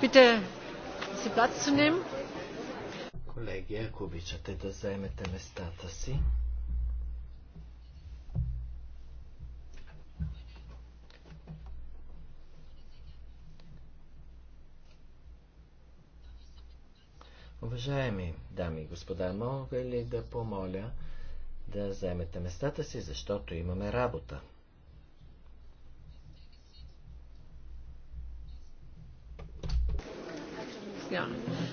bitte, Sie Platz zu nehmen? Колеги, ако обичате да заемете местата си. Уважаеми дами и господа, мога ли да помоля да заемете местата си, защото имаме работа?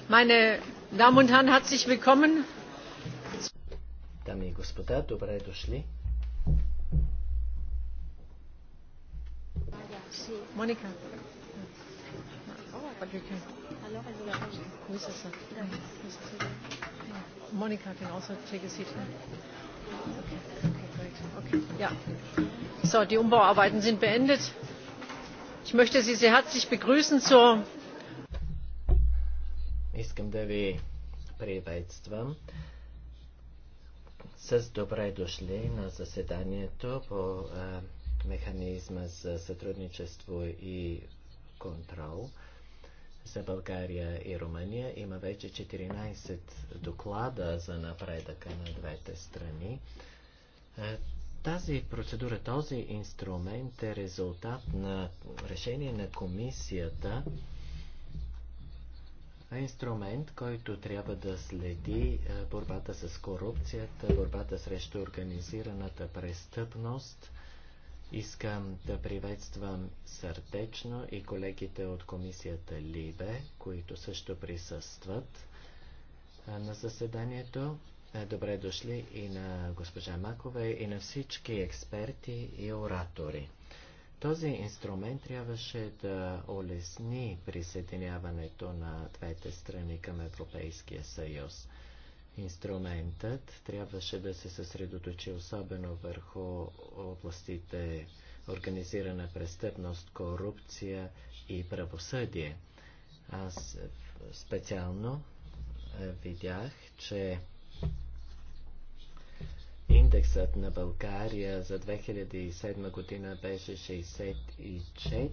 Meine Damen und Herren, herzlich willkommen. Дами и господа, добре дошли. Моника. Monika can also take a seat. Okay, ja. So, die Umbauarbeiten sind beendet. Ich möchte Sie sehr herzlich begrüßen zur Искам да ви приветствам с добре дошли на заседанието по а, механизма за сътрудничество и контрол за България и Румъния. Има вече 14 доклада за напредъка на двете страни. Тази процедура, този инструмент е резултат на решение на комисията инструмент, който трябва да следи е, борбата с корупцията, борбата срещу организираната престъпност. Искам да приветствам сърдечно и колегите от комисията Либе, които също присъстват е, на заседанието. Е, добре дошли и на госпожа Макове, и на всички експерти и оратори. Този инструмент трябваше да улесни присъединяването на двете страни към Европейския съюз. Инструментът трябваше да се съсредоточи особено върху областите организирана престъпност, корупция и правосъдие. Аз специално видях, че Индексът на България за 2007 година беше 64,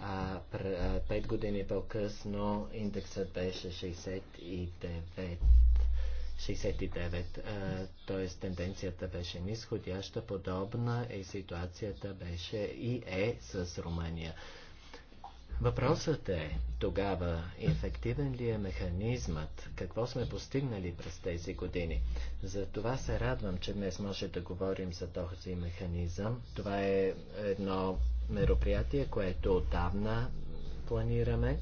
а 5 години по-късно индексът беше 69. 69. Т.е. тенденцията беше нисходяща, подобна и е ситуацията беше и е с Румъния. Въпросът е тогава ефективен ли е механизмът, какво сме постигнали през тези години. За това се радвам, че днес може да говорим за този механизъм. Това е едно мероприятие, което отдавна планираме.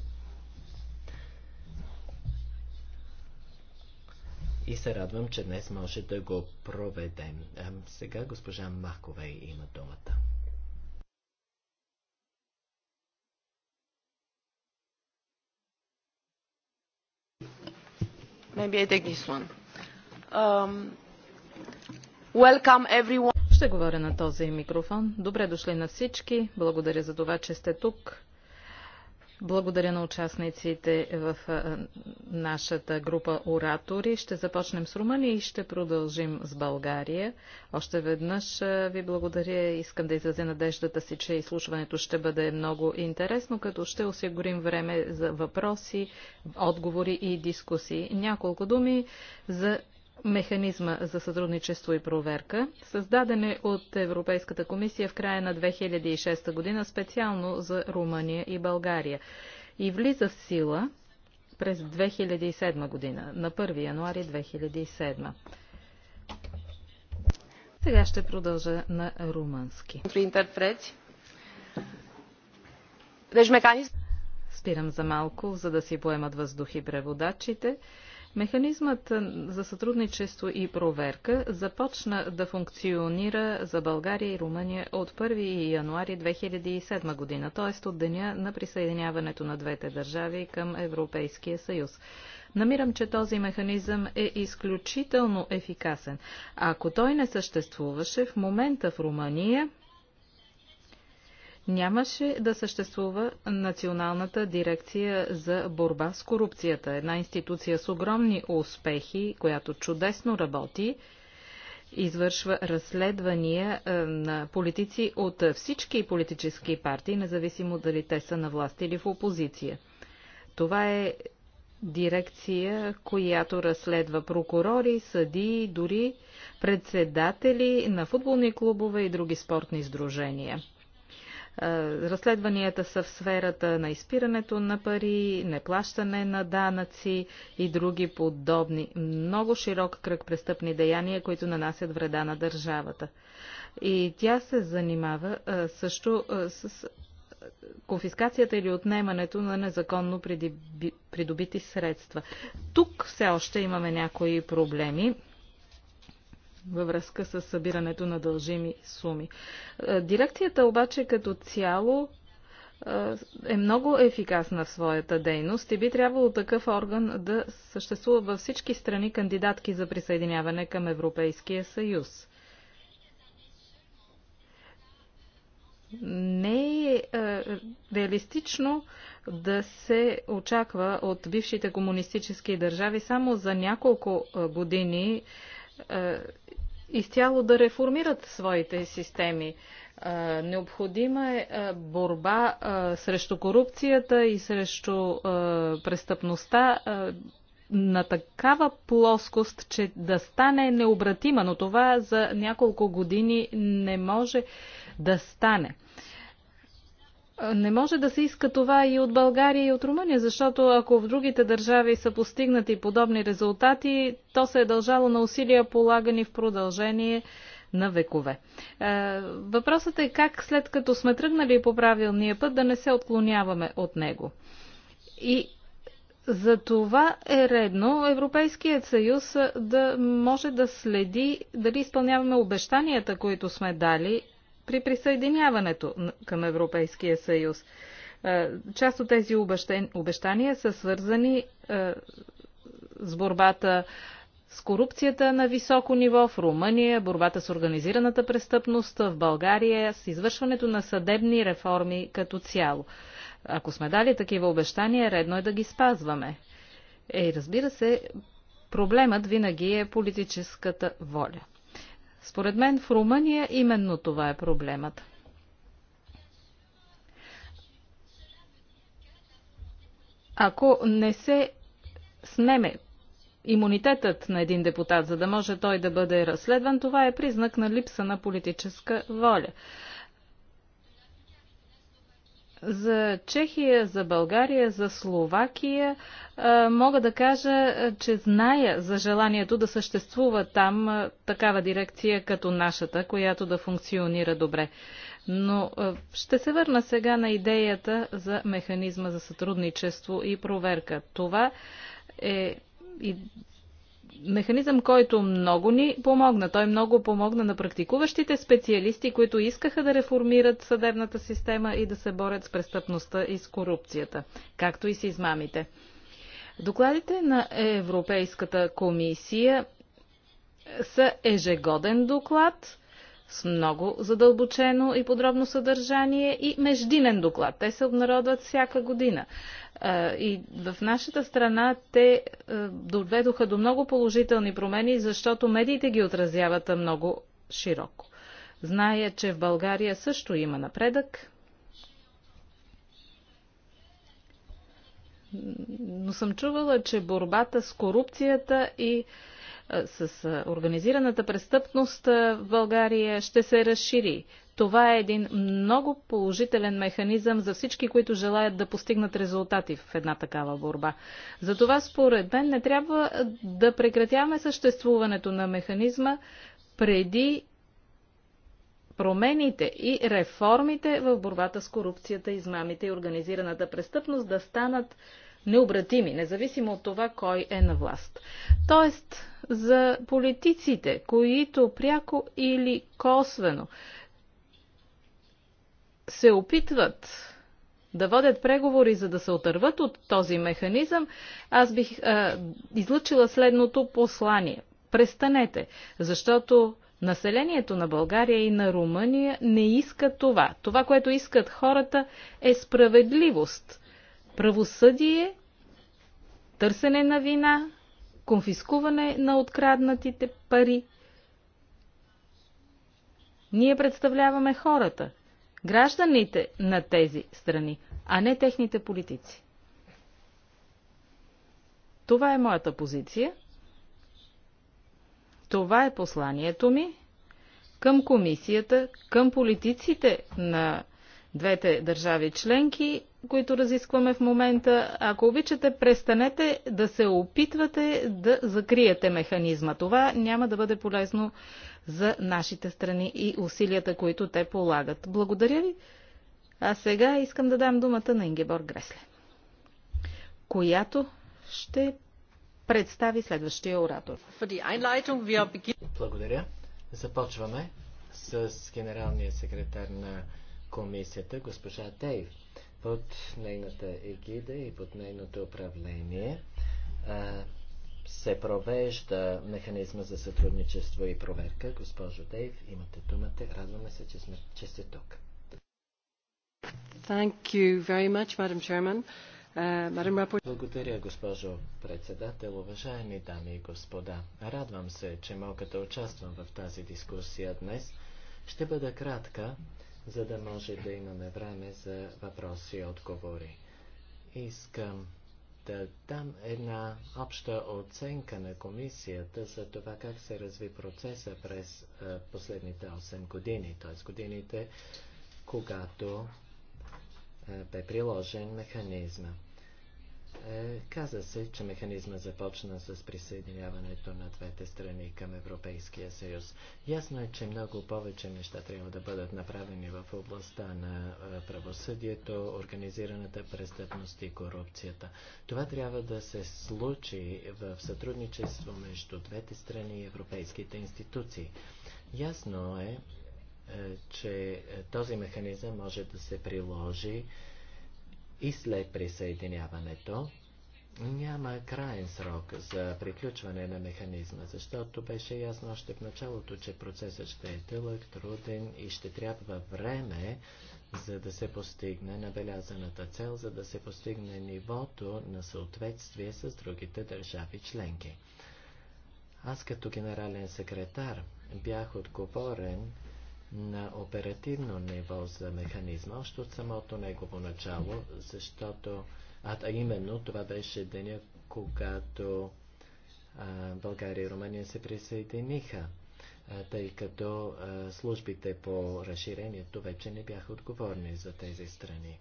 И се радвам, че днес може да го проведем. сега госпожа Макове има думата. Um, Ще говоря на този микрофон. Добре дошли на всички. Благодаря за това, че сте тук. Благодаря на участниците в нашата група оратори. Ще започнем с Румъния и ще продължим с България. Още веднъж ви благодаря. Искам да изразя надеждата си, че изслушването ще бъде много интересно, като ще осигурим време за въпроси, отговори и дискусии. Няколко думи за механизма за сътрудничество и проверка, създадене от Европейската комисия в края на 2006 година специално за Румъния и България и влиза в сила през 2007 година, на 1 януари 2007. Сега ще продължа на румънски. Спирам за малко, за да си поемат въздух и преводачите. Механизмът за сътрудничество и проверка започна да функционира за България и Румъния от 1 януари 2007 година, т.е. от деня на присъединяването на двете държави към Европейския съюз. Намирам, че този механизъм е изключително ефикасен. Ако той не съществуваше, в момента в Румъния нямаше да съществува Националната дирекция за борба с корупцията. Една институция с огромни успехи, която чудесно работи, извършва разследвания е, на политици от всички политически партии, независимо дали те са на власт или в опозиция. Това е дирекция, която разследва прокурори, съдии, дори председатели на футболни клубове и други спортни сдружения. Разследванията са в сферата на изпирането на пари, неплащане на данъци и други подобни. Много широк кръг престъпни деяния, които нанасят вреда на държавата. И тя се занимава също с конфискацията или отнемането на незаконно придобити средства. Тук все още имаме някои проблеми във връзка с събирането на дължими суми. Е, дирекцията обаче като цяло е, е много ефикасна в своята дейност и би трябвало такъв орган да съществува във всички страни кандидатки за присъединяване към Европейския съюз. не е, е реалистично да се очаква от бившите комунистически държави само за няколко години изцяло да реформират своите системи. Необходима е борба срещу корупцията и срещу престъпността на такава плоскост, че да стане необратима, но това за няколко години не може да стане. Не може да се иска това и от България, и от Румъния, защото ако в другите държави са постигнати подобни резултати, то се е дължало на усилия полагани в продължение на векове. Е, въпросът е как след като сме тръгнали по правилния път да не се отклоняваме от него. И за това е редно Европейският съюз да може да следи дали изпълняваме обещанията, които сме дали при присъединяването към Европейския съюз. Е, част от тези обещания са свързани е, с борбата с корупцията на високо ниво в Румъния, борбата с организираната престъпност в България, с извършването на съдебни реформи като цяло. Ако сме дали такива обещания, редно е да ги спазваме. Ей, разбира се, проблемът винаги е политическата воля. Според мен в Румъния именно това е проблемът. Ако не се снеме имунитетът на един депутат, за да може той да бъде разследван, това е признак на липса на политическа воля. За Чехия, за България, за Словакия е, мога да кажа, е, че зная за желанието да съществува там е, такава дирекция като нашата, която да функционира добре. Но ще се върна сега на идеята за механизма за сътрудничество и проверка. Това е и механизъм, който много ни помогна. Той много помогна на практикуващите специалисти, които искаха да реформират съдебната система и да се борят с престъпността и с корупцията, както и с измамите. Докладите на Европейската комисия са ежегоден доклад с много задълбочено и подробно съдържание и междинен доклад. Те се обнародват всяка година. И в нашата страна те доведоха до много положителни промени, защото медиите ги отразяват много широко. Зная, че в България също има напредък, но съм чувала, че борбата с корупцията и с организираната престъпност в България ще се разшири. Това е един много положителен механизъм за всички, които желаят да постигнат резултати в една такава борба. Затова, според мен, не трябва да прекратяваме съществуването на механизма преди промените и реформите в борбата с корупцията, измамите и организираната престъпност да станат необратими, независимо от това кой е на власт. Тоест, за политиците, които пряко или косвено се опитват да водят преговори, за да се отърват от този механизъм, аз бих а, излъчила следното послание. Престанете, защото населението на България и на Румъния не иска това. Това, което искат хората е справедливост, правосъдие, търсене на вина, конфискуване на откраднатите пари. Ние представляваме хората – гражданите на тези страни, а не техните политици. Това е моята позиция. Това е посланието ми към комисията, към политиците на двете държави членки които разискваме в момента, ако обичате, престанете да се опитвате да закриете механизма. Това няма да бъде полезно за нашите страни и усилията, които те полагат. Благодаря ви. А сега искам да дам думата на Ингебор Гресле, която ще представи следващия оратор. Благодаря. Започваме с генералния секретар на комисията, госпожа Дейв под нейната егида и под нейното управление се провежда механизма за сътрудничество и проверка. Госпожо Дейв, имате думата. Радваме се, че, сме, че сте тук. Thank you very much, Madam Chairman. Uh, Благодаря, госпожо председател, уважаеми дами и господа. Радвам се, че мога да участвам в тази дискусия днес. Ще бъда кратка, за да може да имаме време за въпроси и отговори. Искам да дам една обща оценка на комисията за това как се разви процеса през последните 8 години, т.е. годините, когато бе приложен механизма. Е, каза се, че механизма започна с присъединяването на двете страни към Европейския съюз. Ясно е, че много повече неща трябва да бъдат направени в областта на е, правосъдието, организираната престъпност и корупцията. Това трябва да се случи в сътрудничество между двете страни и европейските институции. Ясно е, е че този механизъм може да се приложи и след присъединяването няма крайен срок за приключване на механизма, защото беше ясно още в началото, че процесът ще е дълъг, труден и ще трябва време, за да се постигне набелязаната цел, за да се постигне нивото на съответствие с другите държави членки. Аз като генерален секретар бях отговорен на оперативно ниво за механизма, още от самото негово начало, защото, а, а именно това беше деня, когато а, България и Румъния се присъединиха, а, тъй като а, службите по разширението вече не бяха отговорни за тези страни.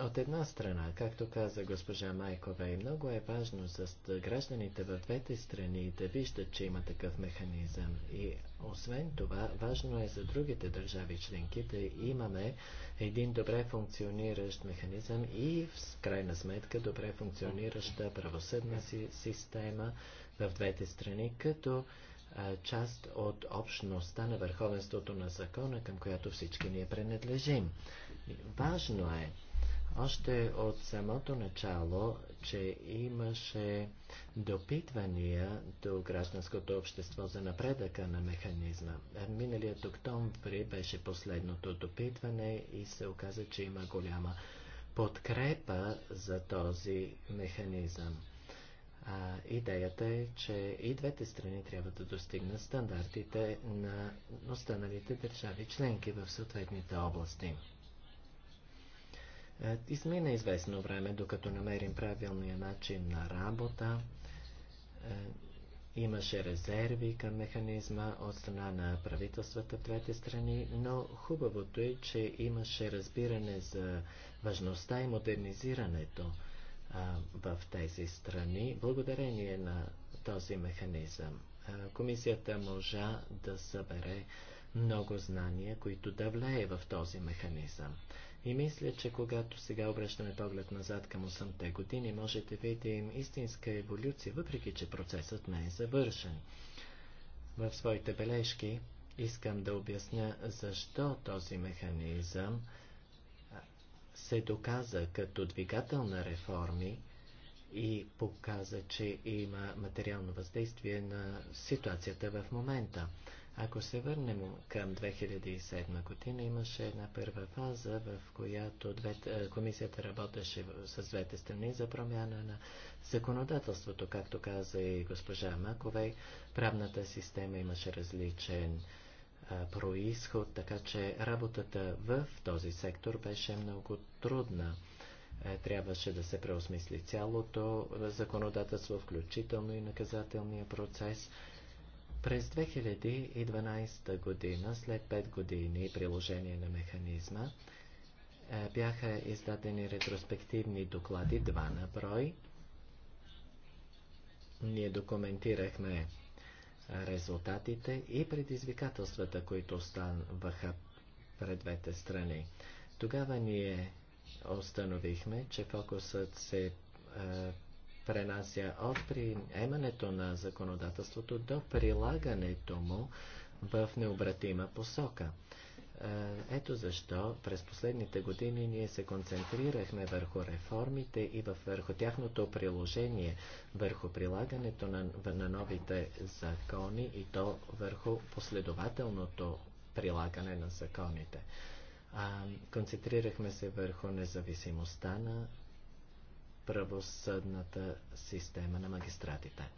От една страна, както каза госпожа Майкова, и много е важно за гражданите в двете страни да виждат, че има такъв механизъм. И освен това, важно е за другите държави членки да имаме един добре функциониращ механизъм и в крайна сметка добре функционираща правосъдна си, система в двете страни, като а, част от общността на върховенството на закона, към която всички ние принадлежим. Важно е още от самото начало, че имаше допитвания до гражданското общество за напредъка на механизма. Миналият октомври беше последното допитване и се оказа, че има голяма подкрепа за този механизъм. А, идеята е, че и двете страни трябва да достигнат стандартите на останалите държави членки в съответните области. Е, Измина известно време, докато намерим правилния начин на работа. Е, имаше резерви към механизма от страна на правителствата в двете страни, но хубавото е, че имаше разбиране за важността и модернизирането в тези страни, благодарение на този механизъм. Е, комисията можа да събере много знания, които да влее в този механизъм. И мисля, че когато сега обръщаме поглед назад към 8-те години, може да видим истинска еволюция, въпреки че процесът не е завършен. В своите бележки искам да обясня защо този механизъм се доказа като двигател на реформи и показа, че има материално въздействие на ситуацията в момента. Ако се върнем към 2007 година, имаше една първа фаза, в която двете, комисията работеше с двете страни за промяна на законодателството, както каза и госпожа Маковей. Правната система имаше различен а, происход, така че работата в този сектор беше много трудна. Е, трябваше да се преосмисли цялото законодателство, включително и наказателния процес – през 2012 година, след 5 години приложение на механизма, е, бяха издадени ретроспективни доклади, два на брой. Ние документирахме резултатите и предизвикателствата, които останваха пред двете страни. Тогава ние установихме, че фокусът се е, пренася от приемането на законодателството до прилагането му в необратима посока. Е, ето защо през последните години ние се концентрирахме върху реформите и върху тяхното приложение, върху прилагането на, на новите закони и то върху последователното прилагане на законите. А, концентрирахме се върху независимостта на правосъдната система на магистратите.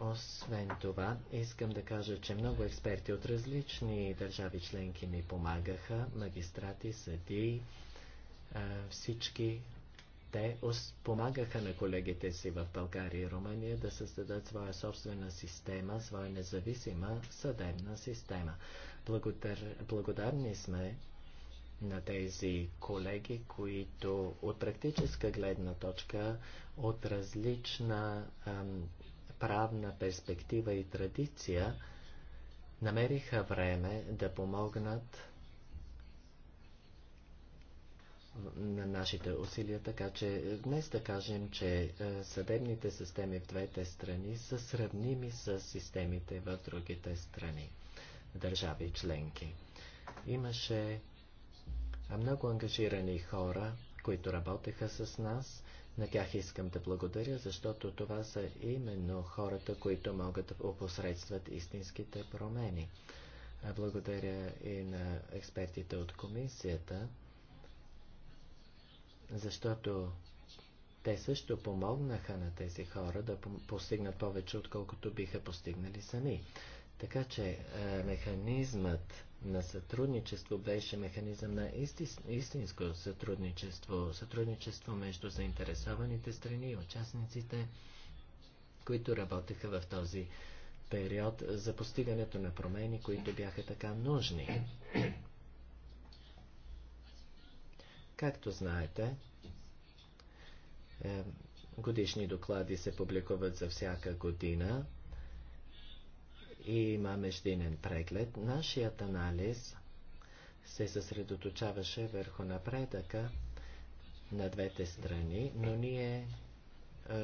Освен това, искам да кажа, че много експерти от различни държави членки ми помагаха, магистрати, съдии, всички те помагаха на колегите си в България и Румъния да създадат своя собствена система, своя независима съдебна система. Благодар... Благодарни сме на тези колеги, които от практическа гледна точка, от различна ам, правна перспектива и традиция, намериха време да помогнат на нашите усилия, така че днес да кажем, че е, съдебните системи в двете страни са сравними с системите в другите страни, държави членки. Имаше а много ангажирани хора, които работеха с нас. На тях искам да благодаря, защото това са именно хората, които могат да опосредстват истинските промени. Благодаря и на експертите от комисията, защото те също помогнаха на тези хора да постигнат повече, отколкото биха постигнали сами. Така че механизмът на сътрудничество беше механизъм на истинско сътрудничество, сътрудничество между заинтересованите страни и участниците, които работеха в този период за постигането на промени, които бяха така нужни. Както знаете, е, годишни доклади се публикуват за всяка година има междинен преглед. Нашият анализ се съсредоточаваше върху напредъка на двете страни, но ние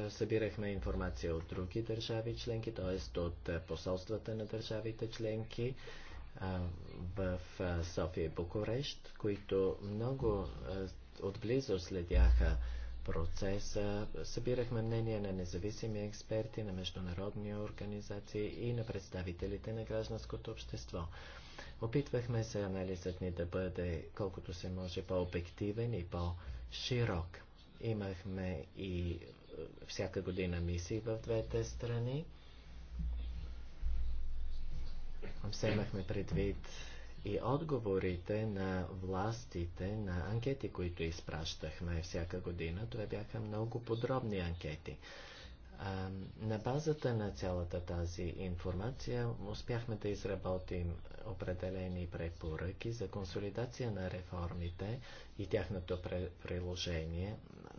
събирахме информация от други държави членки, т.е. от посолствата на държавите членки в София и Букурещ, които много отблизо следяха процеса. Събирахме мнение на независими експерти, на международни организации и на представителите на гражданското общество. Опитвахме се анализът ни да бъде колкото се може по-обективен и по-широк. Имахме и е, всяка година мисии в двете страни. Вземахме предвид и отговорите на властите на анкети, които изпращахме всяка година. Това бяха много подробни анкети. А, на базата на цялата тази информация успяхме да изработим определени препоръки за консолидация на реформите и тяхното приложение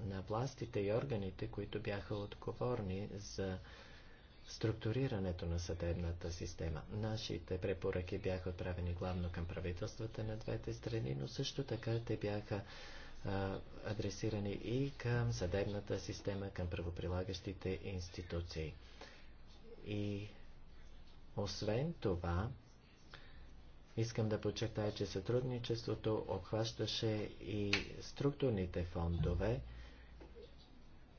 на властите и органите, които бяха отговорни за структурирането на съдебната система. Нашите препоръки бяха отправени главно към правителствата на двете страни, но също така те бяха адресирани и към съдебната система, към правоприлагащите институции. И освен това, искам да подчертая, че сътрудничеството обхващаше и структурните фондове,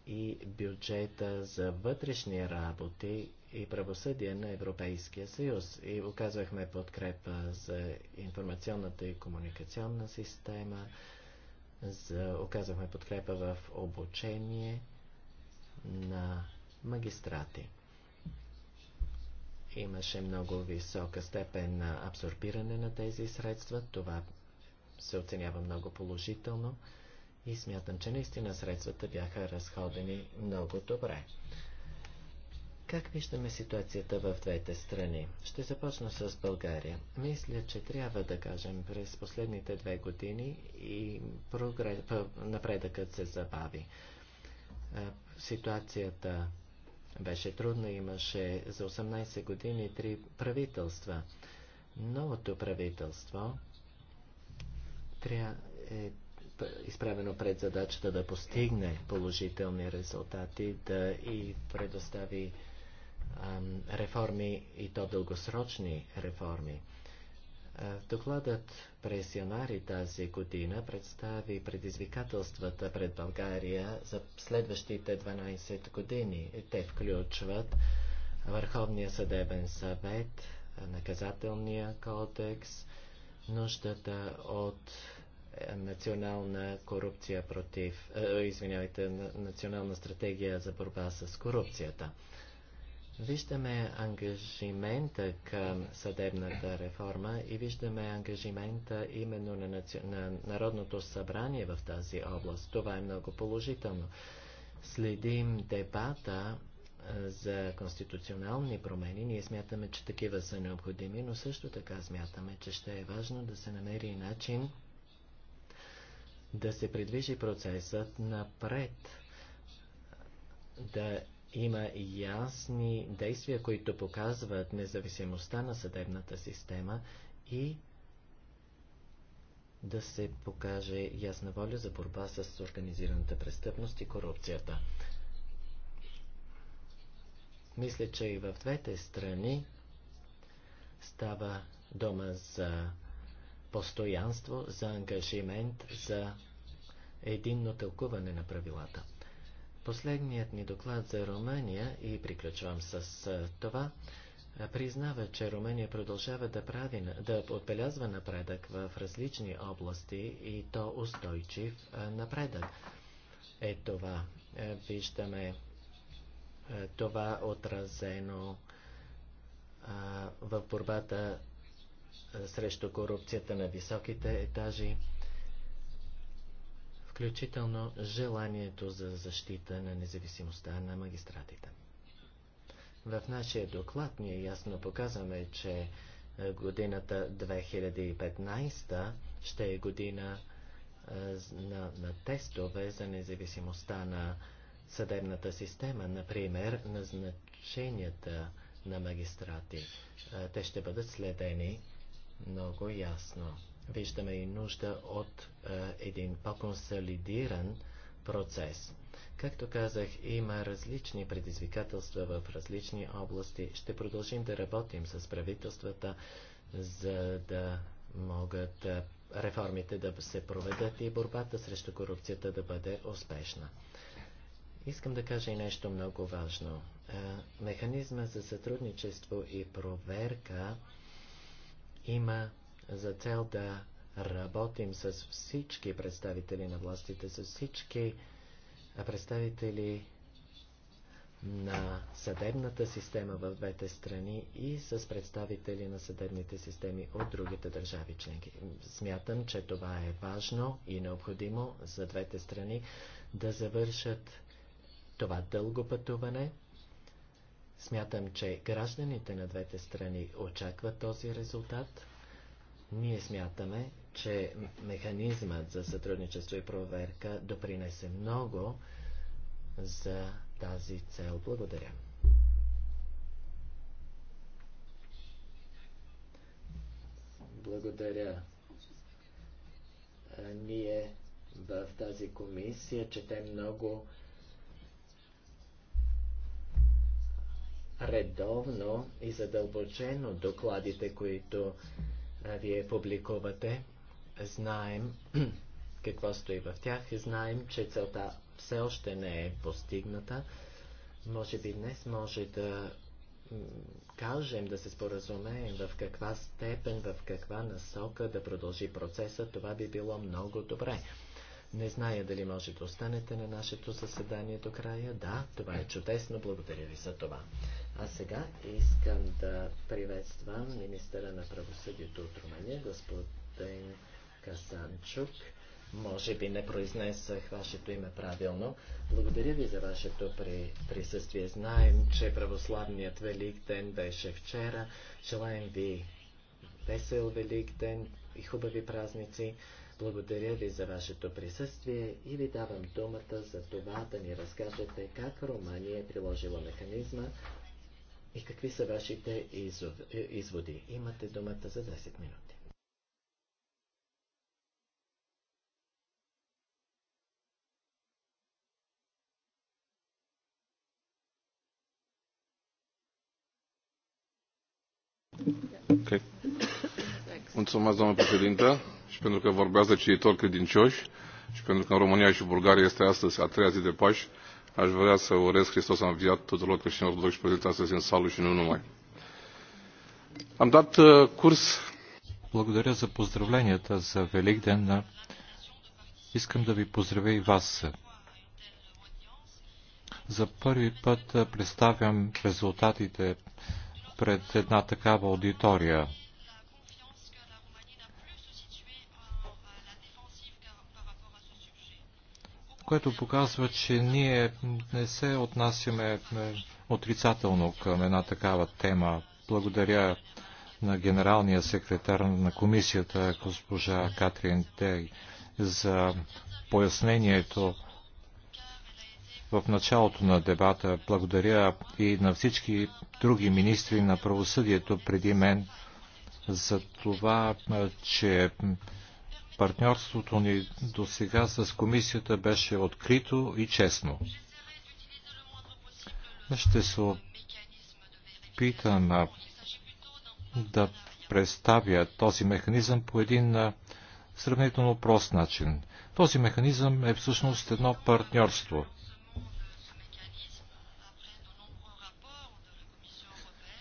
и бюджета за вътрешни работи и правосъдие на Европейския съюз. И оказвахме подкрепа за информационната и комуникационна система, за, оказвахме подкрепа в обучение на магистрати. Имаше много висока степен на абсорбиране на тези средства. Това се оценява много положително и смятам, че наистина средствата бяха разходени много добре. Как виждаме ситуацията в двете страни? Ще започна с България. Мисля, че трябва да кажем, през последните две години и напредъкът се забави. Ситуацията беше трудна, имаше за 18 години три правителства. Новото правителство трябва е изправено пред задачата да постигне положителни резултати, да и предостави реформи и то дългосрочни реформи. Докладът през януари тази година представи предизвикателствата пред България за следващите 12 години. Те включват Върховния съдебен съвет, наказателния кодекс, нуждата от национална корупция против, э, извинявайте, национална стратегия за борба с корупцията. Виждаме ангажимента към съдебната реформа и виждаме ангажимента именно на, наци... на Народното събрание в тази област. Това е много положително. Следим дебата е, за конституционални промени. Ние смятаме, че такива са необходими, но също така смятаме, че ще е важно да се намери начин да се придвижи процесът напред, да има ясни действия, които показват независимостта на съдебната система и да се покаже ясна воля за борба с организираната престъпност и корупцията. Мисля, че и в двете страни става дома за постоянство, за ангажимент, за единно тълкуване на правилата. Последният ни доклад за Румъния, и приключвам с това, признава, че Румъния продължава да, прави, да отбелязва напредък в различни области и то устойчив напредък. Е това виждаме това отразено в борбата е, срещу корупцията на високите етажи, включително желанието за защита на независимостта на магистратите. В нашия доклад ние ясно показваме, че е, годината 2015 ще е година е, на, на тестове за независимостта на съдебната система, например, назначенията на магистрати. Те ще бъдат следени много ясно. Виждаме и нужда от е, един по-консолидиран процес. Както казах, има различни предизвикателства в различни области. Ще продължим да работим с правителствата, за да могат е, реформите да се проведат и борбата срещу корупцията да бъде успешна. Искам да кажа и нещо много важно. Е, механизма за сътрудничество и проверка има за цел да работим с всички представители на властите, с всички представители на съдебната система в двете страни и с представители на съдебните системи от другите държави членки. Смятам, че това е важно и необходимо за двете страни да завършат това дълго пътуване – Смятам, че гражданите на двете страни очакват този резултат. Ние смятаме, че механизмът за сътрудничество и проверка допринесе много за тази цел. Благодаря. Благодаря. Ние в тази комисия четем много редовно и задълбочено докладите, които а, вие публикувате. Знаем какво стои в тях. и Знаем, че целта все още не е постигната. Може би днес може да кажем, да се споразумеем в каква степен, в каква насока да продължи процеса, това би било много добре. Не зная дали може да останете на нашето заседание до края. Да, това е чудесно. Благодаря ви за това. А сега искам да приветствам министъра на правосъдието от Румъния, господин Касанчук. Може би не произнесах вашето име правилно. Благодаря ви за вашето при... присъствие. Знаем, че православният Велик ден беше вчера. Желаем ви весел Велик ден и хубави празници. Благодаря ви за вашето присъствие и ви давам думата за това да ни разкажете как Румъния е приложила механизма и какви са вашите изводи. Имате думата за 10 минути. Okay. Mulțumesc, doamnă președintă, și pentru că vorbează ceitori credincioși și pentru că în România și Bulgaria este astăzi a treia zi de Paști, Aș vrea să urez Hristos a înviat tuturor creștinilor ortodoxi prezenți astăzi în sală și nu numai. Am dat uh, curs. Благодаря за поздравленията за Велик ден. Искам да ви поздравя и вас. За първи път представям резултатите пред една такава аудитория. което показва, че ние не се отнасяме е, отрицателно към една такава тема. Благодаря на генералния секретар на комисията, госпожа Катрин Дей, за пояснението в началото на дебата. Благодаря и на всички други министри на правосъдието преди мен за това, е, че Партньорството ни до сега с комисията беше открито и честно. Ще се опитам да представя този механизъм по един сравнително прост начин. Този механизъм е всъщност едно партньорство.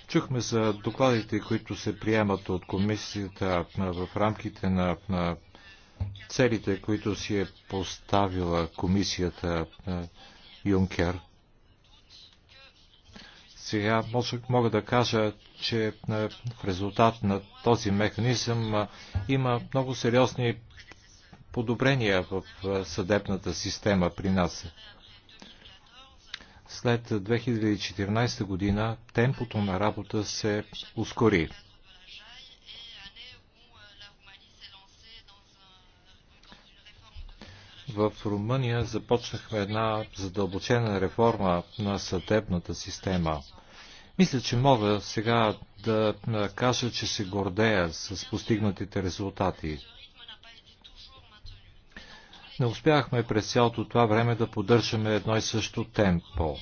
Чухме за докладите, които се приемат от комисията в рамките на, на целите, които си е поставила комисията е, Юнкер. Сега мога да кажа, че е, в резултат на този механизъм е, има много сериозни подобрения в съдебната система при нас. След 2014 година темпото на работа се ускори. В Румъния започнахме една задълбочена реформа на съдебната система. Мисля, че мога сега да кажа, че се гордея с постигнатите резултати. Не успяхме през цялото това време да поддържаме едно и също темпо.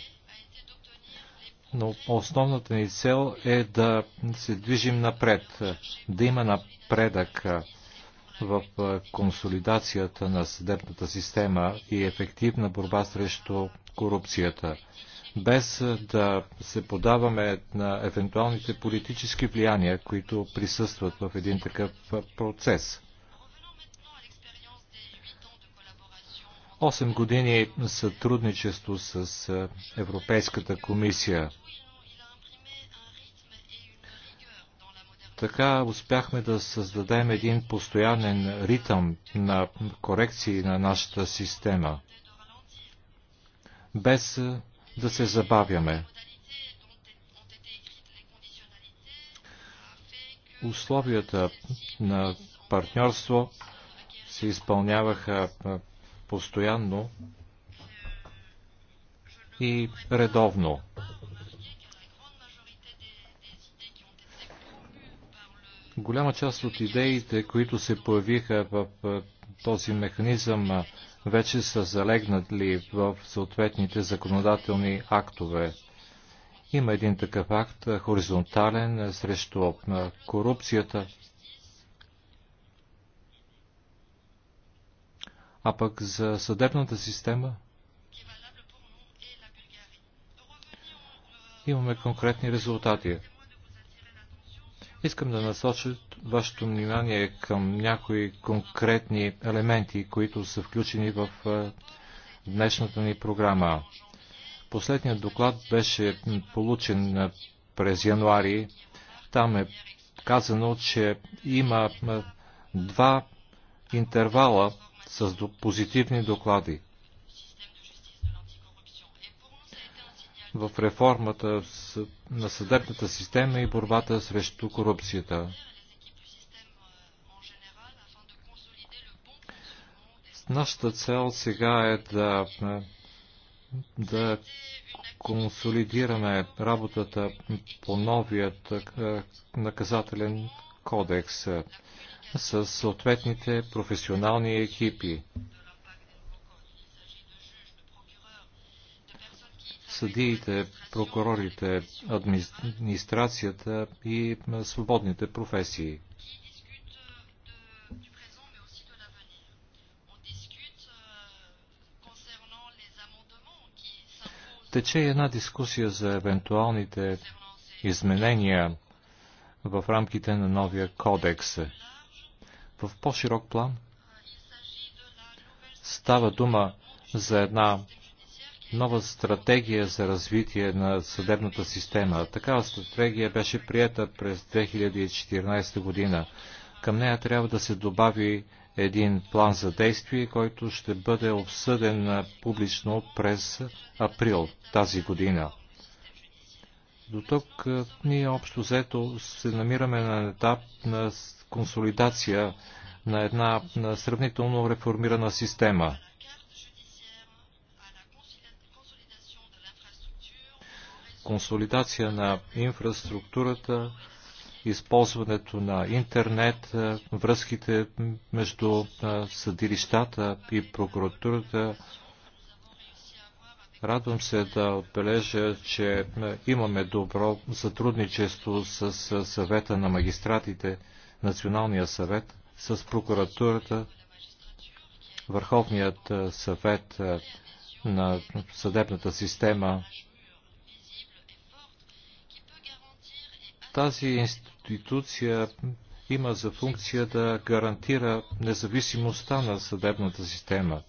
Но основната ни цел е да се движим напред, да има напредък в консолидацията на съдебната система и ефективна борба срещу корупцията, без да се подаваме на евентуалните политически влияния, които присъстват в един такъв процес. Осем години сътрудничество с Европейската комисия – Така успяхме да създадем един постоянен ритъм на корекции на нашата система, без да се забавяме. Условията на партньорство се изпълняваха постоянно и редовно. Голяма част от идеите, които се появиха в този механизъм, вече са залегнали в съответните законодателни актове. Има един такъв акт, хоризонтален, срещу корупцията. А пък за съдебната система имаме конкретни резултати. Искам да насоча вашето внимание към някои конкретни елементи, които са включени в днешната ни програма. Последният доклад беше получен през януари. Там е казано, че има два интервала с позитивни доклади. в реформата на съдебната система и борбата срещу корупцията. Нашата цел сега е да, да консолидираме работата по новият наказателен кодекс с съответните професионални екипи. съдиите, прокурорите, администрацията и свободните професии. Тече и една дискусия за евентуалните изменения в рамките на новия кодекс. В по-широк план става дума за една нова стратегия за развитие на съдебната система. Такава стратегия беше приета през 2014 година. Към нея трябва да се добави един план за действие, който ще бъде обсъден публично през април тази година. До тук ние общо взето се намираме на етап на консолидация на една сравнително реформирана система – консолидация на инфраструктурата, използването на интернет, връзките между съдилищата и прокуратурата. Радвам се да отбележа, че имаме добро сътрудничество с съвета на магистратите, Националния съвет, с прокуратурата, Върховният съвет на съдебната система Тази институция има за функция да гарантира независимостта на съдебната система.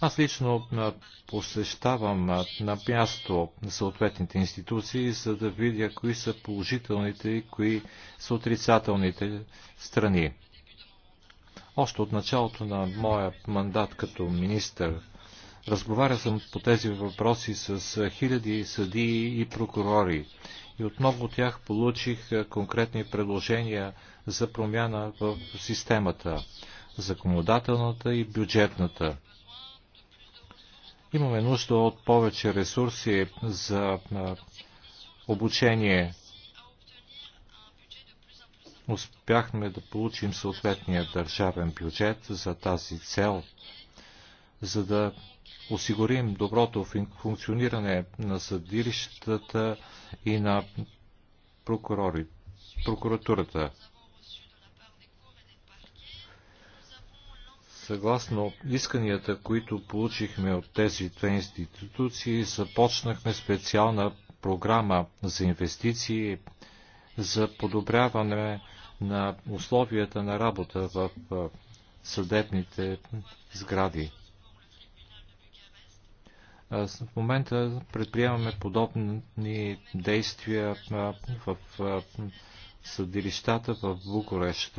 Аз лично посещавам на място на съответните институции, за да видя кои са положителните и кои са отрицателните страни. Още от началото на моя мандат като министър Разговаря съм по тези въпроси с хиляди съдии и прокурори и от много от тях получих конкретни предложения за промяна в системата, законодателната и бюджетната. Имаме нужда от повече ресурси за обучение. Успяхме да получим съответния държавен бюджет за тази цел, за да осигурим доброто функциониране на съдилищата и на прокурори, прокуратурата. Съгласно исканията, които получихме от тези две институции, започнахме специална програма за инвестиции за подобряване на условията на работа в съдебните сгради. В момента предприемаме подобни действия в съдилищата в Букурещ.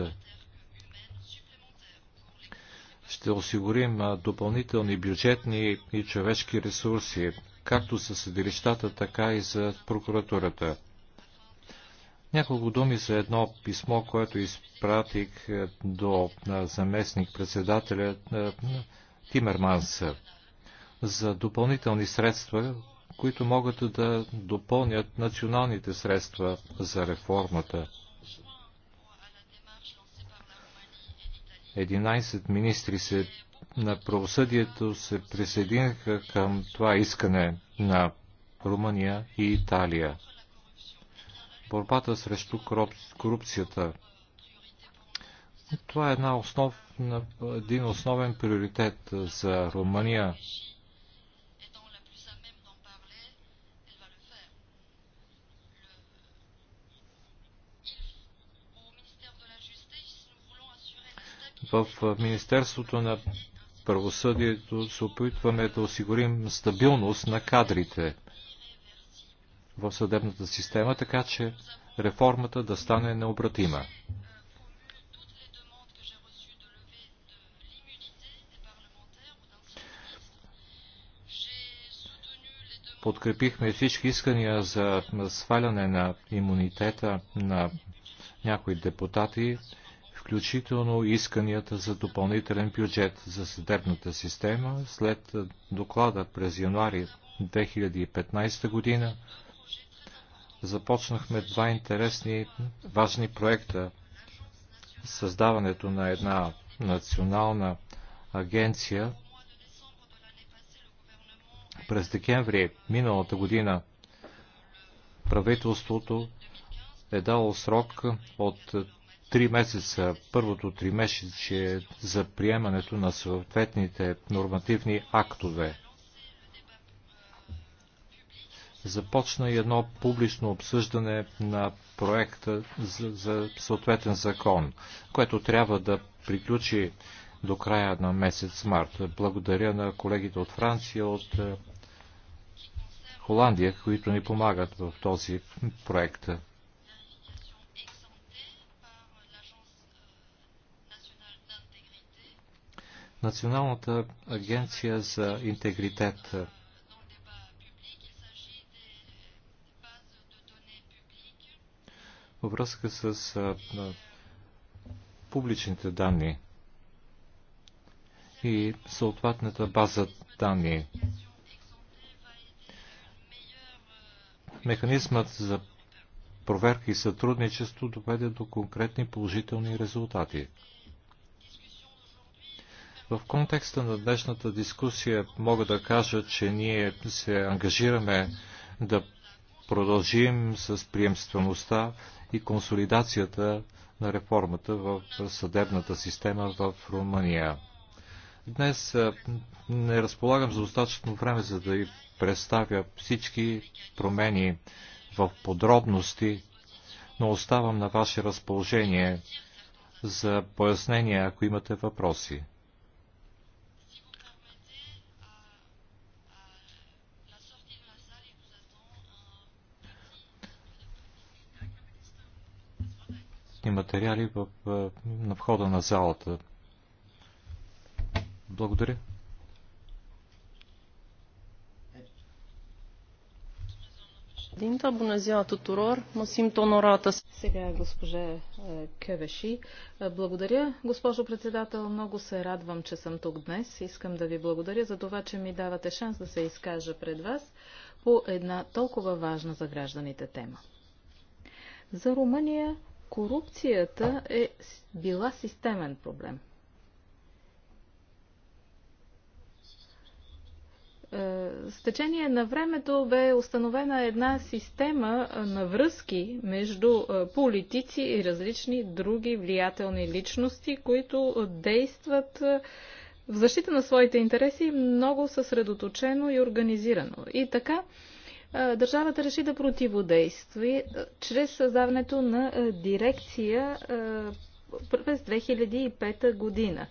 Ще осигурим допълнителни бюджетни и човешки ресурси, както за съдилищата, така и за прокуратурата. Няколко думи за едно писмо, което изпратих до заместник председателя Тимерманса за допълнителни средства, които могат да допълнят националните средства за реформата. 11 министри се, на правосъдието се присъединиха към това искане на Румъния и Италия. Борбата срещу корупцията. Това е една основ, един основен приоритет за Румъния В Министерството на правосъдието се опитваме да осигурим стабилност на кадрите в съдебната система, така че реформата да стане необратима. подкрепихме всички искания за сваляне на имунитета на някои депутати включително исканията за допълнителен бюджет за съдебната система след доклада през януари 2015 година. Започнахме два интересни, важни проекта. Създаването на една национална агенция през декември миналата година правителството е дало срок от три месеца, първото три месече е за приемането на съответните нормативни актове. Започна и едно публично обсъждане на проекта за, за съответен закон, което трябва да приключи до края на месец март. Благодаря на колегите от Франция, от е, Холандия, които ни помагат в този проект. Националната агенция за интегритет. Във връзка с а, публичните данни и съответната база данни. Механизмът за проверка и сътрудничество доведе до конкретни положителни резултати. В контекста на днешната дискусия мога да кажа, че ние се ангажираме да продължим с приемствеността и консолидацията на реформата в съдебната система в Румъния. Днес не разполагам за достатъчно време, за да ви представя всички промени в подробности, но оставам на ваше разположение за пояснение, ако имате въпроси. различни материали в, на входа на залата. Благодаря. Динта, bună тутурор, tuturor! Mă Сега е госпожа Кевеши. Е, благодаря, госпожо председател. Много се радвам, че съм тук днес. Искам да ви благодаря за това, че ми давате шанс да се изкажа пред вас по една толкова важна за гражданите тема. За Румъния корупцията е била системен проблем. Е, с течение на времето бе установена една система е, на връзки между е, политици и различни други влиятелни личности, които действат в защита на своите интереси много съсредоточено и организирано. И така, е, държавата реши да противодейства е, чрез създаването на е, дирекция през 2005 година.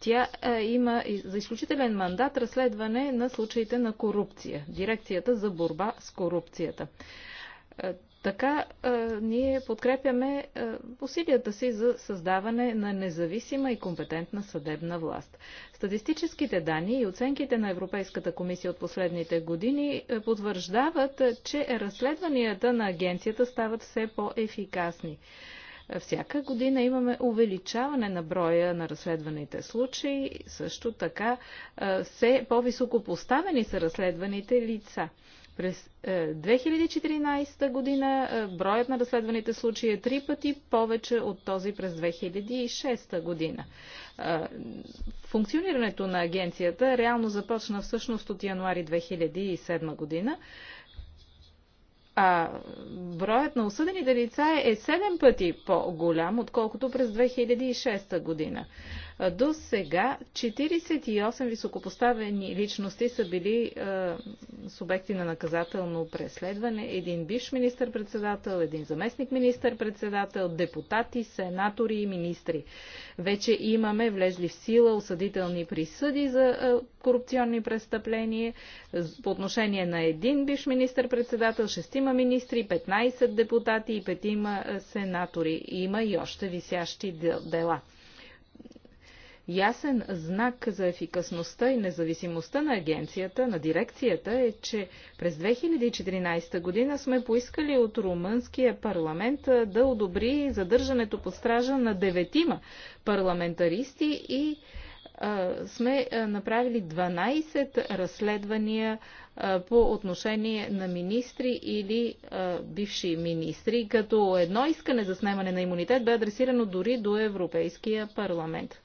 Тя има за изключителен мандат разследване на случаите на корупция. Дирекцията за борба с корупцията. Така а, ние подкрепяме а, усилията си за създаване на независима и компетентна съдебна власт. Статистическите данни и оценките на Европейската комисия от последните години потвърждават, че разследванията на агенцията стават все по-ефикасни. Всяка година имаме увеличаване на броя на разследваните случаи, също така все по-високо поставени са разследваните лица. През 2014 е, година е, броят на разследваните случаи е три пъти повече от този през 2006 година. Е, функционирането на агенцията реално започна всъщност от януари 2007 година. А броят на осъдените лица е 7 пъти по-голям, отколкото през 2006 година. До сега 48 високопоставени личности са били е, субекти на наказателно преследване. Един бивш министър-председател, един заместник министър-председател, депутати, сенатори и министри. Вече имаме влезли в сила осъдителни присъди за е, корупционни престъпления по отношение на един биш министър-председател, шестима министри, 15 депутати и петима сенатори. Има и още висящи дела. Ясен знак за ефикасността и независимостта на агенцията, на дирекцията е, че през 2014 година сме поискали от румънския парламент да одобри задържането по стража на деветима парламентаристи и сме направили 12 разследвания по отношение на министри или бивши министри, като едно искане за снемане на имунитет бе адресирано дори до Европейския парламент.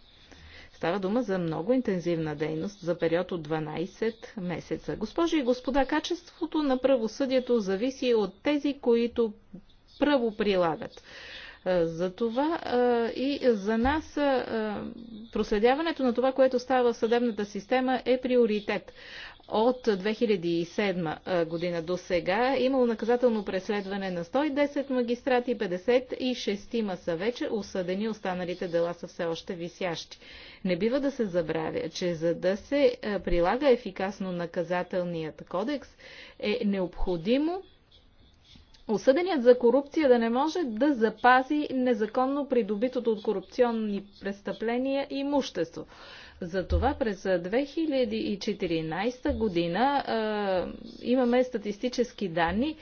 Става дума за много интензивна дейност за период от 12 месеца. Госпожи и господа, качеството на правосъдието зависи от тези, които право прилагат. Е, за това е, и за нас е, проследяването на това, което става в съдебната система е приоритет от 2007 година до сега е имало наказателно преследване на 110 магистрати, 56 са вече осъдени, останалите дела са все още висящи. Не бива да се забравя, че за да се прилага ефикасно наказателният кодекс е необходимо осъденият за корупция да не може да запази незаконно придобитото от корупционни престъпления имущество. Затова през 2014 година е, имаме статистически данни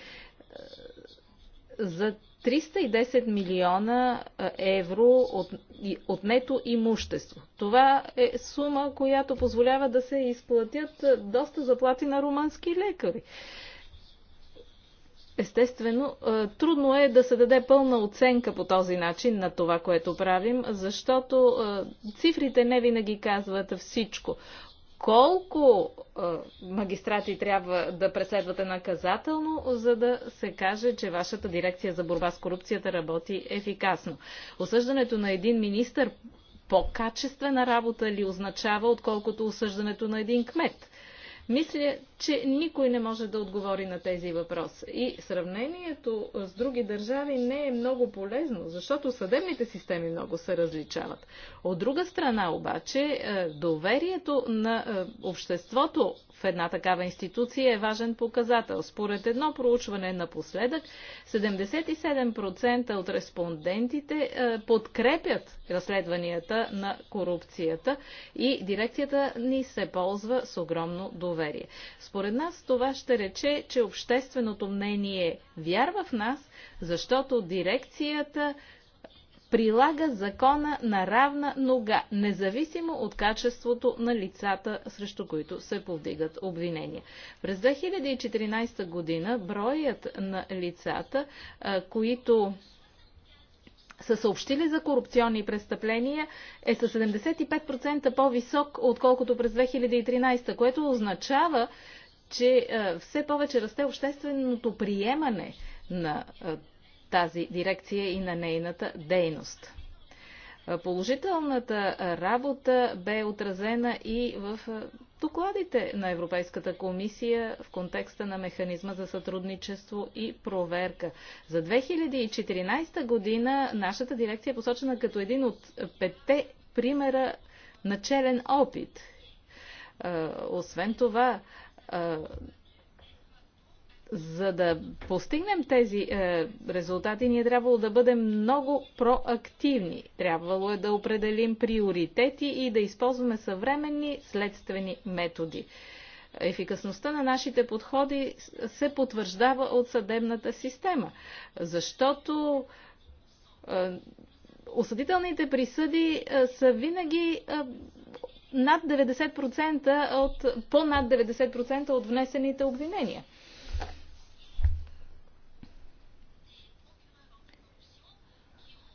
за 310 милиона евро от, отнето имущество. Това е сума, която позволява да се изплатят доста заплати на румънски лекари. Естествено, е, трудно е да се даде пълна оценка по този начин на това, което правим, защото е, цифрите не винаги казват всичко. Колко е, магистрати трябва да преследвате наказателно, за да се каже, че вашата дирекция за борба с корупцията работи ефикасно? Осъждането на един министр по-качествена работа ли означава, отколкото осъждането на един кмет? Мисля, че никой не може да отговори на тези въпроси. И сравнението с други държави не е много полезно, защото съдебните системи много се различават. От друга страна обаче, е, доверието на е, обществото в една такава институция е важен показател. Според едно проучване напоследък, 77% от респондентите е, подкрепят разследванията на корупцията и дирекцията ни се ползва с огромно доверие. Според нас това ще рече, че общественото мнение вярва в нас, защото дирекцията прилага закона на равна нога, независимо от качеството на лицата, срещу които се повдигат обвинения. През 2014 година броят на лицата, които са съобщили за корупционни престъпления е с 75% по-висок, отколкото през 2013, което означава, че все повече расте общественото приемане на тази дирекция и на нейната дейност. Положителната работа бе отразена и в докладите на Европейската комисия в контекста на механизма за сътрудничество и проверка. За 2014 година нашата дирекция е посочена като един от петте примера на челен опит. Освен това, за да постигнем тези е, резултати, ние трябвало да бъдем много проактивни. Трябвало е да определим приоритети и да използваме съвременни следствени методи. Ефикасността на нашите подходи се потвърждава от съдебната система, защото е, осъдителните присъди е, са винаги. Е, над 90% от, по-над 90% от внесените обвинения.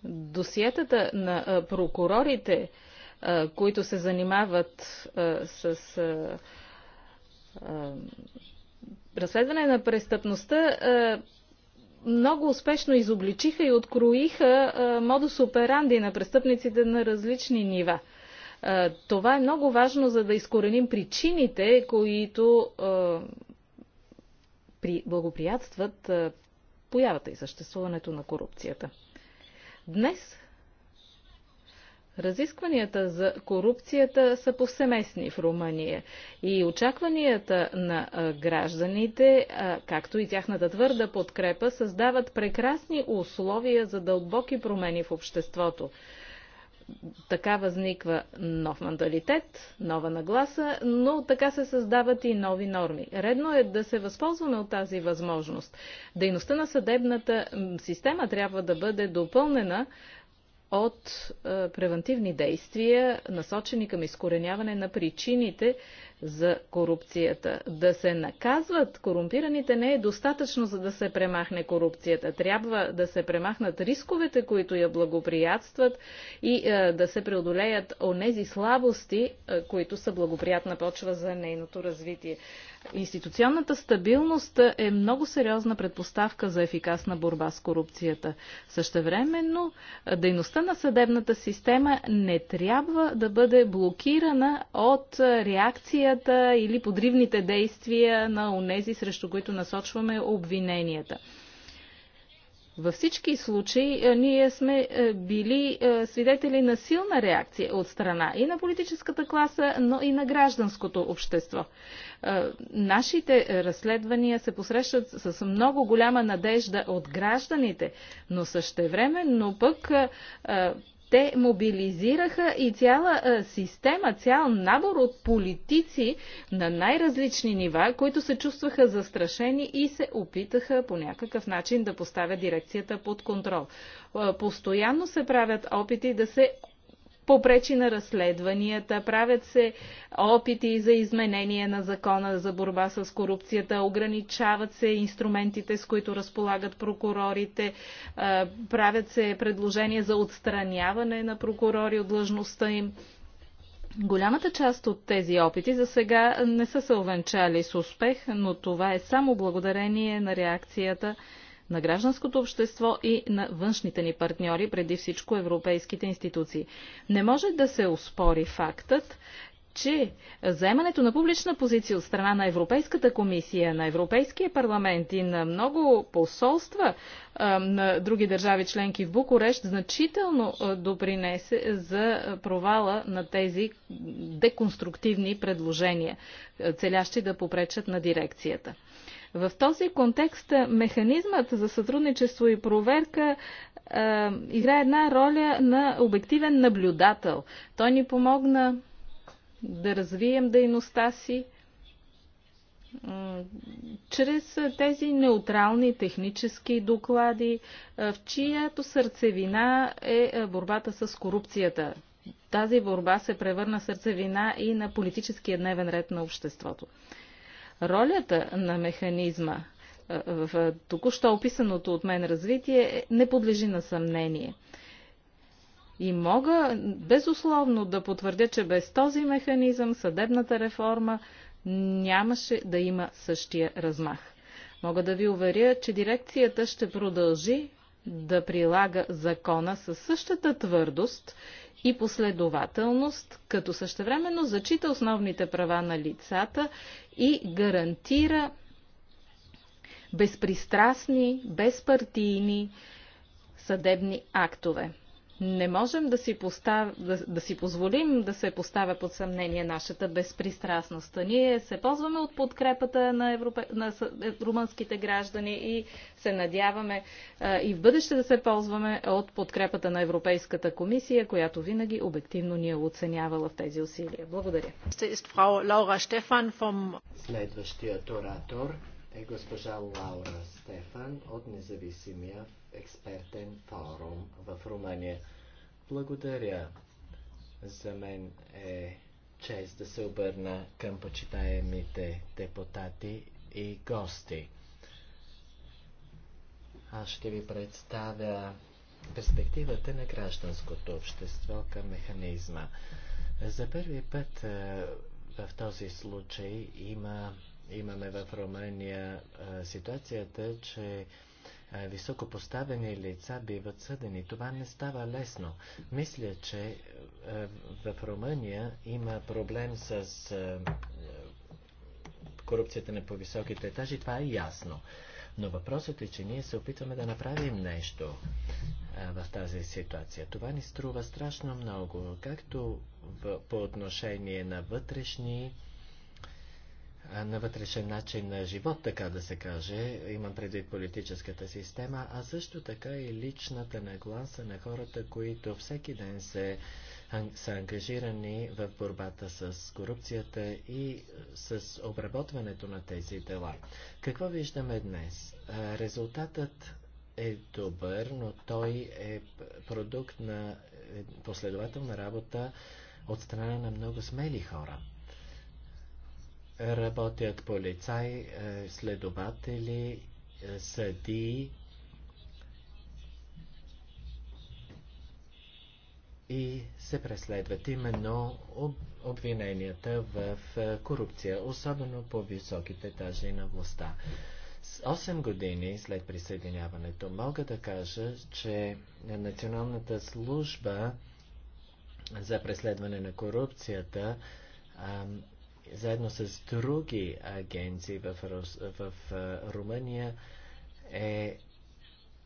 досиетата на прокурорите, които се занимават с разследване на престъпността, много успешно изобличиха и откроиха модус операнди на престъпниците на различни нива. Това е много важно, за да изкореним причините, които благоприятстват появата и съществуването на корупцията. Днес Разискванията за корупцията са повсеместни в Румъния и очакванията на гражданите, както и тяхната твърда подкрепа, създават прекрасни условия за дълбоки промени в обществото така възниква нов менталитет, нова нагласа, но така се създават и нови норми. Редно е да се възползваме от тази възможност. Дейността на съдебната система трябва да бъде допълнена от е, превентивни действия, насочени към изкореняване на причините за корупцията. Да се наказват корумпираните не е достатъчно, за да се премахне корупцията. Трябва да се премахнат рисковете, които я благоприятстват и е, да се преодолеят онези слабости, е, които са благоприятна почва за нейното развитие. Институционната стабилност е много сериозна предпоставка за ефикасна борба с корупцията. Същевременно, е, дейността на съдебната система не трябва да бъде блокирана от е, реакция действията или подривните действия на онези, срещу които насочваме обвиненията. Във всички случаи е, ние сме е, били е, свидетели на силна реакция от страна и на политическата класа, но и на гражданското общество. Нашите разследвания се посрещат с много голяма надежда от гражданите, но същевременно пък те мобилизираха и цяла система, цял набор от политици на най-различни нива, които се чувстваха застрашени и се опитаха по някакъв начин да поставят дирекцията под контрол. Постоянно се правят опити да се попречи на разследванията, правят се опити за изменение на закона за борба с корупцията, ограничават се инструментите, с които разполагат прокурорите, е, правят се предложения за отстраняване на прокурори от длъжността им. Голямата част от тези опити за сега не са се овенчали с успех, но това е само благодарение на реакцията на гражданското общество и на външните ни партньори, преди всичко европейските институции. Не може да се успори фактът, че заемането на публична позиция от страна на Европейската комисия, на Европейския парламент и на много посолства на други държави членки в Букурещ значително допринесе за провала на тези деконструктивни предложения, целящи да попречат на дирекцията. В този контекст е, механизмът за сътрудничество и проверка е, играе една роля на обективен наблюдател. Той ни помогна да развием дейността си чрез тези неутрални технически доклади, е, в чиято сърцевина е, е борбата с корупцията. Тази борба се превърна сърцевина и на политическия дневен ред на обществото. Ролята на механизма в току-що описаното от мен развитие не подлежи на съмнение. И мога безусловно да потвърдя, че без този механизъм съдебната реформа нямаше да има същия размах. Мога да ви уверя, че дирекцията ще продължи да прилага закона със същата твърдост и последователност, като същевременно зачита основните права на лицата и гарантира безпристрастни, безпартийни съдебни актове. Не можем да си, постав... да, да си позволим да се поставя под съмнение нашата безпристрастност. Ние се ползваме от подкрепата на, европе... на е, румънските граждани и се надяваме а, и в бъдеще да се ползваме от подкрепата на Европейската комисия, която винаги обективно ни е оценявала в тези усилия. Благодаря. Следващият оратор е госпожа Лаура Стефан от Независимия експертен форум в Румъния. Благодаря. За мен е чест да се обърна към почитаемите депутати и гости. Аз ще ви представя перспективата на гражданското общество към механизма. За първи път е, в този случай има, имаме в Румъния е, ситуацията, че е, високопоставени лица биват съдени. Това не става лесно. Мисля, че е, в Румъния има проблем с е, корупцията на по-високите етажи. Това е ясно. Но въпросът е, че ние се опитваме да направим нещо в тази ситуация. Това ни струва страшно много, както по отношение на вътрешни на вътрешен начин на живот, така да се каже, имам предвид политическата система, а също така и личната нагласа на хората, които всеки ден се, са ангажирани в борбата с корупцията и с обработването на тези дела. Какво виждаме днес? Резултатът е добър, но той е продукт на е, последователна работа от страна на много смели хора работят полицаи, е, следователи, е, съдии и се преследват именно обвиненията в е, корупция, особено по високите етажи на властта. С 8 години след присъединяването мога да кажа, че Националната служба за преследване на корупцията заедно с други агенции в, Рус, в Румъния е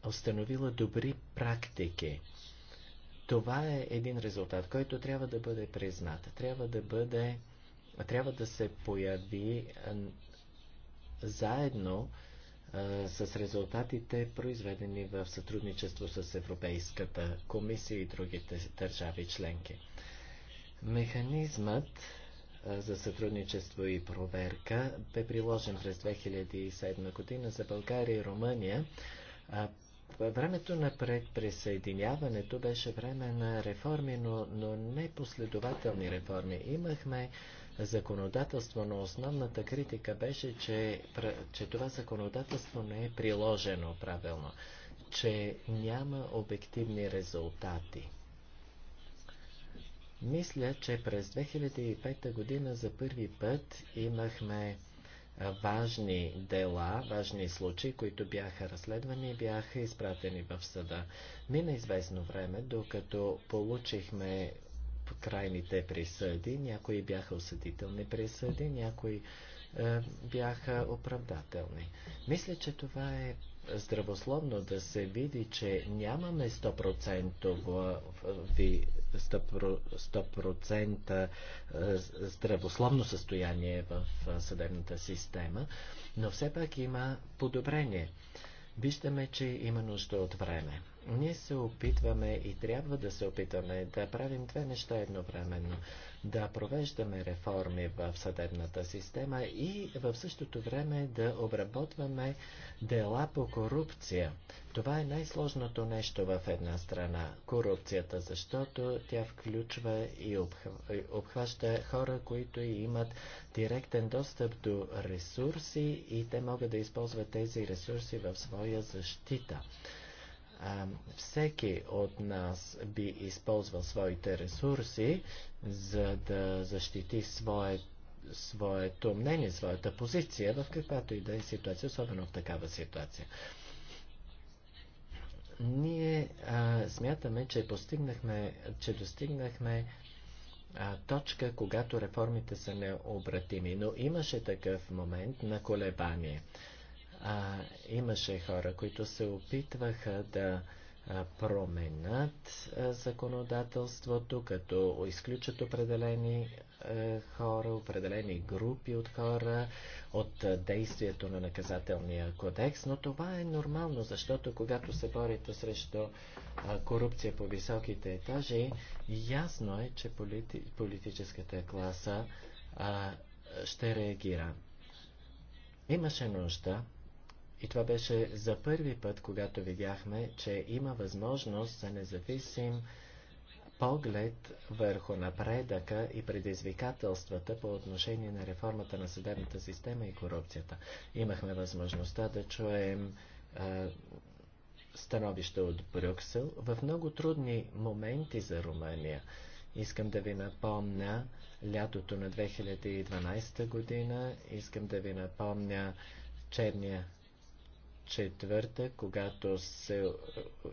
установила добри практики. Това е един резултат, който трябва да бъде признат. Трябва да бъде трябва да се появи заедно а, с резултатите, произведени в сътрудничество с Европейската комисия и другите държави членки. Механизмът за сътрудничество и проверка бе приложен през 2007 година за България и Румъния. Времето на присъединяването беше време на реформи, но, но не последователни реформи. Имахме законодателство, но основната критика беше, че, че това законодателство не е приложено правилно, че няма обективни резултати. Мисля, че през 2005 година за първи път имахме важни дела, важни случаи, които бяха разследвани и бяха изпратени в съда. Мина известно време, докато получихме крайните присъди, някои бяха осъдителни присъди, някои е, бяха оправдателни. Мисля, че това е здравословно да се види, че нямаме 100% 100% е, здравословно състояние в е, съдебната система, но все пак има подобрение. Виждаме, че има нужда от време. Ние се опитваме и трябва да се опитаме да правим две неща едновременно. Да провеждаме реформи в съдебната система и в същото време да обработваме дела по корупция. Това е най-сложното нещо в една страна – корупцията, защото тя включва и обхваща хора, които имат директен достъп до ресурси и те могат да използват тези ресурси в своя защита. А, всеки от нас би използвал своите ресурси, за да защити свое, своето мнение, своята позиция в каквато и да е ситуация, особено в такава ситуация. Ние а, смятаме, че постигнахме, че достигнахме а, точка, когато реформите са необратими, но имаше такъв момент на колебание а, имаше хора, които се опитваха да променят законодателството, като изключат определени хора, определени групи от хора от действието на наказателния кодекс, но това е нормално, защото когато се борите срещу корупция по високите етажи, ясно е, че полити... политическата класа а, ще реагира. Имаше нужда и това беше за първи път, когато видяхме, че има възможност за независим поглед върху напредъка и предизвикателствата по отношение на реформата на съдебната система и корупцията. Имахме възможността да чуем е, становище от Брюксел в много трудни моменти за Румъния. Искам да ви напомня лятото на 2012 година, искам да ви напомня черния Четвърта, когато се,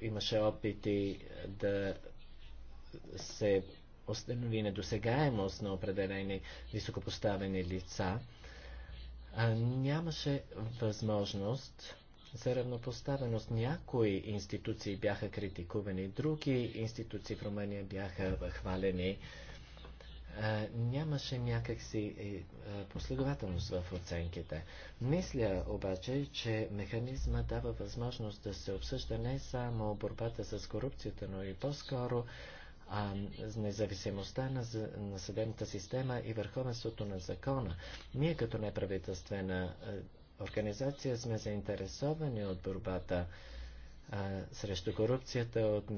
имаше опити да се установи недосегаемост на определени високопоставени лица, а нямаше възможност за равнопоставеност. Някои институции бяха критикувани, други институции в Румъния бяха хвалени нямаше някакси е, последователност в оценките. Мисля обаче, че механизма дава възможност да се обсъжда не само борбата с корупцията, но и по-скоро а, независимостта на, на съдебната система и върховенството на закона. Ние като неправителствена организация сме заинтересовани от борбата а, срещу корупцията, от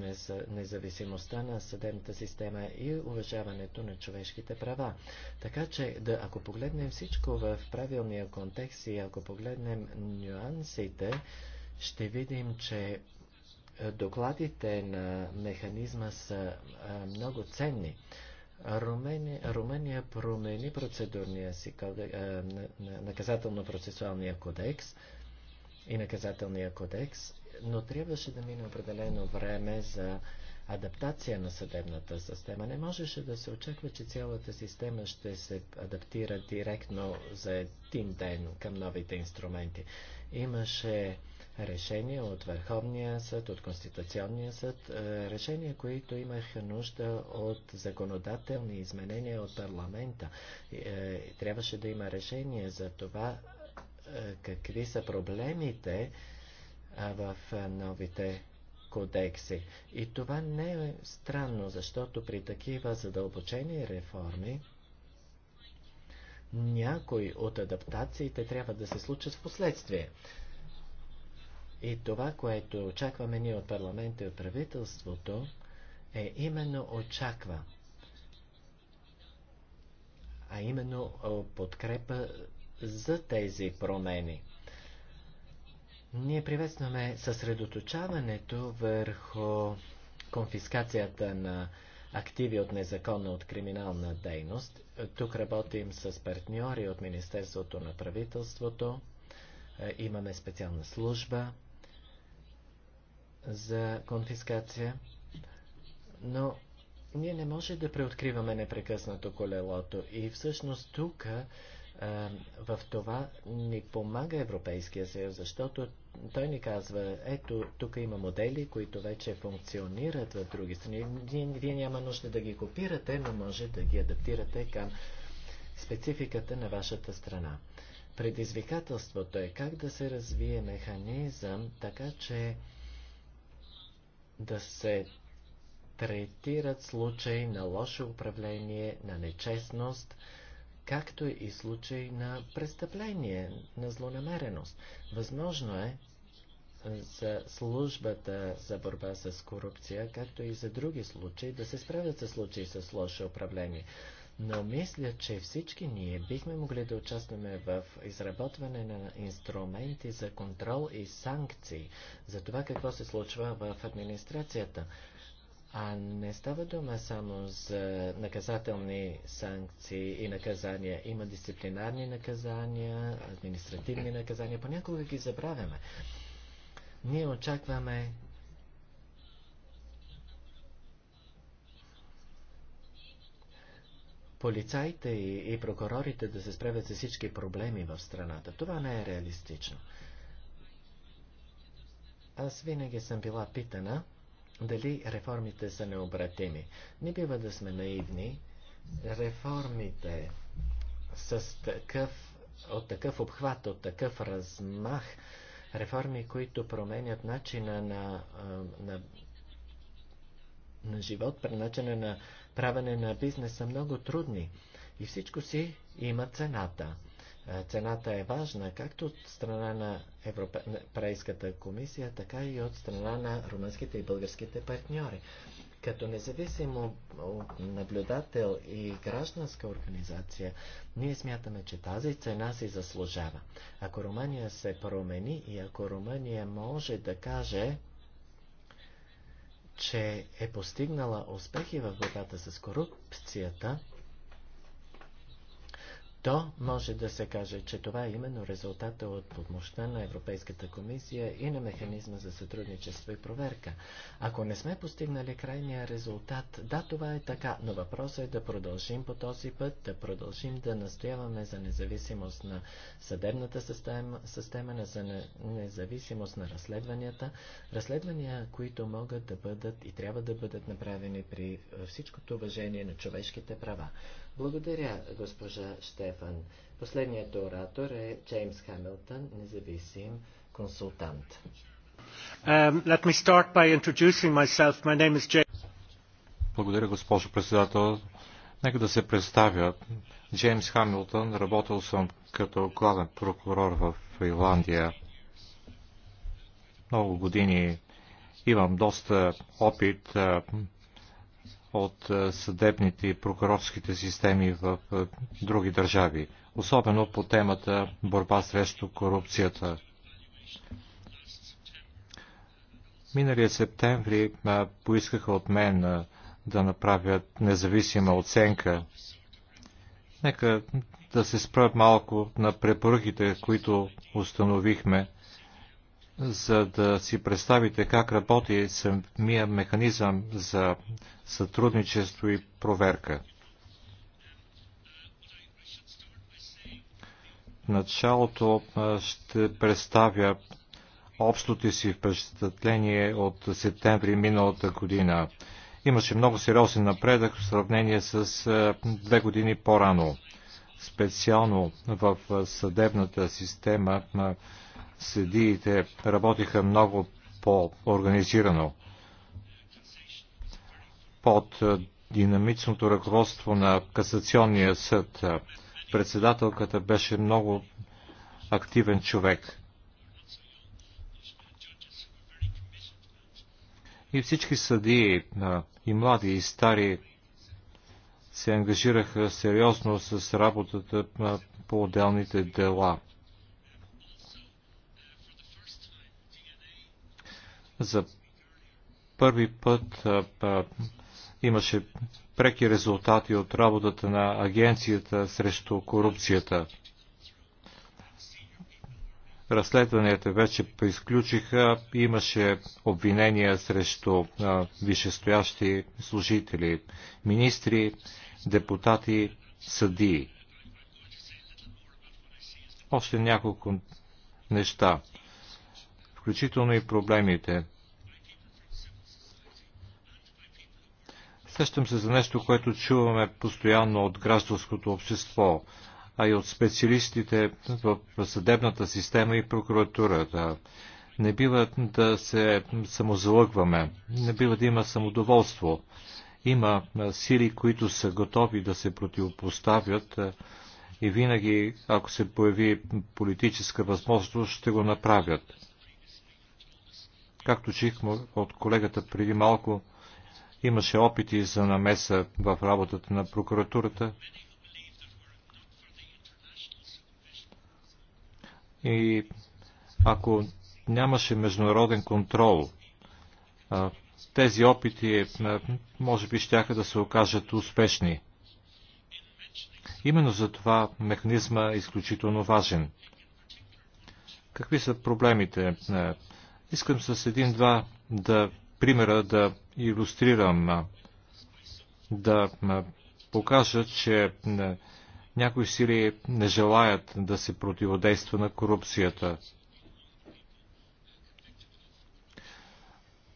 независимостта на съдебната система и уважаването на човешките права. Така че, да, ако погледнем всичко в правилния контекст и ако погледнем нюансите, ще видим, че докладите на механизма са много ценни. Румения, Румения промени процедурния си наказателно-процесуалния кодекс и наказателния кодекс но трябваше да мине определено време за адаптация на съдебната система. Не можеше да се очаква, че цялата система ще се адаптира директно за един ден към новите инструменти. Имаше решения от Върховния съд, от Конституционния съд, е, решения, които имаха нужда от законодателни изменения от парламента. Е, трябваше да има решение за това е, какви са проблемите, в новите кодекси. И това не е странно, защото при такива задълбочени реформи някои от адаптациите трябва да се случат в последствие. И това, което очакваме ние от парламента и от правителството, е именно очаква. А именно подкрепа за тези промени. Ние приветстваме съсредоточаването върху конфискацията на активи от незаконна от криминална дейност. Тук работим с партньори от Министерството на правителството. Е, имаме специална служба за конфискация. Но ние не може да преоткриваме непрекъснато колелото и всъщност тук е, в това ни помага Европейския съюз, защото той ни казва, ето, тук има модели, които вече функционират в други страни. Вие няма нужда да ги копирате, но може да ги адаптирате към спецификата на вашата страна. Предизвикателството е как да се развие механизъм, така че да се третират случаи на лошо управление, на нечестност – както и случаи на престъпление, на злонамереност. Възможно е за службата за борба с корупция, както и за други случаи, да се справят с случаи с лошо управление. Но мисля, че всички ние бихме могли да участваме в изработване на инструменти за контрол и санкции за това какво се случва в администрацията. А не става дума само за наказателни санкции и наказания. Има дисциплинарни наказания, административни наказания. Понякога ги забравяме. Ние очакваме Полицайите и, и прокурорите да се справят с всички проблеми в страната. Това не е реалистично. Аз винаги съм била питана, дали реформите са необратими. Не бива да сме наивни. Реформите с такъв, от такъв обхват, от такъв размах, реформи, които променят начина на, на, на живот, начина на правене на бизнес са много трудни. И всичко си има цената. Е, цената е важна както от страна на Европейската комисия, така и от страна на румънските и българските партньори. Като независимо наблюдател и гражданска организация, ние смятаме, че тази цена си заслужава. Ако Румъния се промени и ако Румъния може да каже, че е постигнала успехи в борбата с корупцията, то може да се каже, че това е именно резултата от помощта на Европейската комисия и на механизма за сътрудничество и проверка. Ако не сме постигнали крайния резултат, да, това е така, но въпросът е да продължим по този път, да продължим да настояваме за независимост на съдебната система, система за независимост на разследванията, разследвания, които могат да бъдат и трябва да бъдат направени при всичкото уважение на човешките права. Благодаря, госпожа Штефан. Последният оратор е Джеймс Хамилтън, независим консултант. Um, let me start by introducing myself. My name is James. Благодаря, госпожо председател. Нека да се представя. Джеймс Хамилтън, работил съм като главен прокурор в Ирландия. Много години имам доста опит от е, съдебните и прокурорските системи в е, други държави, особено по темата борба срещу корупцията. Миналия септември е, поискаха от мен да направя независима оценка. Нека да се спра малко на препоръките, които установихме за да си представите как работи самия механизъм за сътрудничество и проверка. В началото ще представя общото си впечатление от септември миналата година. Имаше много сериозен напредък в сравнение с две години по-рано. Специално в съдебната система съдиите работиха много по-организирано под динамичното ръководство на касационния съд. Председателката беше много активен човек. И всички съдии, и млади, и стари, се ангажираха сериозно с работата по отделните дела. За първи път а, а, имаше преки резултати от работата на агенцията срещу корупцията. Разследванията вече приключиха, имаше обвинения срещу а, висшестоящи служители, министри, депутати, съдии. Още няколко неща включително и проблемите. Сещам се за нещо, което чуваме постоянно от гражданското общество, а и от специалистите в съдебната система и прокуратурата. Не бива да се самозалъгваме, не бива да има самодоволство. Има сили, които са готови да се противопоставят и винаги, ако се появи политическа възможност, ще го направят. Както чихме от колегата преди малко, имаше опити за намеса в работата на прокуратурата. И ако нямаше международен контрол, тези опити може би щяха да се окажат успешни. Именно за това механизма е изключително важен. Какви са проблемите? Искам с един-два да примера да иллюстрирам, да покажа, че някои сили не желаят да се противодейства на корупцията.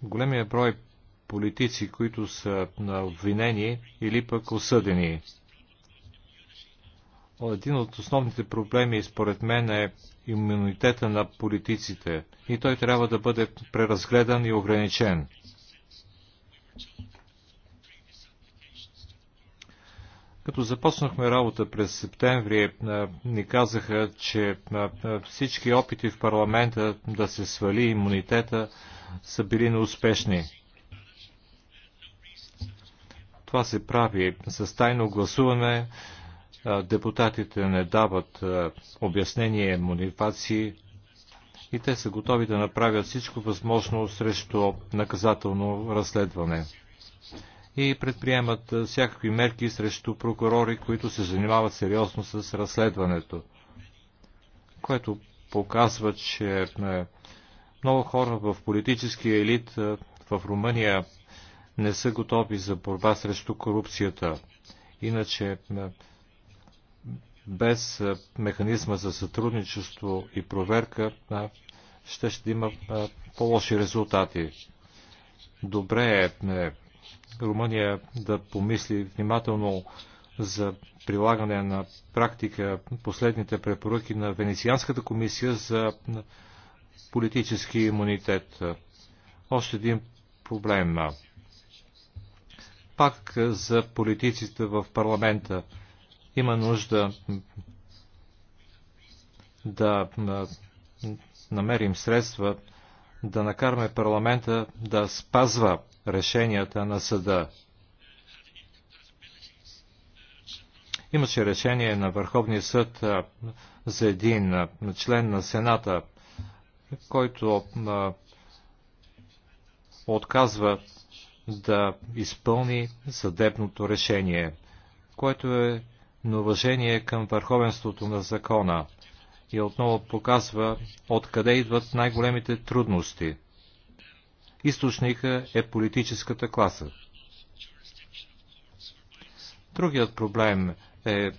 Големия брой политици, които са обвинени или пък осъдени един от основните проблеми, според мен, е имунитета на политиците и той трябва да бъде преразгледан и ограничен. Като започнахме работа през септември, е, е, ни казаха, че е, всички опити в парламента да се свали имунитета са били неуспешни. Това се прави с тайно гласуване, депутатите не дават обяснение, мотивации и те са готови да направят всичко възможно срещу наказателно разследване и предприемат всякакви мерки срещу прокурори, които се занимават сериозно с разследването, което показва, че много хора в политическия елит в Румъния не са готови за борба срещу корупцията. Иначе без механизма за сътрудничество и проверка ще, ще има по-лоши резултати. Добре е, е Румъния да помисли внимателно за прилагане на практика последните препоръки на Венецианската комисия за политически имунитет. Още един проблем. Пак за политиците в парламента. Има нужда да намерим средства да накараме парламента да спазва решенията на съда. Имаше решение на Върховния съд за един член на Сената, който отказва да изпълни съдебното решение, което е на уважение към върховенството на закона и отново показва откъде идват най-големите трудности. Източника е политическата класа. Другият проблем е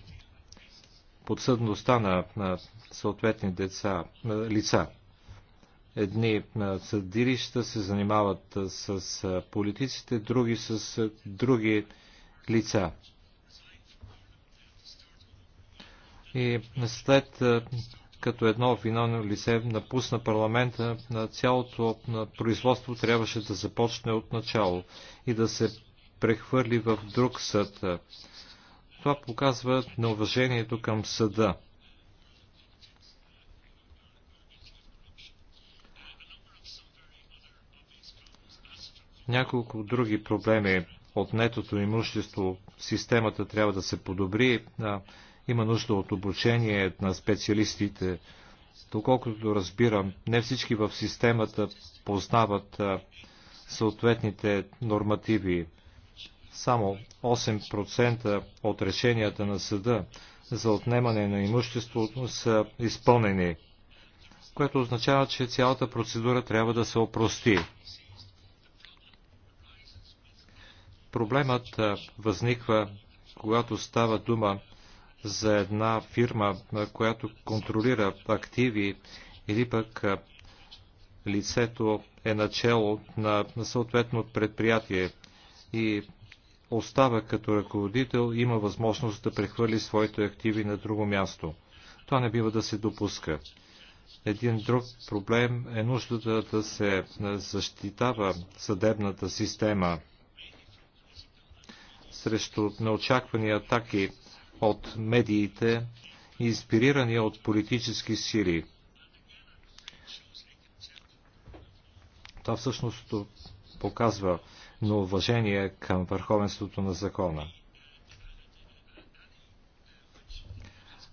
подсъдността на, на съответни деца, лица. Едни съдилища се занимават с политиците, други с други лица. И след е, като едно виновно лице напусна парламента, на цялото на производство трябваше да започне от начало и да се прехвърли в друг съд. Това показва неуважението към съда. Няколко други проблеми. Отнетото имущество, системата трябва да се подобри. Има нужда от обучение на специалистите. Доколкото разбирам, не всички в системата познават съответните нормативи. Само 8% от решенията на съда за отнемане на имущество са изпълнени, което означава, че цялата процедура трябва да се опрости. Проблемът възниква, когато става дума за една фирма, която контролира активи или пък лицето е начало на съответно предприятие и остава като ръководител, има възможност да прехвърли своите активи на друго място. Това не бива да се допуска. Един друг проблем е нуждата да се защитава съдебната система срещу неочаквани атаки от медиите, инспирирани от политически сили. Това всъщност показва на уважение към върховенството на закона.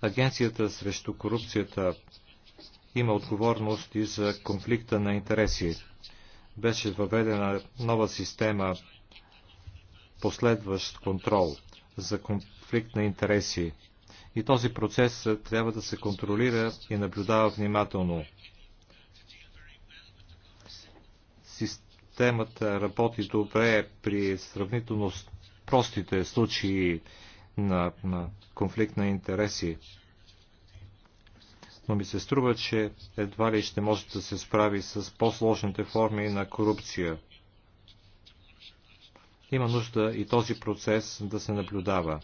Агенцията срещу корупцията има отговорност и за конфликта на интереси. Беше въведена нова система последващ контрол за конфликт на интереси. И този процес е, трябва да се контролира и наблюдава внимателно. Системата работи добре при сравнително простите случаи на, на конфликт на интереси. Но ми се струва, че едва ли ще може да се справи с по-сложните форми на корупция. Има нужда и този процес да се наблюдава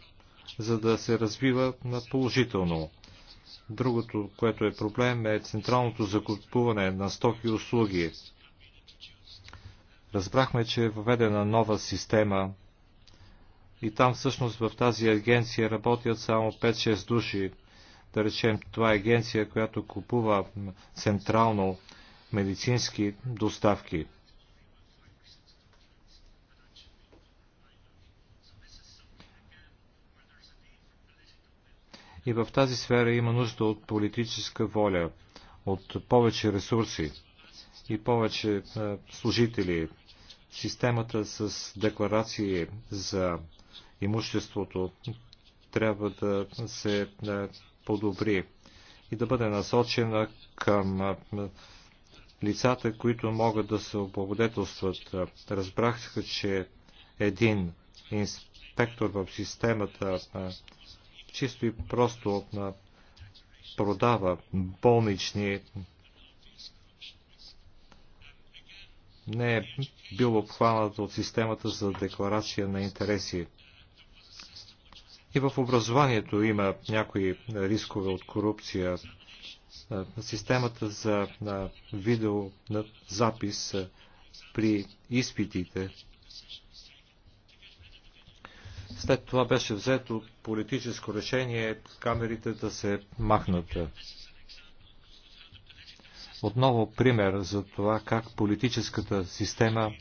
за да се развива положително. Другото, което е проблем, е централното закупуване на стоки и услуги. Разбрахме, че е въведена нова система и там всъщност в тази агенция работят само 5-6 души. Да речем, това е агенция, която купува централно медицински доставки. И в тази сфера има нужда от политическа воля, от повече ресурси и повече е, служители. Системата с декларации за имуществото трябва да се е, подобри и да бъде насочена към е, лицата, които могат да се облагодетелстват. Разбрах, че един инспектор в системата чисто и просто продава болнични. Не е бил обхванат от системата за декларация на интереси. И в образованието има някои рискове от корупция. Системата за видеозапис при изпитите след това беше взето политическо решение камерите да се махнат. Отново пример за това как политическата система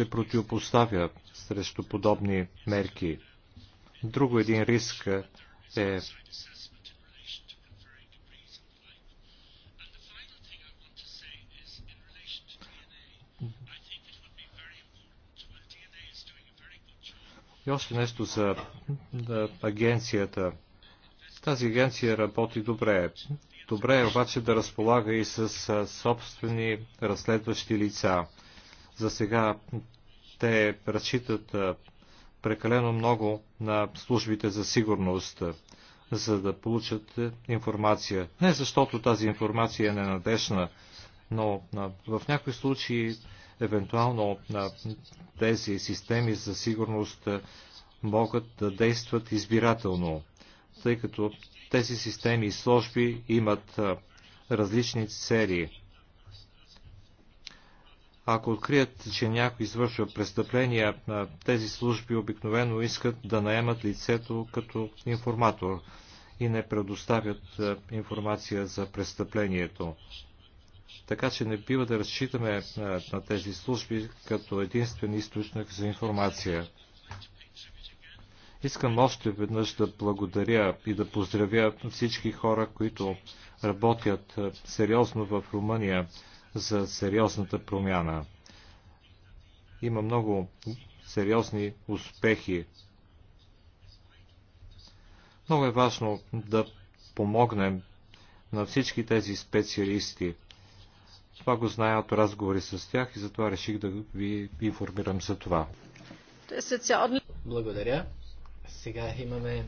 се противопоставя срещу подобни мерки. Друго един риск е И още нещо за агенцията. Тази агенция работи добре. Добре е обаче да разполага и с собствени разследващи лица. За сега те разчитат прекалено много на службите за сигурност, за да получат информация. Не защото тази информация е ненадежна, но в някои случаи Евентуално на тези системи за сигурност е, могат да действат избирателно, тъй като тези системи и служби имат е, различни цели. Ако открият, че някой извършва престъпления, е, тези служби обикновено искат да наемат лицето като информатор и не предоставят информация за престъплението. Така че не бива да разчитаме на тези служби като единствен източник за информация. Искам още веднъж да благодаря и да поздравя всички хора, които работят сериозно в Румъния за сериозната промяна. Има много сериозни успехи. Много е важно да помогнем на всички тези специалисти – това го зная от разговори с тях и затова реших да ви информирам за това. Благодаря. Сега имаме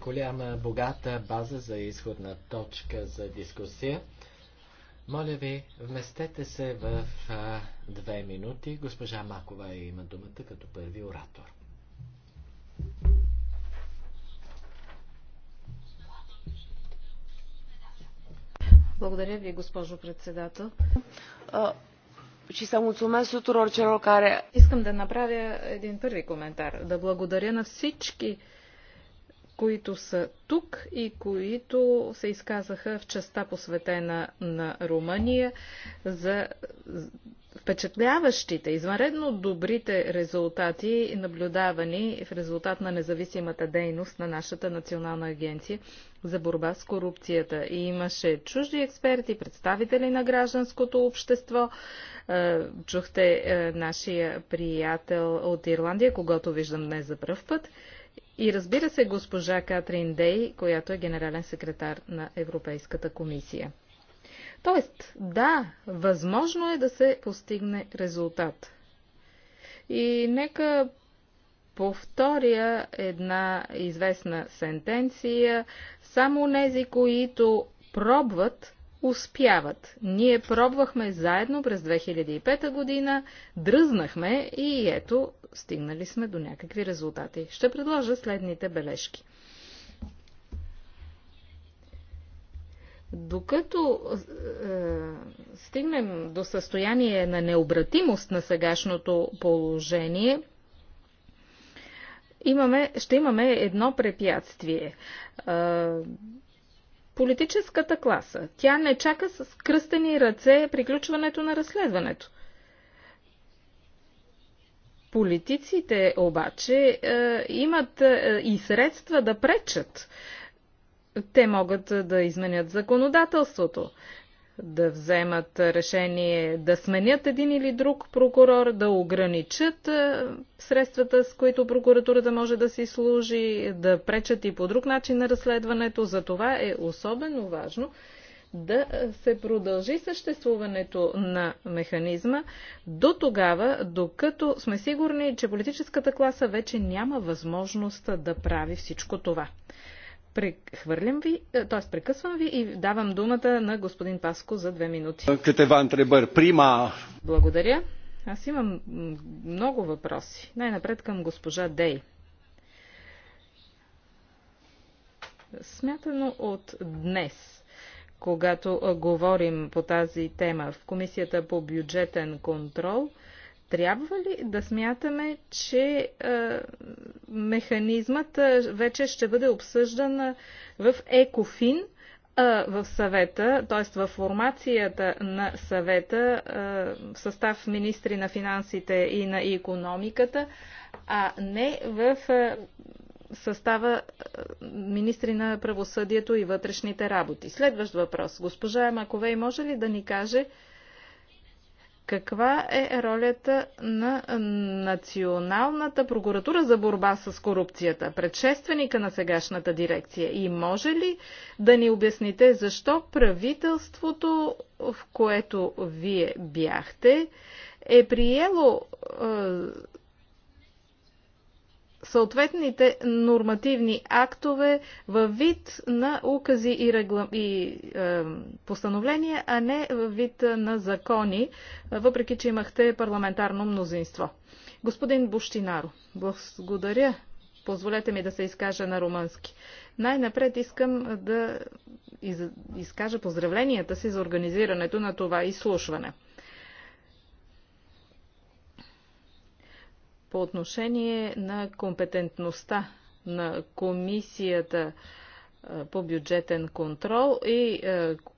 голяма, богата база за изходна точка за дискусия. Моля ви, вместете се в а, две минути. Госпожа Макова има думата като първи оратор. Благодаря ви, госпожо председател. Искам да направя един първи коментар. Да благодаря на всички, които са тук и които се изказаха в частта посветена на Румъния за впечатляващите, извънредно добрите резултати, наблюдавани в резултат на независимата дейност на нашата Национална агенция за борба с корупцията. И имаше чужди експерти, представители на гражданското общество. Е, чухте е, нашия приятел от Ирландия, когато виждам днес за пръв път. И разбира се, госпожа Катрин Дей, която е генерален секретар на Европейската комисия. Тоест, да, възможно е да се постигне резултат. И нека повторя една известна сентенция. Само нези, които пробват, успяват. Ние пробвахме заедно през 2005 година, дръзнахме и ето, стигнали сме до някакви резултати. Ще предложа следните бележки. Докато е, стигнем до състояние на необратимост на сегашното положение, имаме, ще имаме едно препятствие. Е, политическата класа. Тя не чака с кръстени ръце приключването на разследването. Политиците обаче е, имат е, и средства да пречат. Е, те могат да изменят законодателството, да вземат решение да сменят един или друг прокурор, да ограничат средствата, с които прокуратурата може да си служи, да пречат и по друг начин на разследването. За това е особено важно да се продължи съществуването на механизма до тогава, докато сме сигурни, че политическата класа вече няма възможност да прави всичко това. Прехвърлям ви, т.е. прекъсвам ви и давам думата на господин Паско за две минути. Câteva Prima... Благодаря. Аз имам много въпроси. Най-напред към госпожа Дей. Смятано от днес, когато говорим по тази тема в Комисията по бюджетен контрол – трябва ли да смятаме, че а, механизмът вече ще бъде обсъждан в ЕКОФИН, в съвета, т.е. в формацията на съвета в състав министри на финансите и на економиката, а не в състава министри на правосъдието и вътрешните работи. Следващ въпрос. Госпожа Маковей, може ли да ни каже каква е ролята на Националната прокуратура за борба с корупцията, предшественика на сегашната дирекция? И може ли да ни обясните защо правителството, в което вие бяхте, е приело е, съответните нормативни актове във вид на укази и, регла... и е, постановления, а не във вид на закони, въпреки че имахте парламентарно мнозинство. Господин Буштинаро, благодаря. Позволете ми да се изкажа на румънски. Най-напред искам да из... изкажа поздравленията си за организирането на това изслушване. По отношение на компетентността на комисията по бюджетен контрол и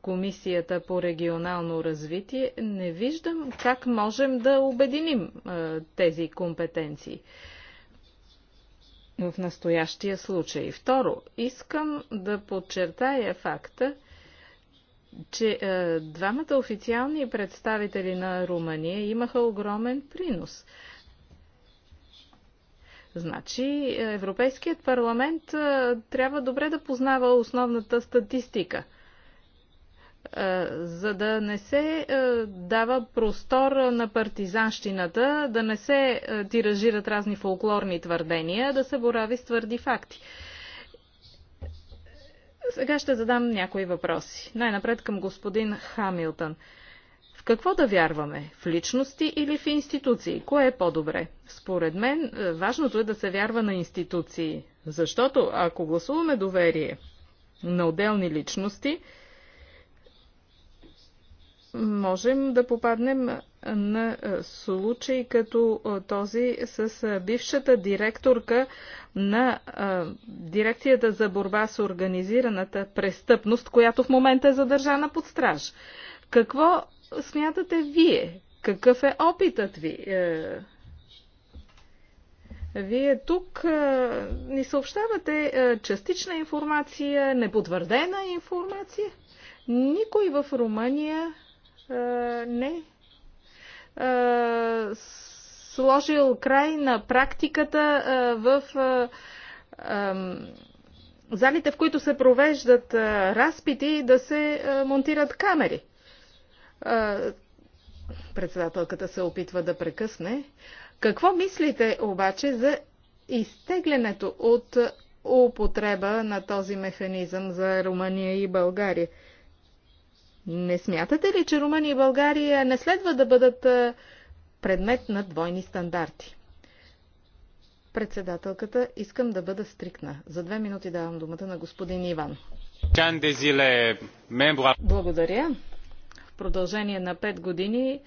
комисията по регионално развитие, не виждам как можем да обединим тези компетенции в настоящия случай. Второ, искам да подчертая факта, че е, двамата официални представители на Румъния имаха огромен принос. Е, Значи е, Европейският парламент е, трябва добре да познава основната статистика, е, за да не се дава простор на партизанщината, да не се тиражират разни фолклорни твърдения, да се борави с твърди факти. Сега ще задам някои въпроси. Най-напред към господин Хамилтън. Какво да вярваме? В личности или в институции? Кое е по-добре? Според мен, е, важното е да се вярва на институции, защото ако гласуваме доверие на отделни личности, можем да попаднем на е, случай като е, този с бившата директорка на дирекцията за борба с организираната престъпност, която в момента е задържана под страж. Какво смятате вие? Какъв е опитът ви? Е, вие тук е, ни съобщавате е, частична информация, непотвърдена информация. Никой в Румъния не сложил край на практиката в залите, в които се провеждат разпити, да се монтират камери. Председателката се опитва да прекъсне. Какво мислите обаче за изтеглянето от употреба на този механизъм за Румъния и България? Не смятате ли, че Румъния и България не следва да бъдат предмет на двойни стандарти? Председателката, искам да бъда стрикна. За две минути давам думата на господин Иван. Благодаря продължение на 5 години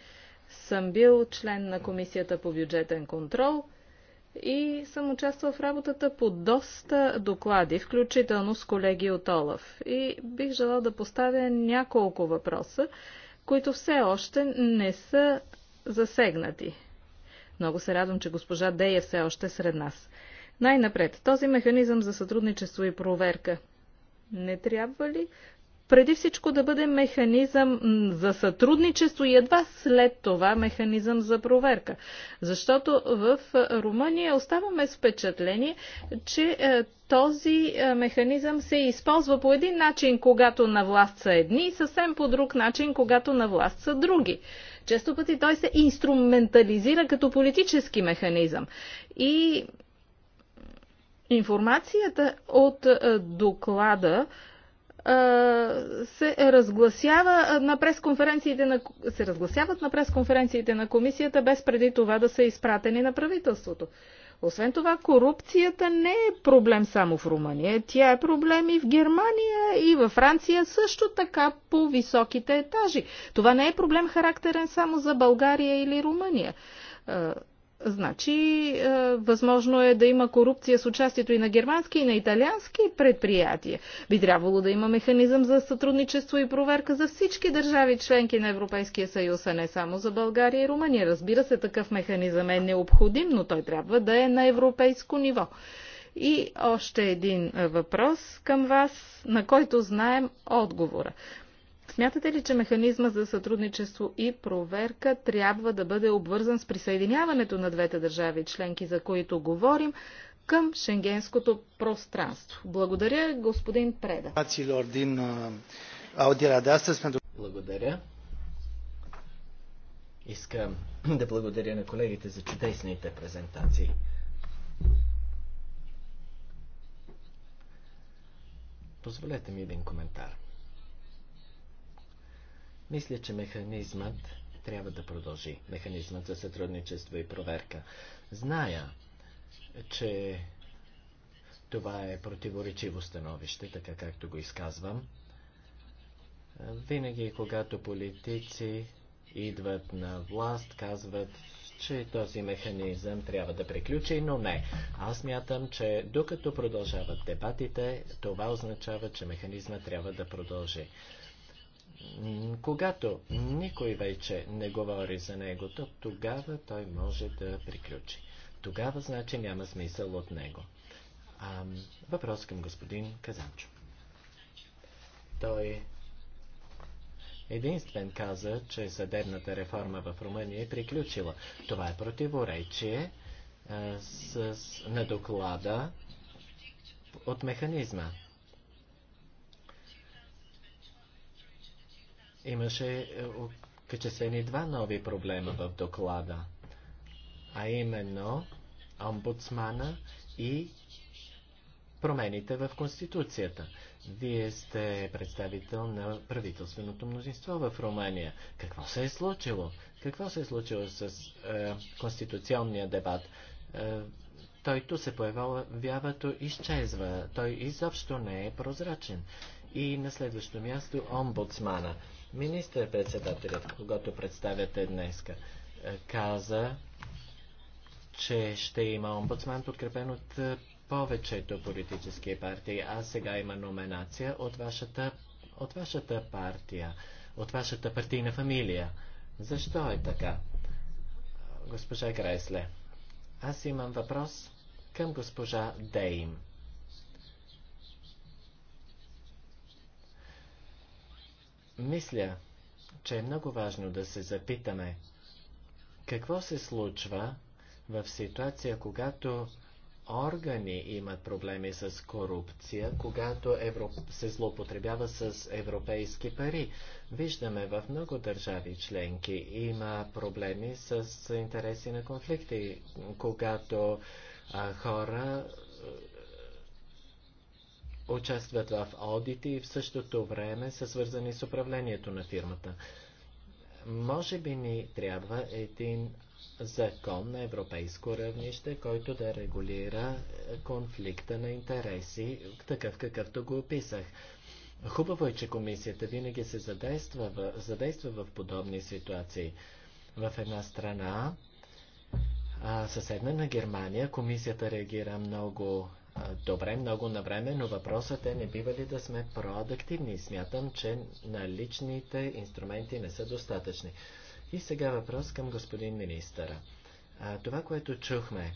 съм бил член на Комисията по бюджетен контрол и съм участвал в работата по доста доклади, включително с колеги от Олаф. И бих желал да поставя няколко въпроса, които все още не са засегнати. Много се радвам, че госпожа Дей е все още сред нас. Най-напред, този механизъм за сътрудничество и проверка. Не трябва ли преди всичко да бъде механизъм за сътрудничество и едва след това механизъм за проверка. Защото в Румъния оставаме с впечатление, че този механизъм се използва по един начин, когато на власт са едни, и съвсем по друг начин, когато на власт са други. Често пъти той се инструментализира като политически механизъм. И информацията от доклада се разгласява на пресконференциите на, се разгласяват на пресконференциите на комисията без преди това да са изпратени на правителството. Освен това, корупцията не е проблем само в Румъния, тя е проблем и в Германия, и във Франция, също така по високите етажи. Това не е проблем характерен само за България или Румъния. Значи, е, възможно е да има корупция с участието и на германски, и на италиански предприятия. Би трябвало да има механизъм за сътрудничество и проверка за всички държави членки на Европейския съюз, а не само за България и Румъния. Разбира се, такъв механизъм е необходим, но той трябва да е на европейско ниво. И още един въпрос към вас, на който знаем отговора. Смятате ли, че механизма за сътрудничество и проверка трябва да бъде обвързан с присъединяването на двете държави членки, за които говорим, към шенгенското пространство? Благодаря, господин Преда. Благодаря. Искам да благодаря на колегите за чудесните презентации. Позволете ми един коментар. Мисля, че механизмът трябва да продължи. Механизмът за сътрудничество и проверка. Зная, че това е противоречиво становище, така както го изказвам. Винаги, когато политици идват на власт, казват, че този механизъм трябва да приключи, но не. Аз мятам, че докато продължават дебатите, това означава, че механизма трябва да продължи. Когато никой вече не говори за него, то тогава той може да приключи. Тогава, значи, няма смисъл от него. А, въпрос към господин Казанчо. Той единствен каза, че съдебната реформа в Румъния е приключила. Това е противоречие а, с, на доклада от механизма. имаше качествени е, два нови проблема в доклада, а именно омбудсмана и промените в Конституцията. Вие сте представител на правителственото мнозинство в Румъния. Какво се е случило? Какво се е случило с е, конституционния дебат? Е, той се появява, вявато изчезва. Той изобщо не е прозрачен. И на следващо място омбудсмана. Министър-председателят, когато представяте днес, е, каза, че ще има омбудсман, подкрепен от е, повечето политически партии, а сега има номинация от вашата, от вашата партия, от вашата партийна фамилия. Защо е така? Госпожа Грайсле, аз имам въпрос към госпожа Дейм. Мисля, че е много важно да се запитаме какво се случва в ситуация, когато органи имат проблеми с корупция, когато Европ... се злоупотребява с европейски пари. Виждаме в много държави членки има проблеми с интереси на конфликти, когато а, хора участват в аудити и в същото време са свързани с управлението на фирмата. Може би ни трябва един закон на европейско равнище, който да регулира е, конфликта на интереси, такъв какъвто го описах. Хубаво е, че комисията винаги се задейства в, задейства в подобни ситуации. В една страна, а, съседна на Германия, комисията реагира много добре, много на време, но въпросът е не бива ли да сме проадактивни. Смятам, че наличните инструменти не са достатъчни. И сега въпрос към господин министъра. А, това, което чухме,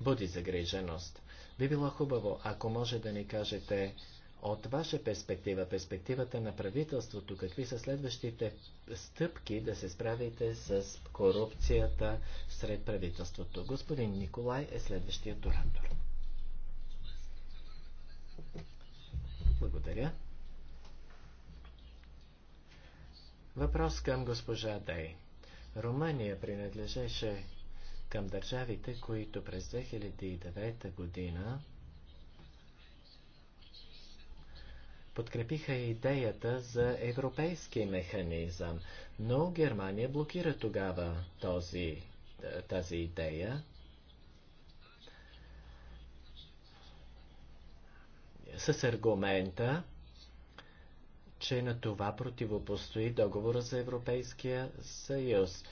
буди загриженост. Би било хубаво, ако може да ни кажете от ваша перспектива, перспективата на правителството, какви са следващите стъпки да се справите с корупцията сред правителството. Господин Николай е следващият оратор. Благодаря. Въпрос към госпожа Дей. Румъния принадлежеше към държавите, които през 2009 година подкрепиха идеята за европейски механизъм, но Германия блокира тогава този, тази идея с аргумента, че на това противопостои договора за Европейския съюз.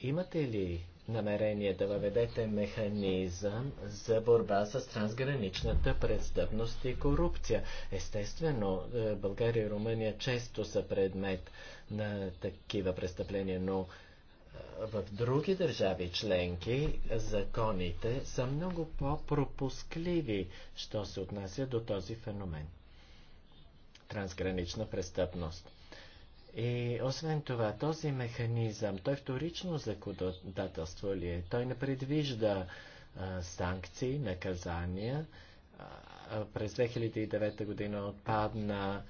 Имате ли намерение да въведете механизъм за борба с трансграничната престъпност и корупция. Естествено, е, България и Румъния често са предмет на такива престъпления, но в други държави членки законите са много по-пропускливи, що се отнася до този феномен. Трансгранична престъпност. И освен това, този механизъм, той вторично законодателство ли е? Той не предвижда а, санкции, наказания. А, през 2009 година отпадна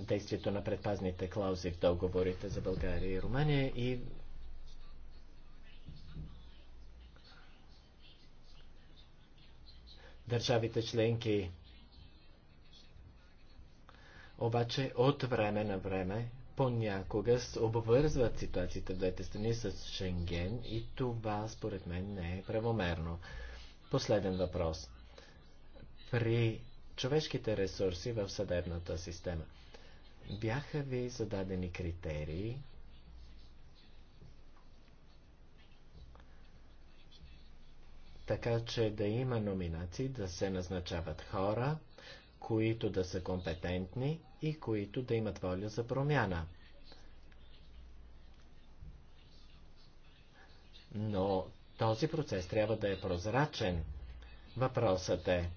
действието на предпазните клаузи в договорите за България и Румъния и държавите членки. Обаче от време на време понякога обвързват ситуациите в двете страни с Шенген и това според мен не е правомерно. Последен въпрос. При човешките ресурси в съдебната система бяха ви зададени критерии, така че да има номинации, да се назначават хора, които да са компетентни и които да имат воля за промяна. Но този процес трябва да е прозрачен. Въпросът е,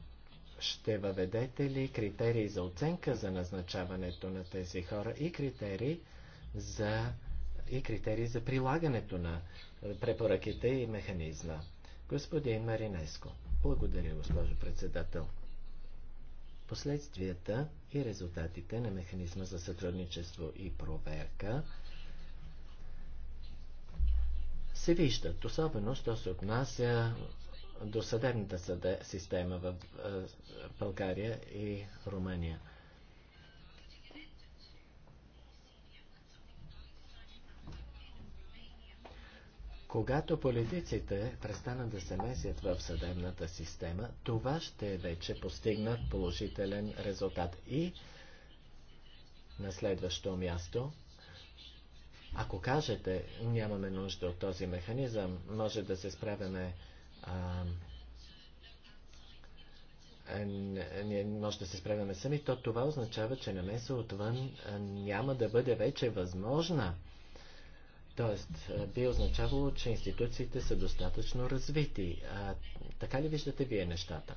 ще въведете ли критерии за оценка за назначаването на тези хора и критерии за, и критерии за прилагането на препоръките и механизма? Господин Маринеско, благодаря, госпожо председател. Последствията и резултатите на механизма за сътрудничество и проверка се виждат, особено, що се отнася до съдебната съде, система в България и Румъния. Когато политиците престанат да се месят в съдебната система, това ще вече постигнат положителен резултат. И на следващо място, ако кажете, нямаме нужда от този механизъм, може да се справяме а, е, не, може да се справяме сами, то това означава, че намеса отвън няма да бъде вече възможна. Тоест, би означавало, че институциите са достатъчно развити. А, така ли виждате вие нещата?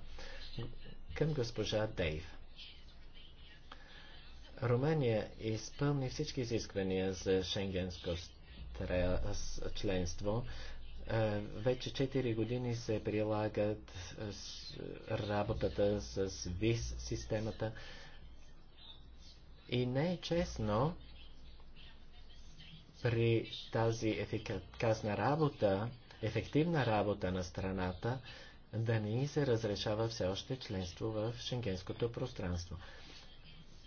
Към госпожа Дейв. Румъния изпълни всички изисквания за шенгенско членство. Вече 4 години се прилагат работата с ВИС системата. И не е честно, при тази ефикасна работа, ефективна работа на страната, да не ни се разрешава все още членство в шенгенското пространство.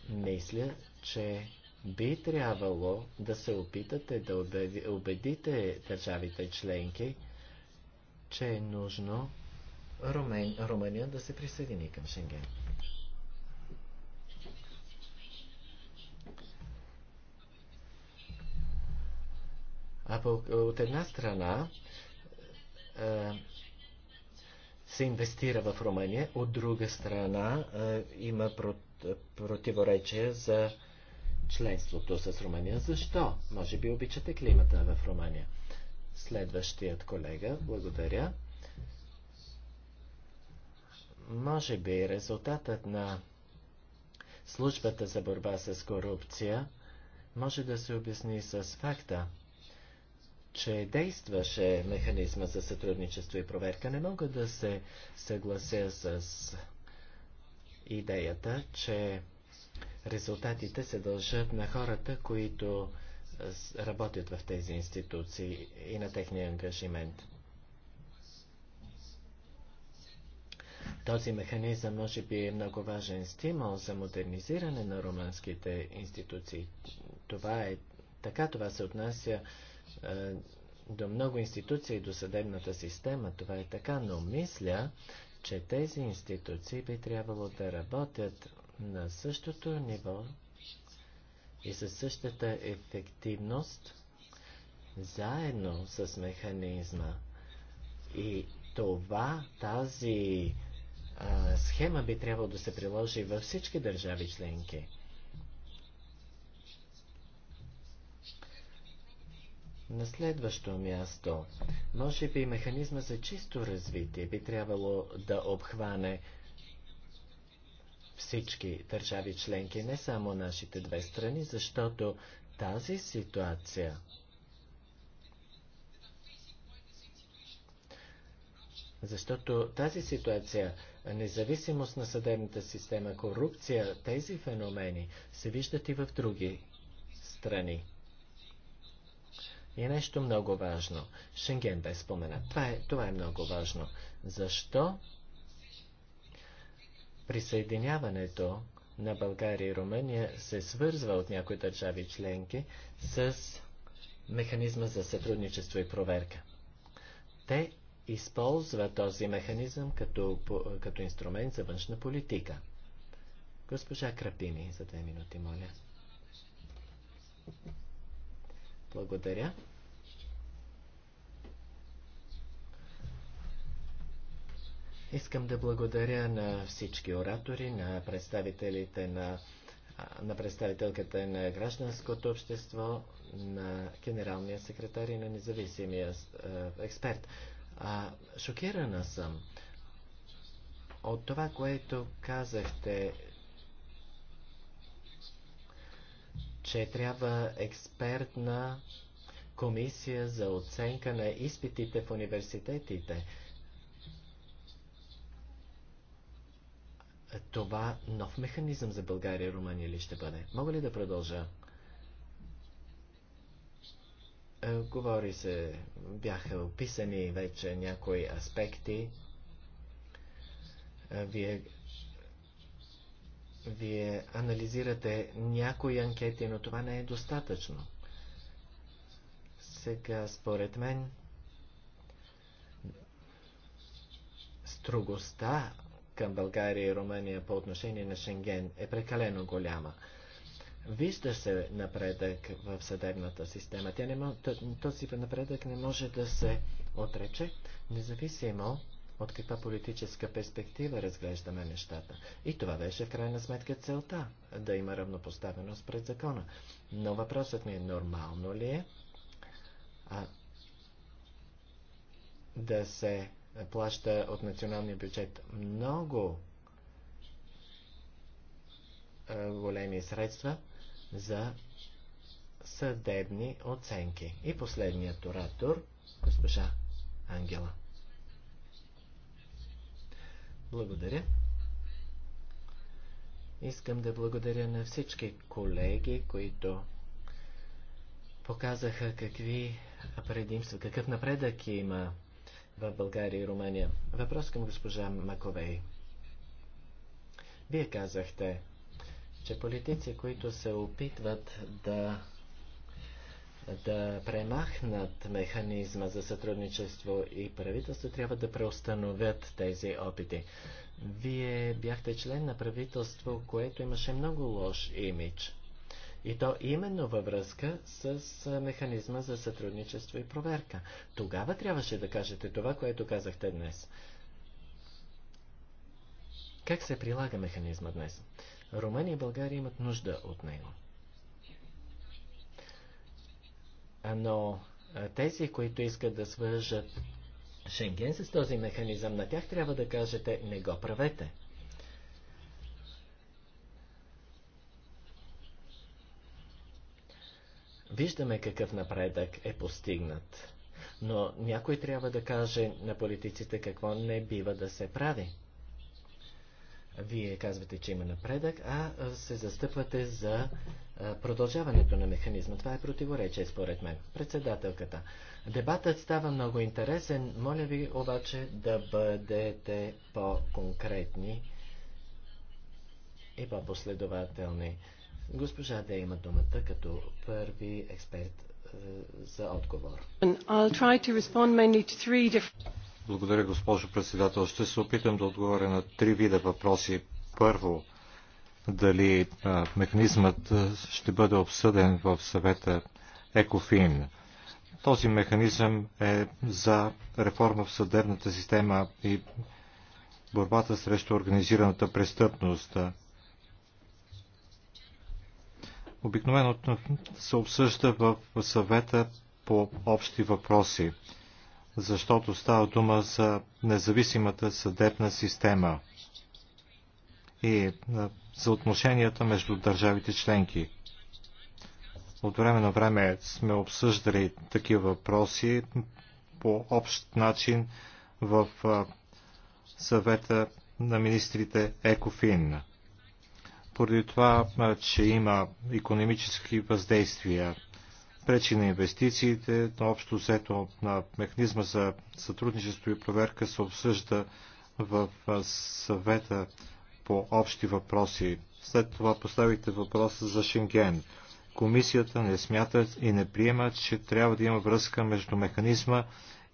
Мисля, че би трябвало да се опитате да убедите държавите членки, че е нужно Румъния да се присъедини към Шенген. А от една страна е, се инвестира в Румъния, от друга страна е, има противоречие за членството с Румъния. Защо? Може би обичате климата в Румъния. Следващият колега, благодаря. Може би резултатът на службата за борба с корупция може да се обясни с факта, че действаше механизма за сътрудничество и проверка. Не мога да се съглася с идеята, че резултатите се дължат на хората, които работят в тези институции и на техния ангажимент. Този механизъм може би е много важен стимул за модернизиране на румънските институции. Това е така, това се отнася е, до много институции, до съдебната система, това е така, но мисля, че тези институции би трябвало да работят на същото ниво и със същата ефективност, заедно с механизма. И това, тази а, схема би трябвало да се приложи във всички държави членки. На следващо място, може би механизма за чисто развитие би трябвало да обхване всички държави членки, не само нашите две страни, защото тази ситуация Защото тази ситуация, независимост на съдебната система, корупция, тези феномени се виждат и в други страни. И е нещо много важно. Шенген бе спомена. Това е, това е много важно. Защо присъединяването на България и Румъния се свързва от някои държави членки с механизма за сътрудничество и проверка. Те използват този механизъм като, като инструмент за външна политика. Госпожа Крапини, за две минути, моля. Благодаря. Искам да благодаря на всички оратори, на представителите на, на представителката на гражданското общество, на генералния секретар и на независимия експерт. шокирана съм от това, което казахте че трябва експертна комисия за оценка на изпитите в университетите. Това нов механизъм за България и Румъния ли ще бъде? Мога ли да продължа? Е, говори се, бяха описани вече някои аспекти. Е, вие вие анализирате някои анкети, но това не е достатъчно. Сега, според мен, строгостта към България и Румъния по отношение на Шенген е прекалено голяма. Вижда се напредък в съдебната система. Тя не, този напредък не може да се отрече, независимо от каква политическа перспектива разглеждаме нещата. И това беше в крайна сметка целта – да има равнопоставеност пред закона. Но въпросът ми е нормално ли е а, да се плаща от националния бюджет много а, големи средства за съдебни оценки. И последният оратор, госпожа Ангела. Благодаря. Искам да благодаря на всички колеги, които показаха какви предимства, какъв напредък има в България и Румъния. Въпрос към госпожа Маковей. Вие казахте, че политици, които се опитват да да премахнат механизма за сътрудничество и правителство, трябва да преустановят тези опити. Вие бяхте член на правителство, което имаше много лош имидж. И то именно във връзка с механизма за сътрудничество и проверка. Тогава трябваше да кажете това, което казахте днес. Как се прилага механизма днес? Румъния и България имат нужда от него. но тези, които искат да свържат Шенген с този механизъм, на тях трябва да кажете не го правете. Виждаме какъв напредък е постигнат, но някой трябва да каже на политиците какво не бива да се прави. Вие казвате, че има напредък, а се застъпвате за продължаването на механизма. Това е противоречие, според мен. Председателката. Дебатът става много интересен. Моля ви обаче да бъдете по-конкретни и по-последователни. Госпожа да има думата като първи експерт за отговор. Different... Благодаря, госпожо председател. Ще се опитам да отговоря на три вида въпроси. Първо, дали механизмът ще бъде обсъден в съвета ЕКОФИН. Този механизъм е за реформа в съдебната система и борбата срещу организираната престъпност. Обикновено се обсъжда в съвета по общи въпроси защото става дума за независимата съдебна система и е, за отношенията между държавите членки. От време на време сме обсъждали такива въпроси по общ начин в е, съвета на министрите ЕКОФИН. Поради това, е, че има економически въздействия пречи на инвестициите, на общо взето на механизма за сътрудничество и проверка се обсъжда в съвета по общи въпроси. След това поставите въпроса за Шенген. Комисията не смята и не приема, че трябва да има връзка между механизма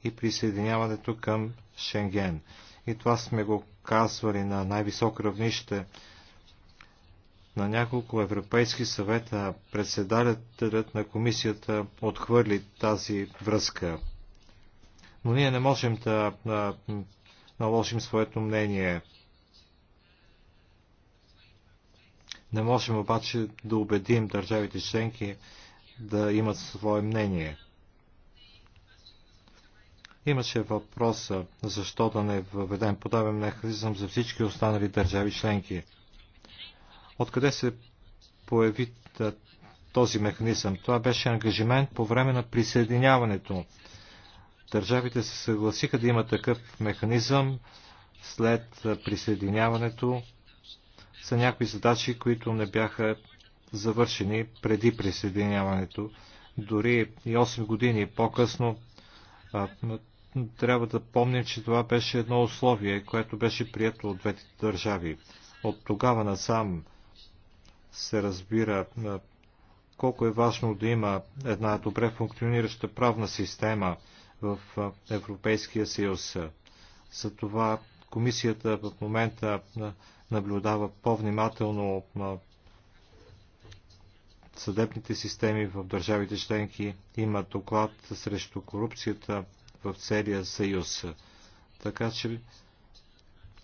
и присъединяването към Шенген. И това сме го казвали на най-високо равнище на няколко европейски съвета председателят на комисията отхвърли тази връзка. Но ние не можем да наложим своето мнение. Не можем обаче да убедим държавите членки да имат свое мнение. Имаше въпроса, защо да не въведем подобен механизъм за всички останали държави членки. Откъде се появи този механизъм? Това беше ангажимент по време на присъединяването. Държавите се съгласиха да има такъв механизъм след присъединяването за някои задачи, които не бяха завършени преди присъединяването. Дори и 8 години по-късно трябва да помним, че това беше едно условие, което беше прието от двете държави. От тогава насам се разбира колко е важно да има една добре функционираща правна система в Европейския съюз. Затова комисията в момента наблюдава по-внимателно съдебните системи в държавите членки. Има доклад срещу корупцията в целия съюз. Така че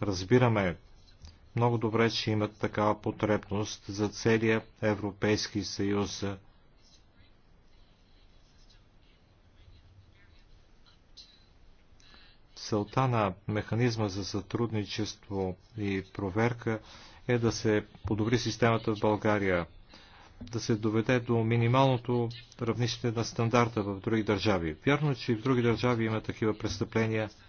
разбираме много добре, че имат такава потребност за целия Европейски съюз. Целта на механизма за сътрудничество и проверка е да се подобри системата в България, да се доведе до минималното равнище на стандарта в други държави. Вярно, че и в други държави има такива престъпления –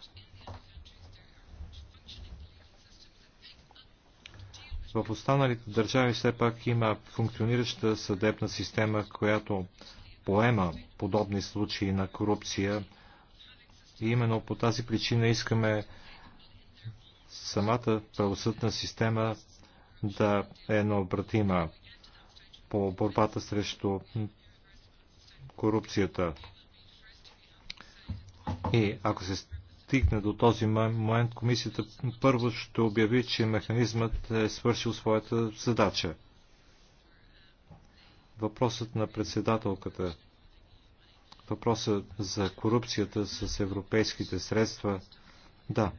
В останалите държави все пак има функционираща съдебна система, която поема подобни случаи на корупция. И именно по тази причина искаме самата правосъдна система да е необратима по борбата срещу корупцията. И ако се стигне до този момент, комисията първо ще обяви, че механизмът е свършил своята задача. Въпросът на председателката, въпросът за корупцията с европейските средства, да.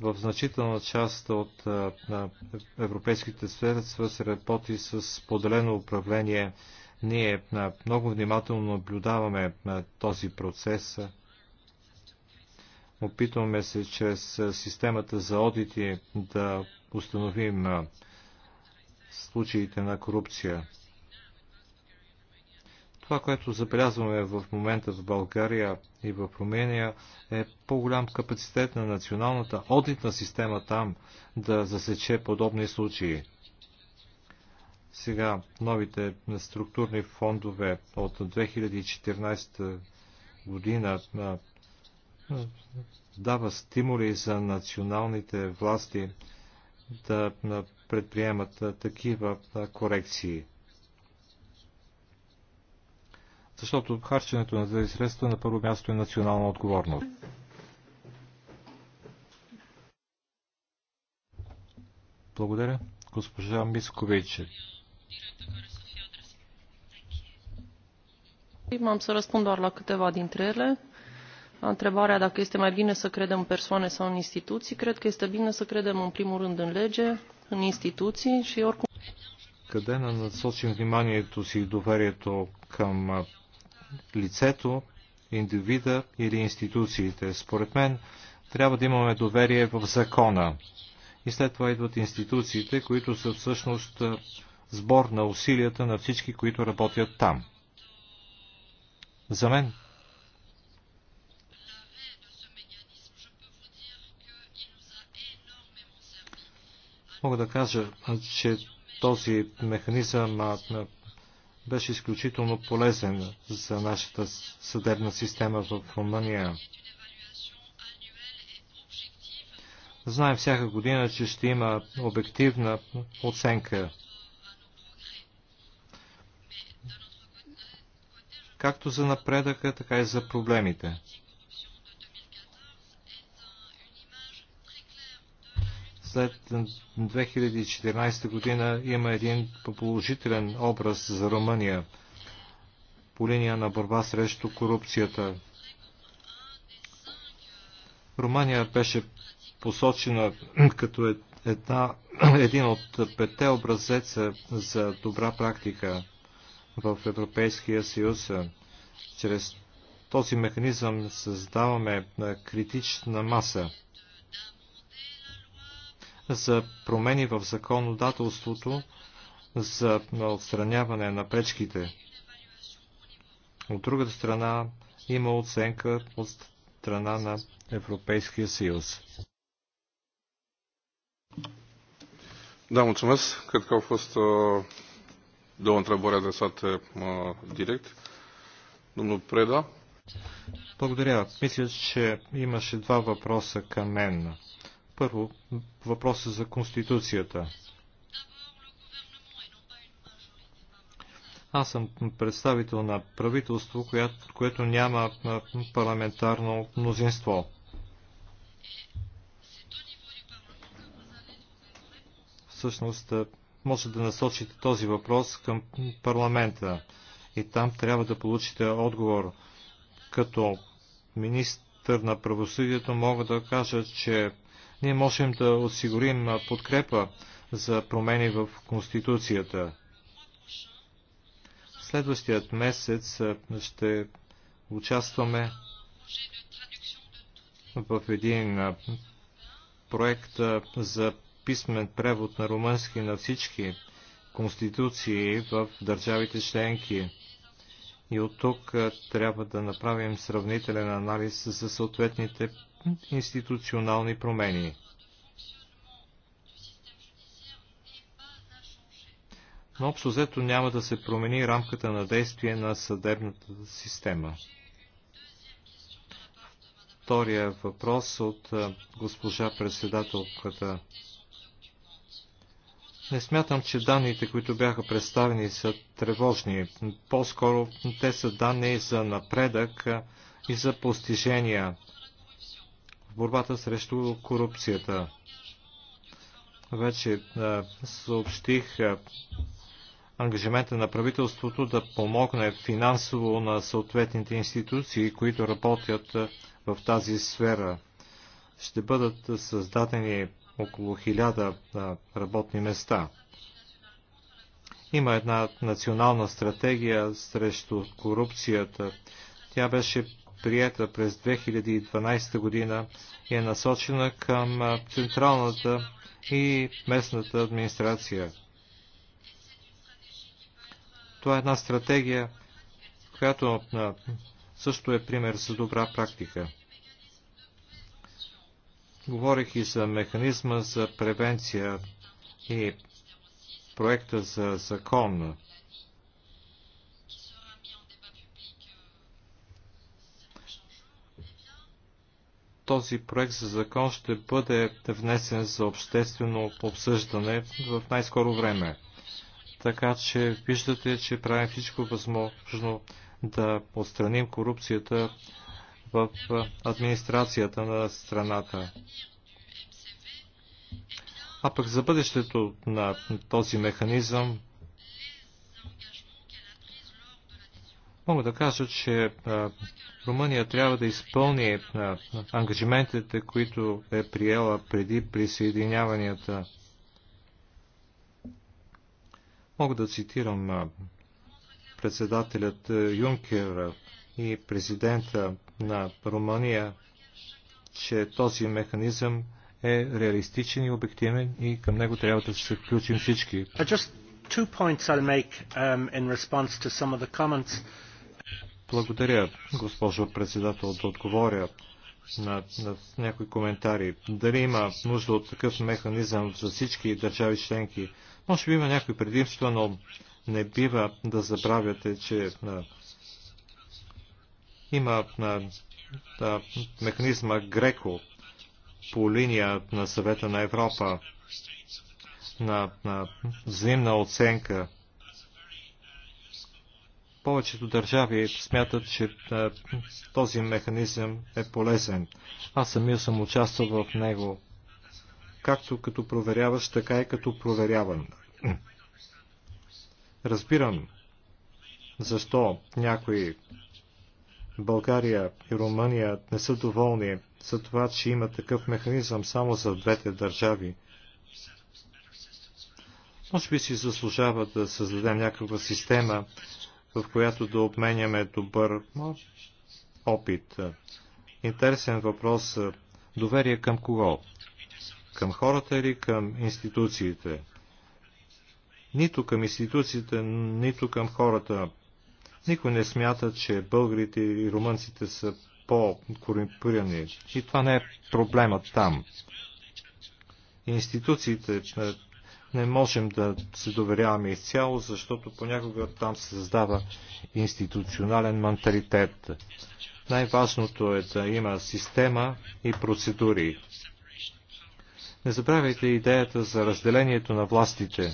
В значителна част от на европейските средства се работи с поделено управление ние много внимателно наблюдаваме този процес. Опитваме се чрез системата за одити да установим случаите на корупция. Това, което забелязваме в момента в България и в Румения, е по-голям капацитет на националната одитна система там да засече подобни случаи. Сега новите структурни фондове от 2014 година дава стимули за националните власти да предприемат такива корекции. Защото харченето на тези средства на първо място е национална отговорност. Благодаря. Госпожа Мискович am să răspund doar la câteva dintre ele. la întrebarea dacă este mai bine să credem în persoane sau în instituții cred că este bine să credem în primul rând în lege în instituții și oricum. Къде да насочим вниманието си и доверието към лицето, индивида или институциите? Според мен трябва да имаме доверие в закона. И след това идват институциите, които са всъщност сбор на усилията на всички, които работят там. За мен мога да кажа, че този механизъм беше изключително полезен за нашата съдебна система в Румъния. Знаем всяка година, че ще има обективна оценка както за напредъка, така и за проблемите. След 2014 година има един положителен образ за Румъния по линия на борба срещу корупцията. Румъния беше посочена като е- една, един от петте образеца за добра практика в Европейския съюз. Чрез този механизъм създаваме критична маса за промени в законодателството за отстраняване на пречките. От другата страна има оценка от страна на Европейския съюз. Да, mulțumesc. аз. Какъв au două întrebări adresate direct. Domnul Preda. Благодаря. Мисля, че имаше два въпроса към мен. Първо, въпроса за Конституцията. Аз съм представител на правителство, което, което няма парламентарно мнозинство. Всъщност, може да насочите този въпрос към парламента. И там трябва да получите отговор. Като министър на правосъдието мога да кажа, че ние можем да осигурим подкрепа за промени в Конституцията. Следващият месец ще участваме в един проект за писмен превод на румънски на всички конституции в държавите членки. И от тук трябва да направим сравнителен анализ за съответните институционални промени. Но общо взето няма да се промени рамката на действие на съдебната система. Втория въпрос от госпожа председателката не смятам, че данните, които бяха представени, са тревожни. По-скоро те са данни за напредък и за постижения в борбата срещу корупцията. Вече а, съобщих а, ангажимента на правителството да помогне финансово на съответните институции, които работят а, в тази сфера. Ще бъдат създадени около 1000 работни места. Има една национална стратегия срещу корупцията. Тя беше прията през 2012 година и е насочена към централната и местната администрация. Това е една стратегия, която също е пример за добра практика. Говорих и за механизма за превенция и проекта за закон. Този проект за закон ще бъде внесен за обществено обсъждане в най-скоро време. Така че виждате, че правим всичко възможно да отстраним корупцията в администрацията на страната. А пък за бъдещето на този механизъм мога да кажа, че Румъния трябва да изпълни ангажиментите, които е приела преди присъединяванията. Мога да цитирам председателят Юнкер и президента на Румъния, че този механизъм е реалистичен и обективен и към него трябва да се включим всички. Uh, um, Благодаря, госпожо председател, да отговоря на, на някои коментари. Дали има нужда от такъв механизъм за всички държави членки? Може би има някои предимства, но не бива да забравяте, че на има на, на механизма Греко по линия на съвета на Европа на, на взаимна оценка. Повечето държави смятат, че а, този механизъм е полезен. Аз самия съм участвал в него, както като проверяваш, така и като проверяван. Разбирам защо някои България и Румъния не са доволни за това, че има такъв механизъм само за двете държави. Може би си заслужава да създадем някаква система, в която да обменяме добър опит. Интересен въпрос. Доверие към кого? Към хората или към институциите? Нито към институциите, нито към хората никой не смята, че българите и румънците са по-корумпирани. И това не е проблема там. Институциите не можем да се доверяваме изцяло, защото понякога там се създава институционален менталитет. Най-важното е да има система и процедури. Не забравяйте идеята за разделението на властите.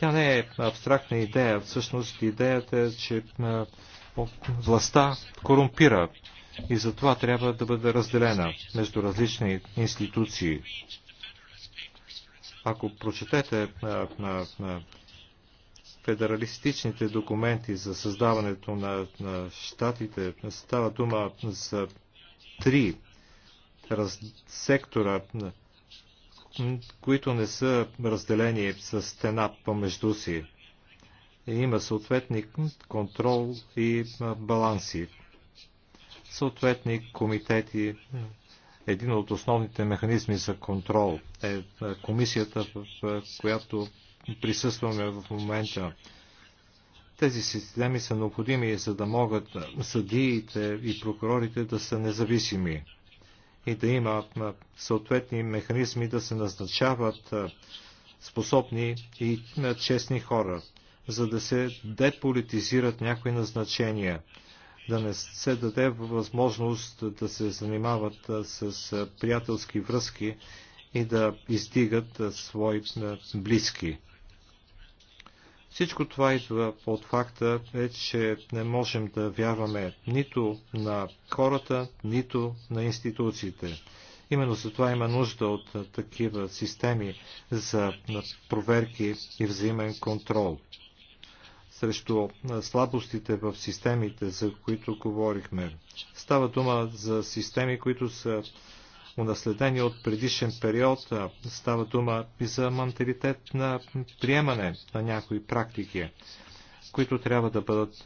Тя не е абстрактна идея. Всъщност идеята е, че властта корумпира и затова трябва да бъде разделена между различни институции. Ако прочетете на, на, на федералистичните документи за създаването на, на щатите, става дума за три раз, сектора които не са разделени с стена помежду си. Има съответни контрол и баланси, съответни комитети. Един от основните механизми за контрол е комисията, в която присъстваме в момента. Тези системи са необходими, за да могат съдиите и прокурорите да са независими и да има съответни механизми да се назначават способни и честни хора, за да се деполитизират някои назначения, да не се даде възможност да се занимават с приятелски връзки и да издигат свои близки. Всичко това идва от факта, е, че не можем да вярваме нито на хората, нито на институциите. Именно за това има нужда от такива системи за проверки и взаимен контрол срещу слабостите в системите, за които говорихме. Става дума за системи, които са унаследени от предишен период. Става дума и за менталитет на приемане на някои практики, които трябва да бъдат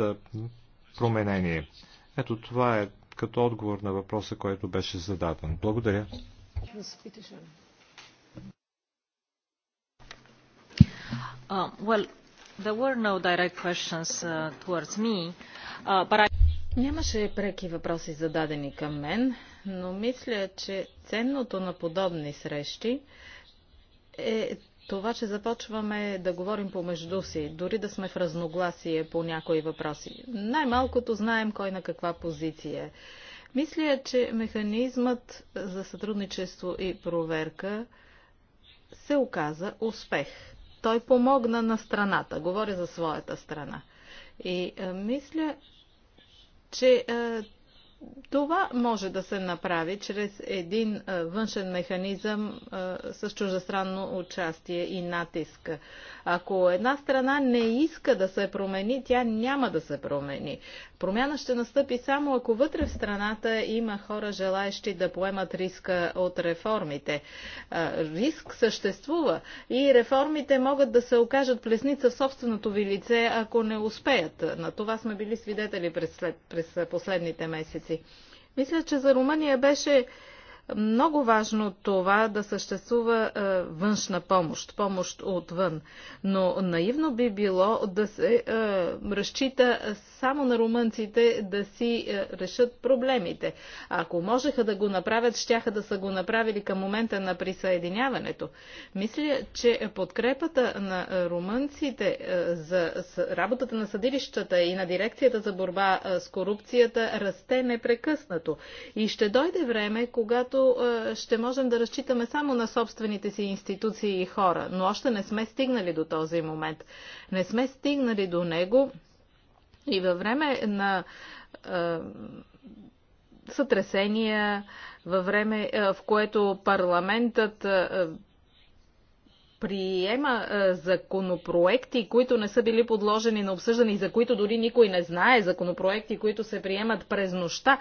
променени. Ето това е като отговор на въпроса, който беше зададен. Благодаря. Uh, uh, uh, Нямаше преки въпроси зададени към мен, но мисля, че ценното на подобни срещи е това, че започваме да говорим помежду си, дори да сме в разногласие по някои въпроси. Най-малкото знаем кой на каква позиция е. Мисля, че механизмът за сътрудничество и проверка се оказа успех. Той помогна на страната, говоря за своята страна. И а, мисля, че а, това може да се направи чрез един външен механизъм с чуждестранно участие и натиск. Ако една страна не иска да се промени, тя няма да се промени. Промяна ще настъпи само ако вътре в страната има хора, желаещи да поемат риска от реформите. Риск съществува и реформите могат да се окажат плесница в собственото ви лице, ако не успеят. На това сме били свидетели през последните месеци. Мисля, че за Румъния беше много важно това да съществува е, външна помощ, помощ отвън. Но наивно би било да се е, разчита само на румънците да си е, решат проблемите. Ако можеха да го направят, щяха да са го направили към момента на присъединяването. Мисля, че подкрепата на румънците за работата на съдилищата и на дирекцията за борба с корупцията расте непрекъснато. И ще дойде време, когато защото е, ще можем да разчитаме само на собствените си институции и хора. Но още не сме стигнали до този момент. Не сме стигнали до него и във време на е, сътресения, във време, е, в което парламентът приема е, законопроекти, които не са били подложени на обсъждане и за които дори никой не знае, законопроекти, които се приемат през нощта,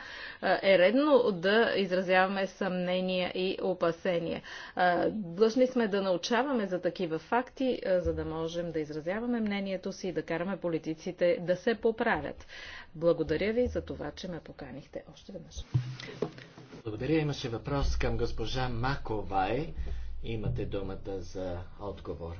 е, е редно да изразяваме съмнения и опасения. Е, длъжни сме да научаваме за такива факти, за да можем да изразяваме мнението си и да караме политиците да се поправят. Благодаря ви за това, че ме поканихте още веднъж. Благодаря. Имаше въпрос към госпожа Маковай. Имате думата за отговор.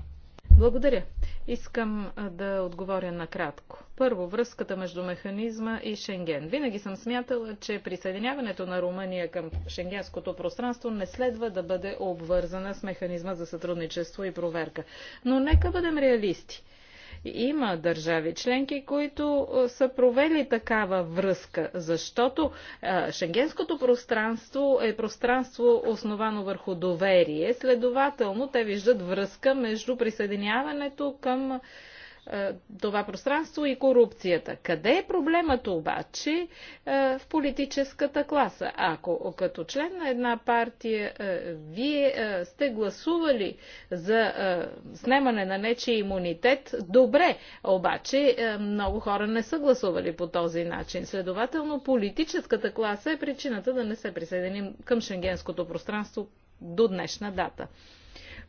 Благодаря. Искам да отговоря накратко. Първо, връзката между механизма и Шенген. Винаги съм смятала, че присъединяването на Румъния към шенгенското пространство не следва да бъде обвързана с механизма за сътрудничество и проверка. Но нека бъдем реалисти. Има държави членки, които е, са провели такава връзка, защото е, шенгенското пространство е пространство основано върху доверие. Следователно, те виждат връзка между присъединяването към е, това пространство и корупцията. Къде е проблемът обаче е, в политическата класа? Ако като член на една партия е, вие сте гласували за снемане на нечи имунитет, добре, обаче много хора не са гласували по този начин. Следователно, политическата класа е причината да не се присъединим към шенгенското пространство до днешна дата.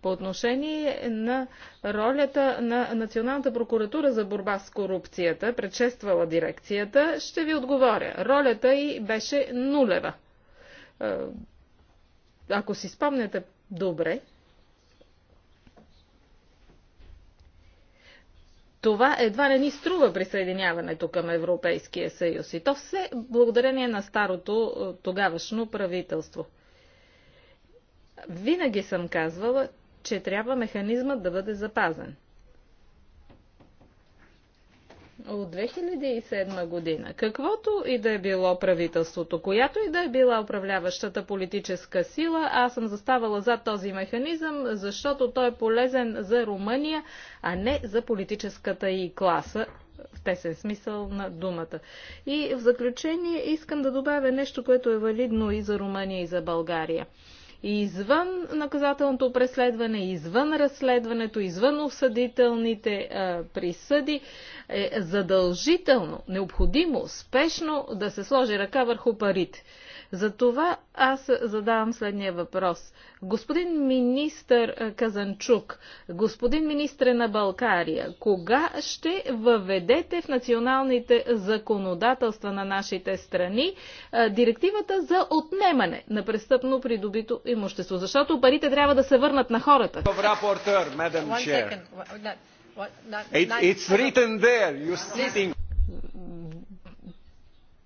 По отношение на ролята на Националната прокуратура за борба с корупцията, предшествала дирекцията, ще ви отговоря. Ролята й беше нулева. Е, ако си спомняте добре, Това едва не ни струва присъединяването към Европейския съюз. И то все благодарение на старото е, тогавашно правителство. Винаги съм казвала, че трябва механизмът да бъде запазен. От 2007 година, каквото и да е било правителството, която и да е била управляващата политическа сила, аз съм заставала за този механизъм, защото той е полезен за Румъния, а не за политическата и класа, в тесен смисъл на думата. И в заключение искам да добавя нещо, което е валидно и за Румъния, и за България извън наказателното преследване, извън разследването, извън осъдителните а, е, присъди, е задължително, необходимо, спешно да се сложи ръка върху парите. За това аз задавам следния въпрос. Господин министър Казанчук, господин министр на България, кога ще въведете в националните законодателства на нашите страни директивата за отнемане на престъпно придобито имущество? Защото парите трябва да се върнат на хората.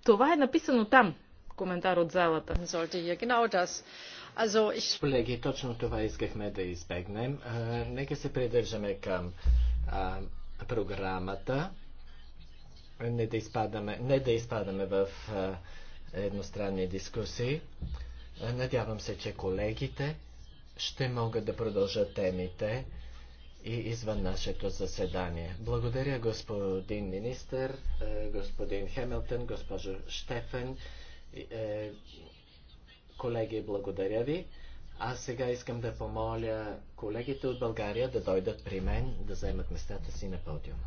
Това е написано там коментар от залата. Колеги, точно това искахме да избегнем. Нека се придържаме към програмата. Не да изпадаме, не да изпадаме в едностранни дискусии. Надявам се, че колегите ще могат да продължат темите и извън нашето заседание. Благодаря господин министър, господин Хемелтън, госпожо Штефен. Е, е, колеги, благодаря ви. Аз сега искам да помоля колегите от България да дойдат при мен да вземат местата си на подиума.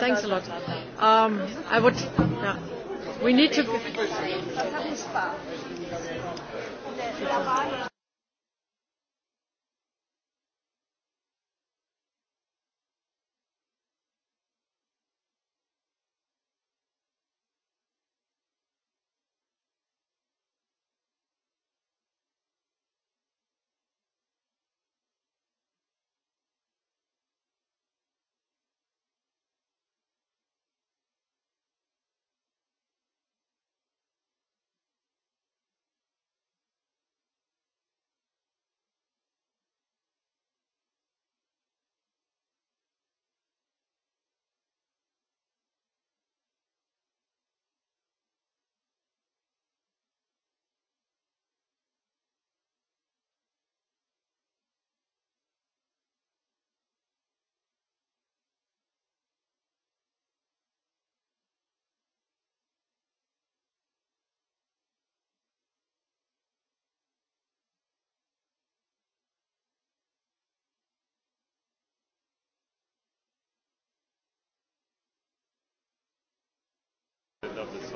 Thanks a lot. Um, I would. Yeah. We need to.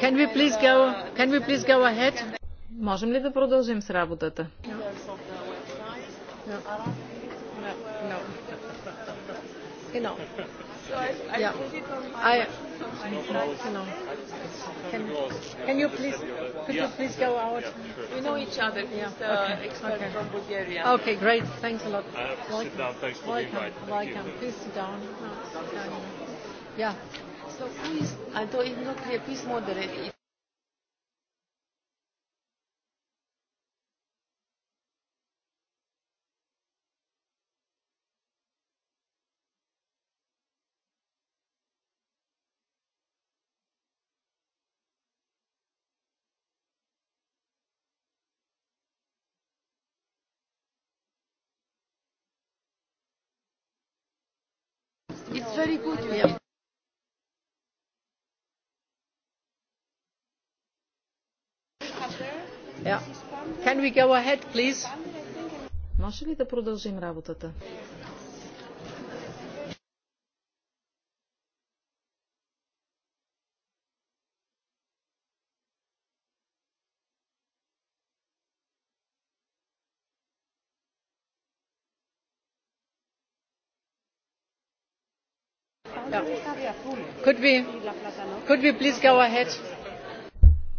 Can we please go, can we please go ahead? Можем ли да продължим с работата? No. No. I, genau. Can, can you please, We know each other. Yeah. okay. great. Thanks a lot. Yeah. So I it's not please moderate. It's very good. Yeah. Can we go ahead, please? Може ли да продължим работата? Could we, could we please go ahead?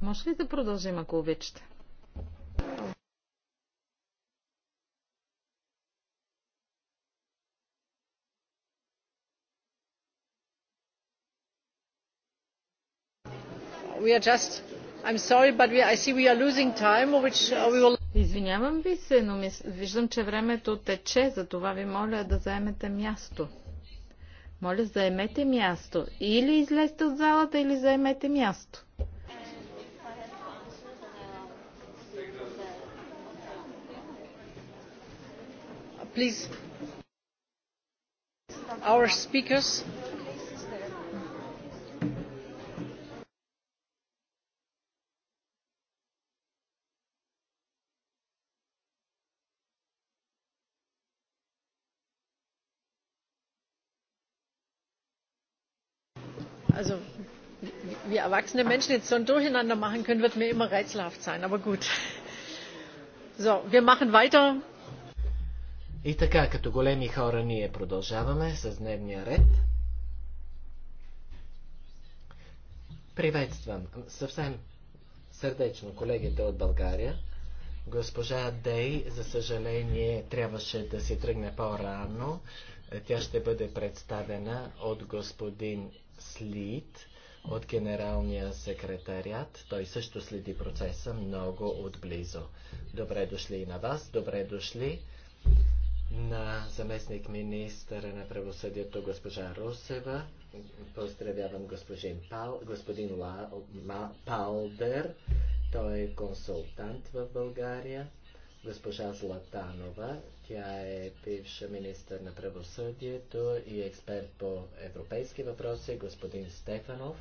Може ли да продължим, ако обичате? Uh, Извинявам ви се, но виждам, че времето тече, затова ви моля да заемете място. Моля, заемете място. Или излезте от залата, или заемете място. Please. Our speakers Also wie erwachsene Menschen jetzt so ein Durcheinander machen können, wird mir immer rätselhaft sein, aber gut. So, wir machen weiter. И така, като големи хора, ние продължаваме с дневния ред. Приветствам съвсем сърдечно колегите от България. Госпожа Дей, за съжаление, трябваше да си тръгне по-рано. Тя ще бъде представена от господин Слит от генералния секретарят. Той също следи процеса много отблизо. Добре дошли и на вас, добре дошли на заместник министъра на правосъдието госпожа Русева. Поздравявам господин, Пал, господин Ла, Ма, Палдер. Той е консултант в България. Госпожа Златанова тя е бивша министър на правосъдието и експерт по европейски въпроси, господин Стефанов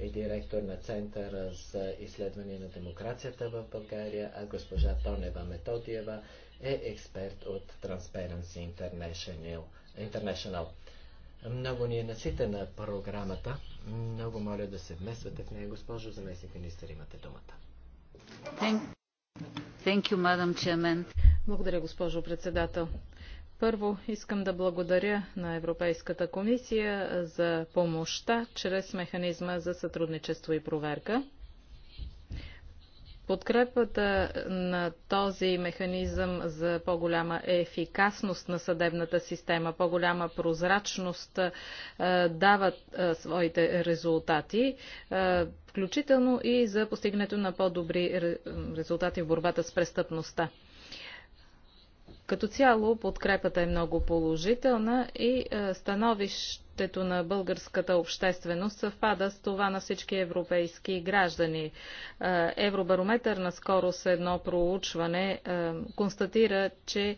е директор на Центъра за изследване на демокрацията в България, а госпожа Тонева Методиева е експерт от Transparency International. International. Много ни е наситена програмата. Много моля да се вмествате в нея. Госпожо заместник министър, имате думата. Thank, you, Madam Chairman. Благодаря, госпожо председател. Първо искам да благодаря на Европейската комисия за помощта чрез механизма за сътрудничество и проверка. Подкрепата на този механизъм за по-голяма ефикасност на съдебната система, по-голяма прозрачност дават своите резултати, включително и за постигането на по-добри резултати в борбата с престъпността. Като цяло подкрепата е много положителна и е, становището на българската общественост съвпада с това на всички европейски граждани. Е, Евробарометър наскоро с едно проучване е, констатира, че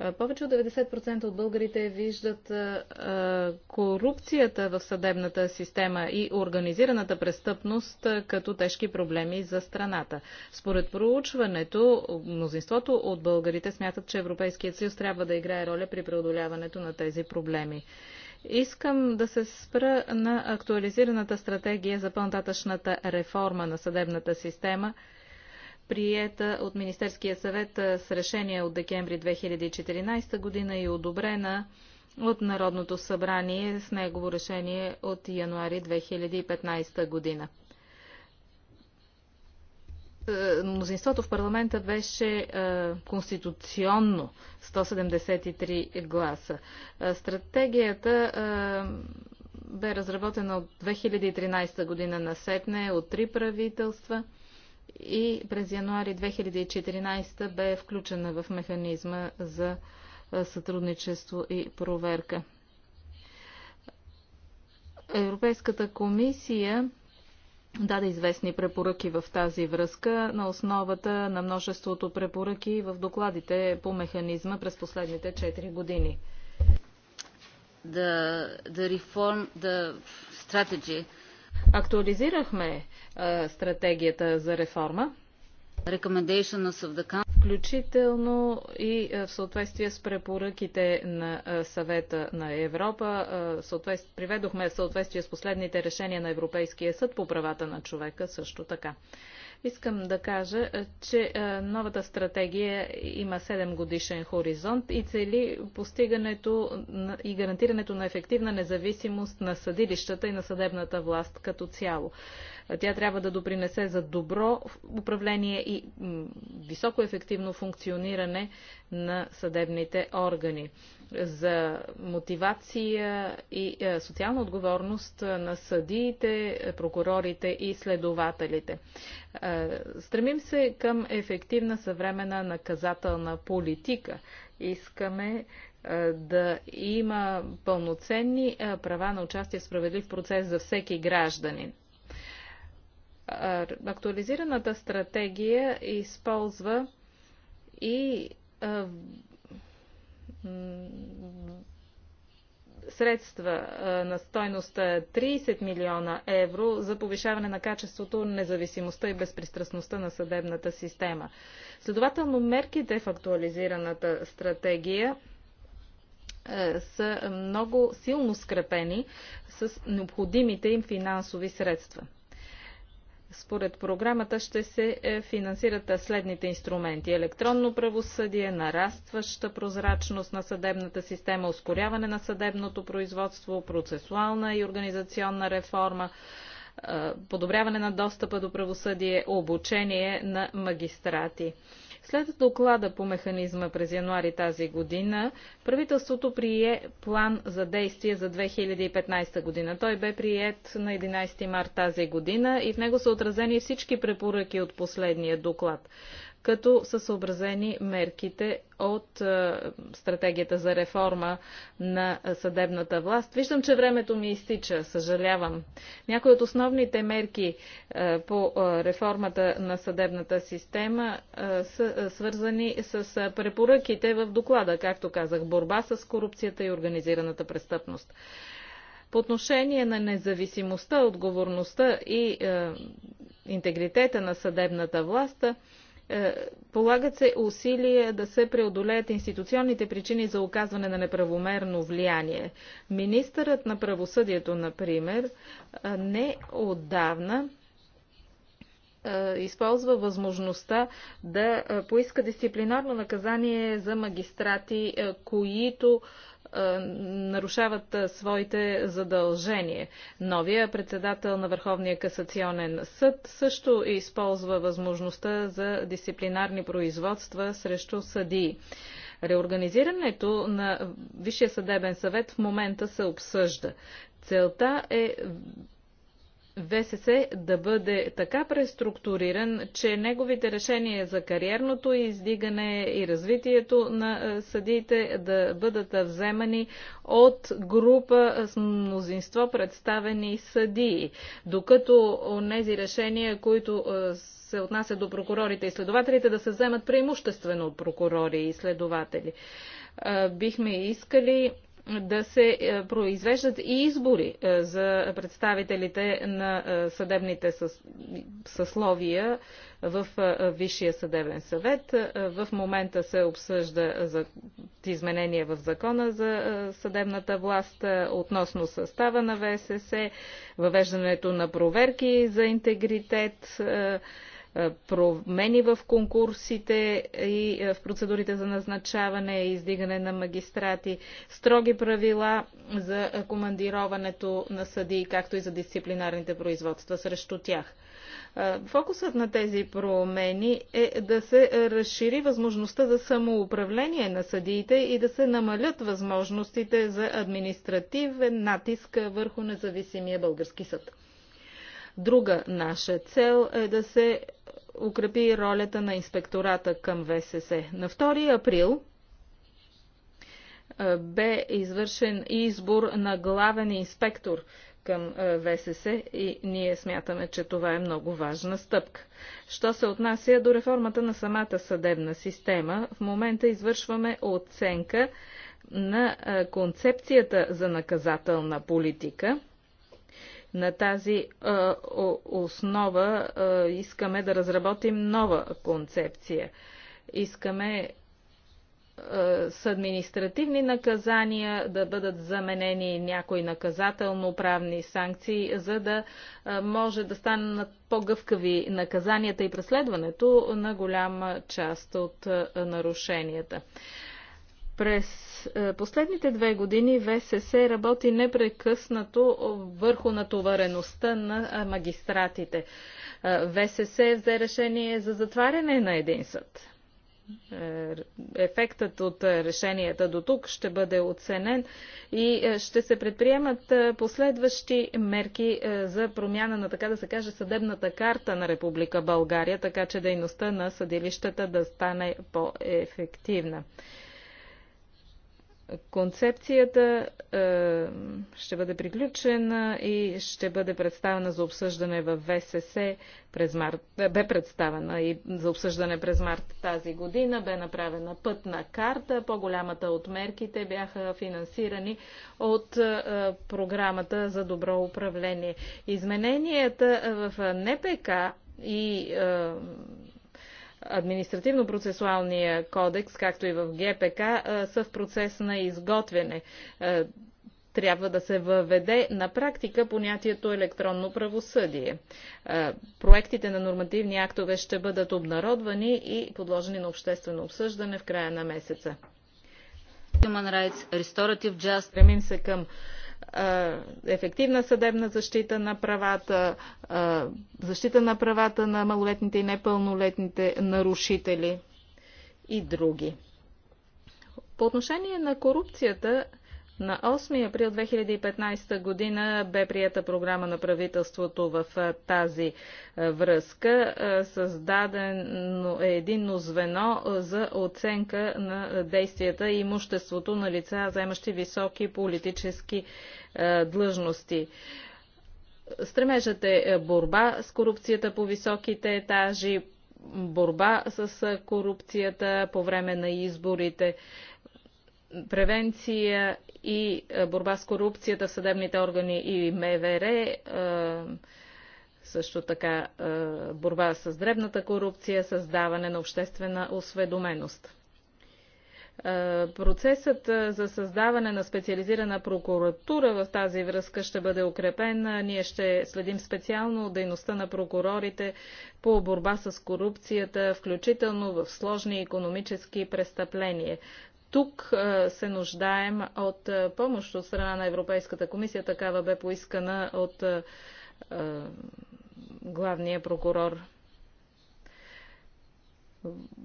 е, повече от 90% от българите виждат е, е, корупцията в съдебната система и организираната престъпност като тежки проблеми за страната. Според проучването, мнозинството от българите смятат, че Европейският съюз трябва да играе роля при преодоляването на тези проблеми. Искам да се спра на актуализираната стратегия за по-нататъчната реформа на съдебната система – приета от Министерския съвет с решение от декември 2014 година и одобрена от Народното събрание с негово решение от януари 2015 година. Мнозинството в парламента беше конституционно 173 гласа. Стратегията бе разработена от 2013 година на Сетне от три правителства – и през януари 2014 бе включена в механизма за сътрудничество и проверка. Европейската комисия даде известни препоръки в тази връзка на основата на множеството препоръки в докладите по механизма през последните 4 години. The, the reform, the strategy Актуализирахме а, стратегията за реформа, включително и в съответствие с препоръките на съвета на Европа. Приведохме в съответствие с последните решения на Европейския съд по правата на човека също така. Искам да кажа, е, че е, новата стратегия има 7 годишен хоризонт и цели постигането и гарантирането на ефективна независимост на съдилищата и на съдебната власт като цяло. Тя трябва да допринесе за добро управление и високо ефективно функциониране на съдебните органи. За мотивация и е, социална отговорност на съдиите, прокурорите и следователите. Е, стремим се към ефективна съвременна наказателна политика. Искаме е, да има пълноценни права на участие в справедлив процес за всеки гражданин. Актуализираната стратегия използва и средства на стойност 30 милиона евро за повишаване на качеството, независимостта и безпристрастността на съдебната система. Следователно, мерките в актуализираната стратегия са много силно скрепени с необходимите им финансови средства. Според програмата ще се е, финансират следните инструменти. Електронно правосъдие, нарастваща прозрачност на съдебната система, ускоряване на съдебното производство, процесуална и организационна реформа, е, подобряване на достъпа до правосъдие, обучение на магистрати. След доклада по механизма през януари тази година, правителството прие план за действие за 2015 година. Той бе прият на 11 март тази година и в него са отразени всички препоръки от последния доклад като са съобразени мерките от е, стратегията за реформа на съдебната власт. Виждам, че времето ми изтича, съжалявам. Някои от основните мерки е, по е, реформата на съдебната система са свързани с препоръките в доклада, както казах, борба с корупцията и организираната престъпност. По отношение на независимостта, отговорността и интегритета на съдебната власт, е, полагат се усилия да се преодолеят институционните причини за оказване на неправомерно влияние. Министърът на правосъдието, например, е, не отдавна е, използва възможността да поиска дисциплинарно наказание за магистрати, които е, нарушават е, своите задължения. Новия председател на Върховния касационен съд също използва възможността за дисциплинарни производства срещу съдии. Реорганизирането на Висшия съдебен съвет в момента се обсъжда. Целта е ВСС да бъде така преструктуриран, че неговите решения за кариерното издигане и развитието на съдиите да бъдат вземани от група с мнозинство представени съдии, докато тези решения, които се отнасят до прокурорите и следователите, да се вземат преимуществено от прокурори и следователи. Бихме искали да се е, произвеждат и избори е, за представителите на е, съдебните съсловия в Висшия съдебен съвет. В момента се обсъжда за изменения в закона за съдебната власт относно състава на ВСС, въвеждането на проверки за интегритет, е, промени в конкурсите и е, в процедурите за назначаване и издигане на магистрати, строги правила за командироването на съдии, както и за дисциплинарните производства срещу тях. Е, фокусът на тези промени е да се разшири възможността за самоуправление на съдиите и да се намалят възможностите за административен натиск върху независимия български съд. Друга наша цел е да се укрепи ролята на инспектората към ВСС. На 2 април бе извършен избор на главен инспектор към ВСС и ние смятаме, че това е много важна стъпка. Що се отнася до реформата на самата съдебна система, в момента извършваме оценка на концепцията за наказателна политика – на тази основа искаме да разработим нова концепция. Искаме с административни наказания да бъдат заменени някои наказателно-правни санкции, за да може да станат по-гъвкави наказанията и преследването на голяма част от нарушенията. През е, последните две години ВСС работи непрекъснато върху натовареността на е, магистратите. Е, ВСС взе решение за затваряне на един съд. Ефектът от решенията до тук ще бъде оценен и ще се предприемат последващи мерки за промяна на, така да се каже, съдебната карта на Република България, така че дейността на съдилищата да стане по-ефективна. Концепцията е, ще бъде приключена и ще бъде представена за обсъждане в ВСС през март. Е, бе представена и за обсъждане през март тази година. Бе направена пътна карта. По-голямата от мерките бяха финансирани от е, програмата за добро управление. Измененията в НПК и е, административно-процесуалния кодекс, както и в ГПК, са в процес на изготвяне. Трябва да се въведе на практика понятието електронно правосъдие. Проектите на нормативни актове ще бъдат обнародвани и подложени на обществено обсъждане в края на месеца. Human rights, restorative justice. Стремим се към е, ефективна съдебна защита на правата, е, защита на правата на малолетните и непълнолетните нарушители и други. По отношение на корупцията, на 8 април 2015 година бе прията програма на правителството в тази връзка. Създадено е единно звено за оценка на действията и имуществото на лица, заемащи високи политически длъжности. Стремежът е борба с корупцията по високите етажи, борба с корупцията по време на изборите, превенция и е, борба с корупцията в съдебните органи и МВР, е, също така е, борба с дребната корупция, създаване на обществена осведоменост. Процесът за създаване на специализирана прокуратура в тази връзка ще бъде укрепен. Ние ще следим специално дейността на прокурорите по борба с корупцията, включително в сложни економически престъпления. Тук е, се нуждаем от е, помощ от страна на Европейската комисия. Такава бе поискана от е, главния прокурор.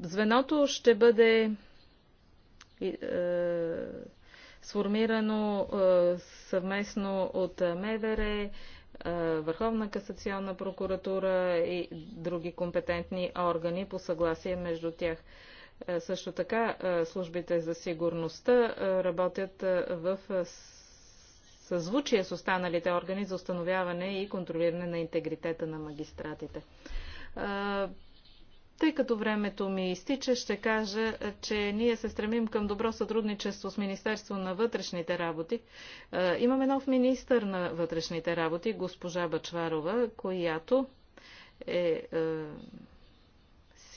Звеното ще бъде сформирано съвместно от МВР, Върховна касационна прокуратура и други компетентни органи по съгласие между тях. Е, също така е, службите за сигурността е, работят в съзвучие с останалите органи за установяване и контролиране на интегритета на магистратите. Тъй като времето ми изтича, ще кажа, че ние се стремим към добро сътрудничество с Министерство на вътрешните работи. Имаме нов министър на вътрешните работи, госпожа Бачварова, която е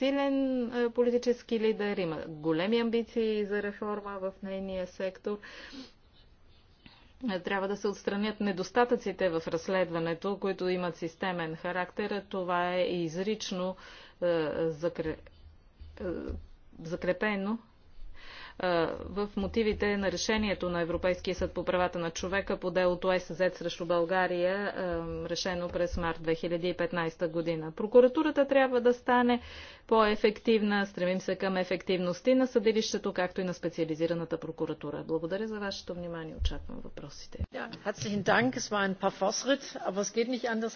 силен е, политически лидер, има големи амбиции за реформа в нейния сектор. Трябва да се отстранят недостатъците в разследването, които имат системен характер. Това е изрично е, е, закрепено в мотивите на решението на Европейския съд по правата на човека по делото СЗ срещу България, решено през март 2015 година. Прокуратурата трябва да стане по-ефективна. Стремим се към ефективности на съдилището, както и на специализираната прокуратура. Благодаря за вашето внимание. Очаквам въпросите.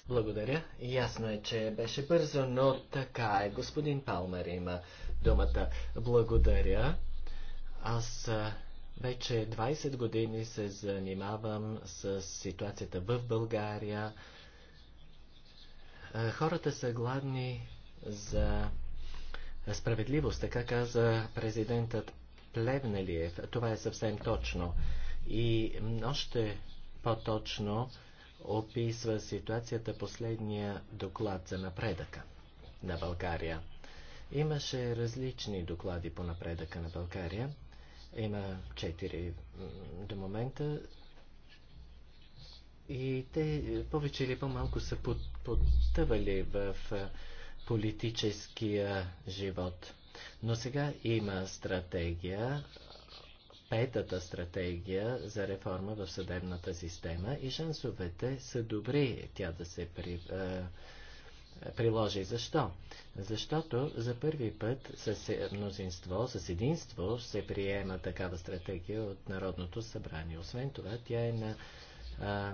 Благодаря. Ясно е, че беше бързо, но така е. Господин Палмер има думата. Благодаря. Аз вече 20 години се занимавам с ситуацията в България. Хората са гладни за справедливост, така каза президентът Плевнелиев. Това е съвсем точно. И още по-точно описва ситуацията последния доклад за напредъка на България. Имаше различни доклади по напредъка на България. Има четири до момента. И те е, повече или по-малко са потъвали в е, политическия живот. Но сега има стратегия, петата стратегия за реформа в съдебната система и шансовете са добри тя да се при, е, приложи. Защо? Защото за първи път с мнозинство, с единство се приема такава стратегия от Народното събрание. Освен това, тя е на, а,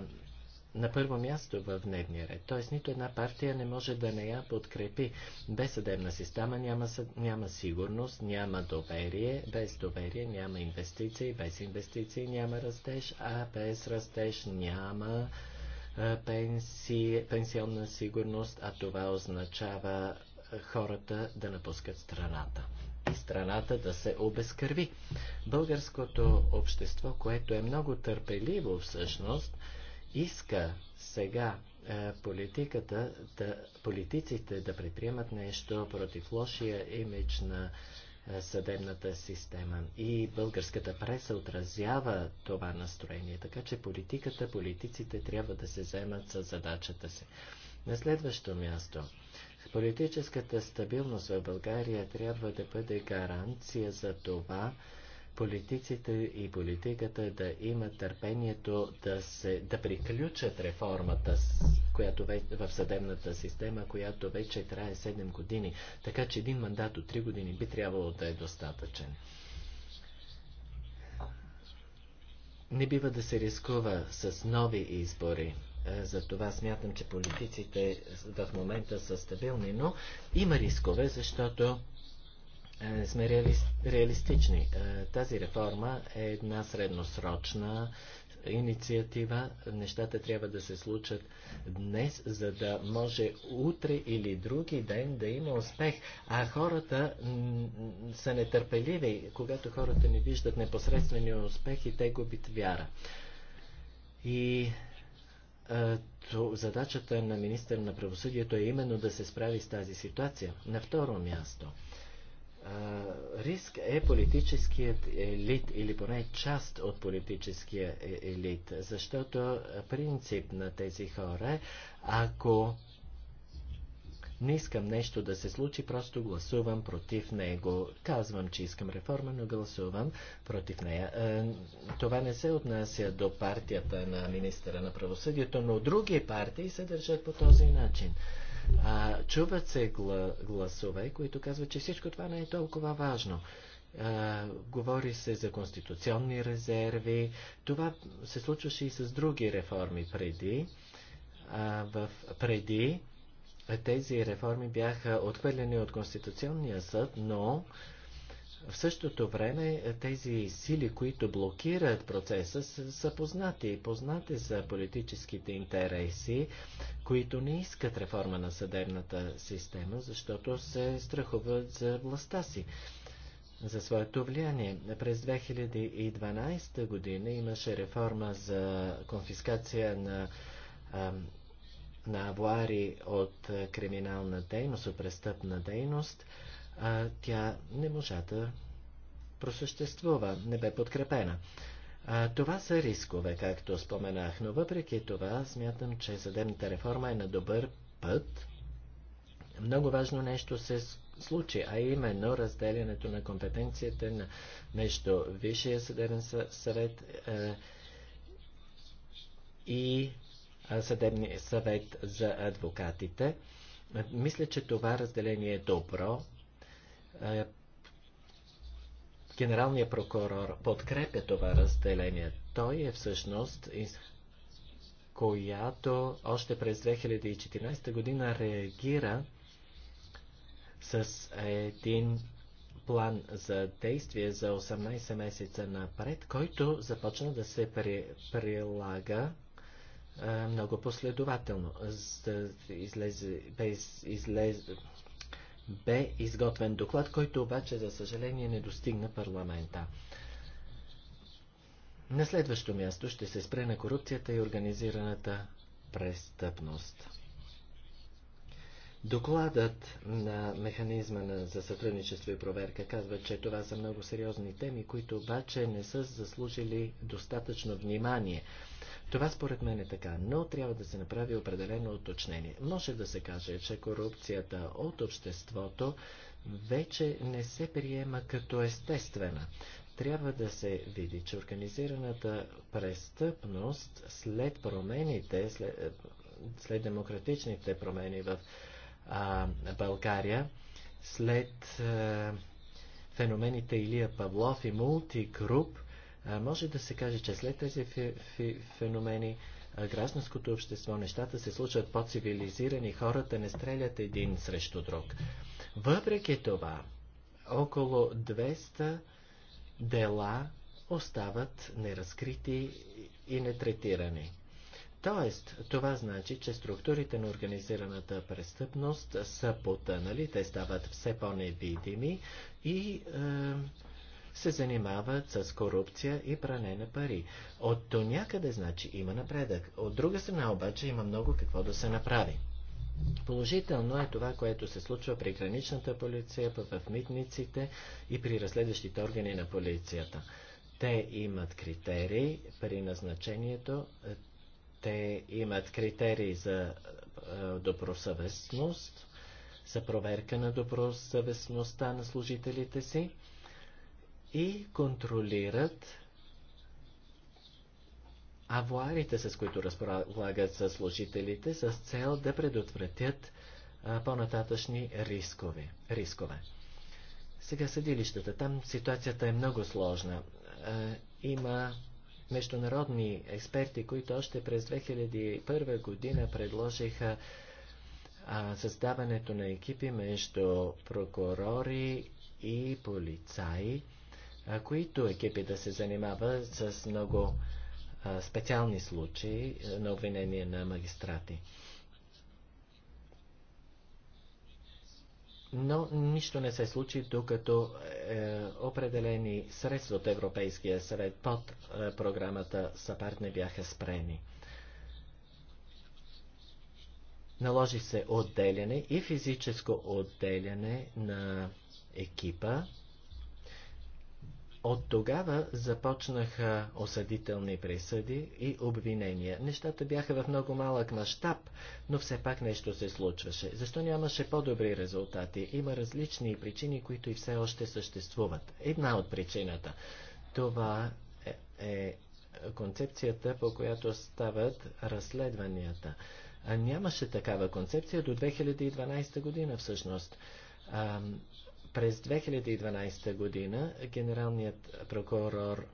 на първо място в дневния ред. Тоест, нито една партия не може да не я подкрепи. Без съдебна система няма, няма сигурност, няма доверие, без доверие няма инвестиции, без инвестиции няма растеж, а без растеж няма е, пенси, пенсионна сигурност, а това означава е, хората да напускат страната и страната да се обезкърви. Българското общество, което е много търпеливо всъщност, иска сега е, политиката да, политиците да предприемат нещо против лошия имидж на е, съдебната система. И българската преса отразява това настроение, така че политиката, политиците трябва да се вземат с задачата си. На следващо място. Политическата стабилност в България трябва да бъде гаранция за това, политиците и политиката да имат търпението да, се, да приключат реформата, която ве, в съдебната система, която вече трае 7 години. Така че един мандат от 3 години би трябвало да е достатъчен. Не бива да се рискува с нови избори. Е, затова смятам, че политиците в момента са стабилни, но има рискове, защото е, сме реали... реалистични. Е, тази реформа е една средносрочна инициатива. Нещата трябва да се случат днес, за да може утре или други ден да има успех. А хората са нетърпеливи. Когато хората не виждат непосредствени успехи, те губят вяра. И е, задачата на министър на правосъдието е именно да се справи с тази ситуация. На второ място – риск е политическият елит или поне част от политическия е, елит, защото принцип на тези хора е, ако не искам нещо да се случи, просто гласувам против него. Казвам, че искам реформа, но гласувам против нея. Това не се отнася до партията на министра на правосъдието, но други партии се държат по този начин. А, чуват се гла, гласове, които казват, че всичко това не е толкова важно. А, говори се за конституционни резерви. Това се случваше и с други реформи преди. А, в, преди тези реформи бяха отхвърлени от Конституционния съд, но в същото време е, тези сили, които блокират процеса, са, познати познати. Познати са политическите интереси, които не искат реформа на съдебната система, защото се страхуват за властта си, за своето влияние. През 2012 година имаше реформа за конфискация на на авуари от е, криминална дейност, от престъпна дейност – а, тя не можа да просъществува, не бе подкрепена. А, това са рискове, както споменах, но въпреки това смятам, че съдебната реформа е на добър път. Много важно нещо се случи, а именно разделянето на компетенцията на, между Висшия съдебен съвет е, и Съдебния съвет за адвокатите. Мисля, че това разделение е добро е, генералният прокурор подкрепя това разделение. Той е всъщност която още през 2014 година реагира с един план за действие за 18 месеца напред, който започна да се при, прилага е, много последователно. Излезе, без, излез, бе изготвен доклад, който обаче, за съжаление, не достигна парламента. На следващо място ще се спре на корупцията и организираната престъпност. Докладът на механизма за сътрудничество и проверка казва, че това са много сериозни теми, които обаче не са заслужили достатъчно внимание. Това според мен е така, но трябва да се направи определено уточнение. Може да се каже, че корупцията от обществото вече не се приема като естествена. Трябва да се види, че организираната престъпност след промените, след, след демократичните промени в а, България, след а, феномените Илия Павлов и Мултигруп, може да се каже, че след тези феномени гражданското общество, нещата се случват по-цивилизирани, хората не стрелят един срещу друг. Въпреки това, около 200 дела остават неразкрити и нетретирани. Тоест, това значи, че структурите на организираната престъпност са потънали, те стават все по-невидими и е, се занимават с корупция и пране на пари. От то някъде, значи, има напредък. От друга страна, обаче, има много какво да се направи. Положително е това, което се случва при граничната полиция, в митниците и при разследващите органи на полицията. Те имат критерии при назначението, те имат критерии за добросъвестност, за проверка на добросъвестността на служителите си и контролират авуарите, с които разполагат със служителите, с цел да предотвратят по-нататъчни рискове. рискове. Сега съдилищата. Там ситуацията е много сложна. А, има международни експерти, които още през 2001 година предложиха а, създаването на екипи между прокурори и полицаи които екипи да се занимават с много специални случаи на обвинение на магистрати. Но нищо не се случи, докато е, определени средства от Европейския съвет под е, програмата САПАРТ не бяха спрени. Наложи се отделяне и физическо отделяне на екипа, от тогава започнаха осъдителни присъди и обвинения. Нещата бяха в много малък мащаб, но все пак нещо се случваше. Защо нямаше по-добри резултати? Има различни причини, които и все още съществуват. Една от причината. Това е, е концепцията, по която стават разследванията. А нямаше такава концепция до 2012 година всъщност. А, през 2012 година генералният прокурор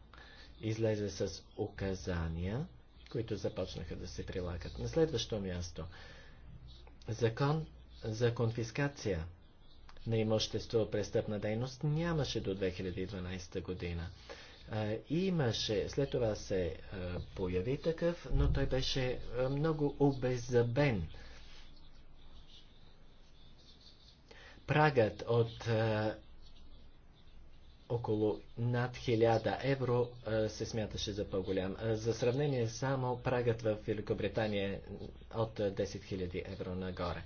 излезе с указания, които започнаха да се прилагат. На следващо място закон за конфискация на имущество престъпна дейност нямаше до 2012 година. Имаше, след това се появи такъв, но той беше много обеззабен. прагът от а, е, около над 1000 евро а, е, се смяташе за по-голям. Е, за сравнение само прагът в Великобритания е от 10 000 евро нагоре.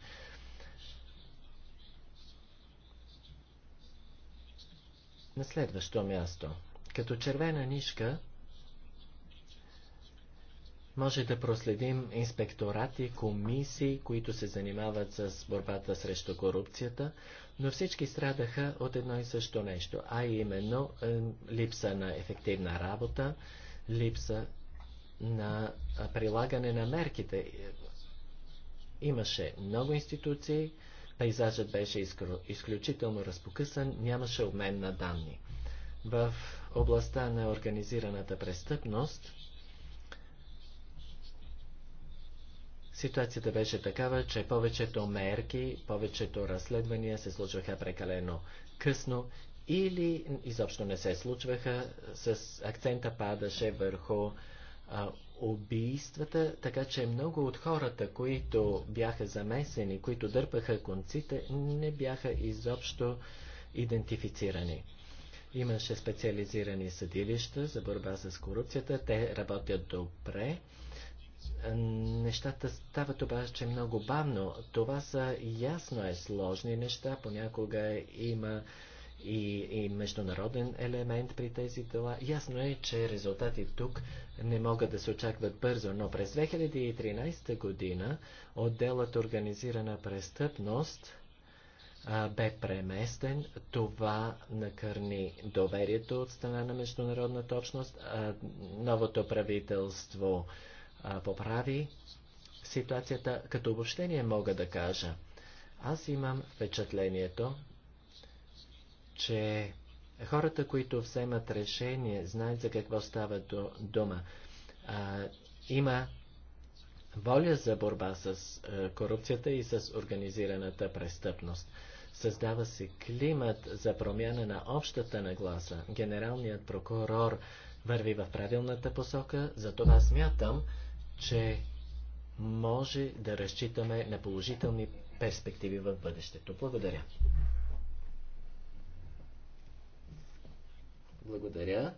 На следващо място. Като червена нишка може да проследим инспекторати, комисии, които се занимават с борбата срещу корупцията, но всички страдаха от едно и също нещо, а именно е, липса на ефективна работа, липса на прилагане на мерките. Имаше много институции, пейзажът беше изключително разпокъсан, нямаше обмен на данни. В областта на организираната престъпност – Ситуацията беше такава, че повечето мерки, повечето разследвания се случваха прекалено късно или изобщо не се случваха. С акцента падаше върху а, убийствата, така че много от хората, които бяха замесени, които дърпаха конците, не бяха изобщо идентифицирани. Имаше специализирани съдилища за борба с корупцията. Те работят добре. Нещата стават обаче много бавно. Това са ясно е сложни неща. Понякога има и, и международен елемент при тези дела. Ясно е, че резултати тук не могат да се очакват бързо, но през 2013 година отделът организирана престъпност а, бе преместен. Това накърни доверието от страна на международната общност. А, новото правителство а, поправи ситуацията. Като обобщение мога да кажа, аз имам впечатлението, че хората, които вземат решение, знаят за какво става дума. А, има воля за борба с а, корупцията и с организираната престъпност. Създава се климат за промяна на общата нагласа. Генералният прокурор върви в правилната посока, затова смятам, че може да разчитаме на положителни перспективи в бъдещето. Благодаря. Благодаря.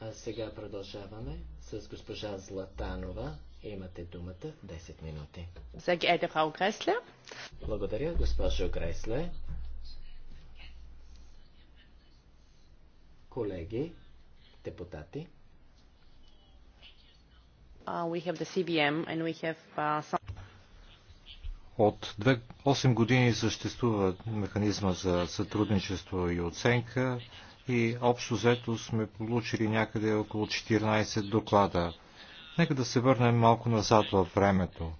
А сега продължаваме с госпожа Златанова. Имате думата 10 минути. Благодаря, госпожо Гресле. Колеги, депутати, Uh, we have the CBM and we have uh, some... От 8 години съществува механизма за сътрудничество и оценка и общо взето сме получили някъде около 14 доклада. Нека да се върнем малко назад във времето.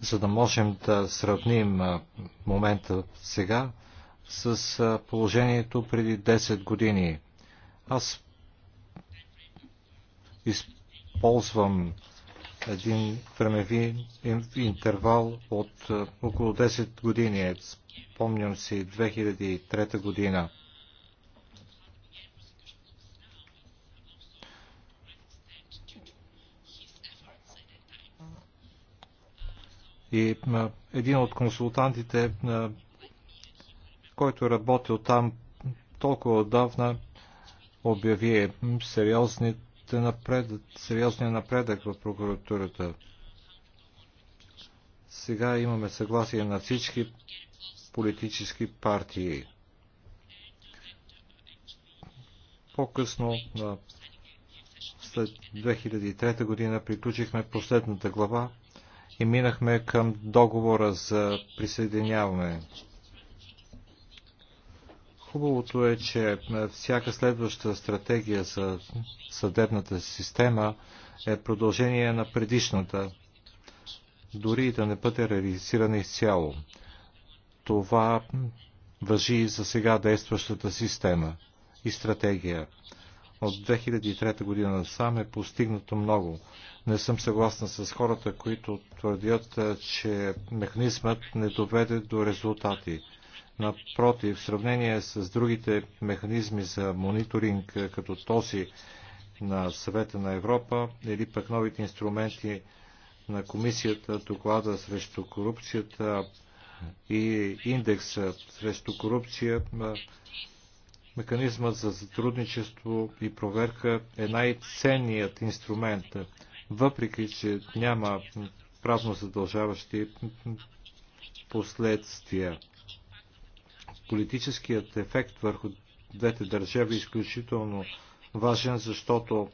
За да можем да сравним момента сега с положението преди 10 години. Аз използвам един времеви интервал от около 10 години. Спомням си 2003 година. И един от консултантите, който работил там толкова отдавна, обяви сериозни напред, сериозния напредък в прокуратурата. Сега имаме съгласие на всички политически партии. По-късно, след 2003 година, приключихме последната глава и минахме към договора за присъединяване. Хубавото е, че е, всяка следваща стратегия за съдебната система е продължение на предишната, дори и да не бъде реализирана изцяло. Това въжи и за сега действащата система и стратегия. От 2003 година насам е постигнато много. Не съм съгласна с хората, които твърдят, е, че механизмът не доведе до резултати. Напротив, в сравнение с другите механизми за мониторинг, е, като този на Съвета на Европа или пък новите инструменти на комисията, доклада срещу корупцията и индекса срещу корупция, е, механизмът за сътрудничество и проверка е най-ценният инструмент, въпреки че няма правно задължаващи последствия политическият ефект върху двете държави е изключително важен, защото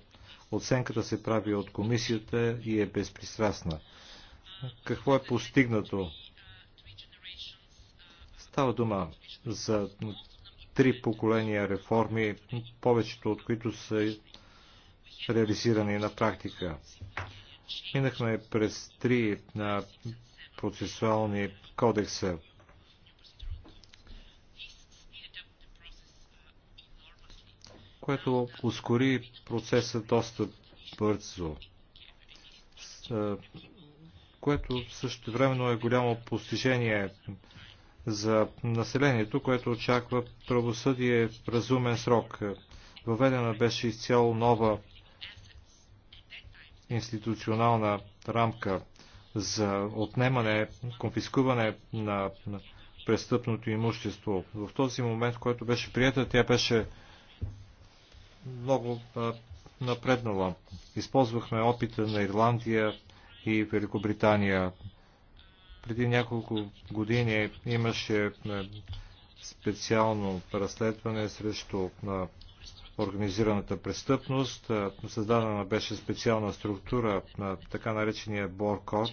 оценката се прави от комисията и е безпристрастна. Какво е постигнато? Става дума за три поколения реформи, повечето от които са реализирани на практика. Минахме през три на процесуални кодекса което ускори процеса доста бързо, което също времено е голямо постижение за населението, което очаква правосъдие в разумен срок. Въведена беше изцяло нова институционална рамка за отнемане, конфискуване на престъпното имущество. В този момент, който беше прията, тя беше много напреднала. Използвахме опита на Ирландия и Великобритания. Преди няколко години имаше специално разследване срещу на организираната престъпност. Създадена беше специална структура на така наречения Боркор,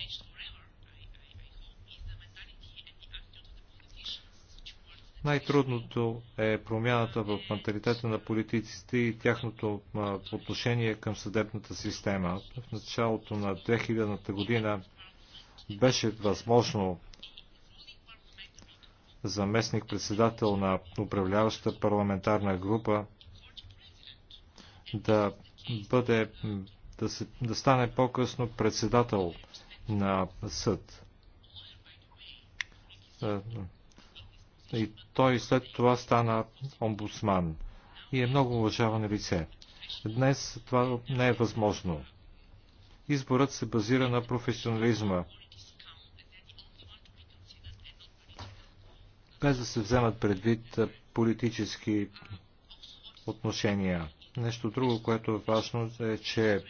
Най-трудното е промяната в менталитета на политиците и тяхното отношение към съдебната система. В началото на 2000-та година беше възможно заместник-председател на управляваща парламентарна група да бъде да, се, да стане по-късно председател на съд и той след това стана омбудсман и е много уважавано лице. Днес това не е възможно. Изборът се базира на професионализма. Без да се вземат предвид политически отношения. Нещо друго, което е важно, е, че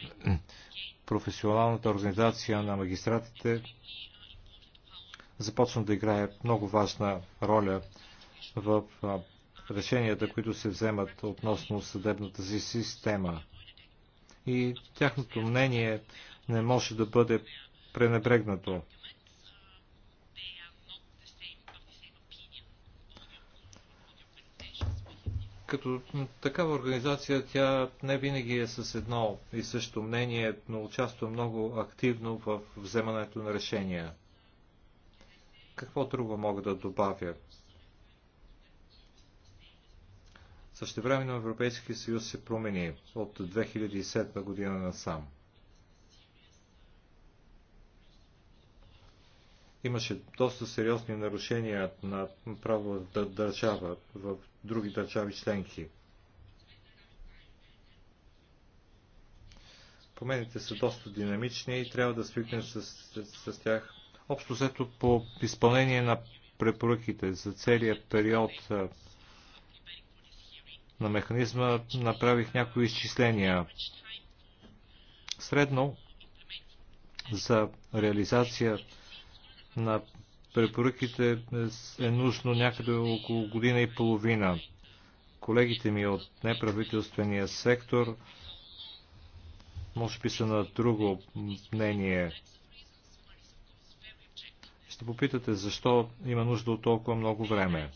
професионалната организация на магистратите започна да играе много важна роля в решенията, които се вземат относно съдебната си система. И тяхното мнение не може да бъде пренебрегнато. като такава организация тя не винаги е с едно и също мнение, но участва много активно в вземането на решения. Какво друго мога да добавя? Същевременно Европейския съюз се промени от 2007 година насам. Имаше доста сериозни нарушения на правовата държава в други държави членки. Промените са доста динамични и трябва да свикнем с, с, с тях Общо взето по изпълнение на препоръките за целият период на механизма направих някои изчисления. Средно за реализация на препоръките е нужно някъде около година и половина. Колегите ми от неправителствения сектор може би са на друго мнение. Ще попитате защо има нужда от толкова много време.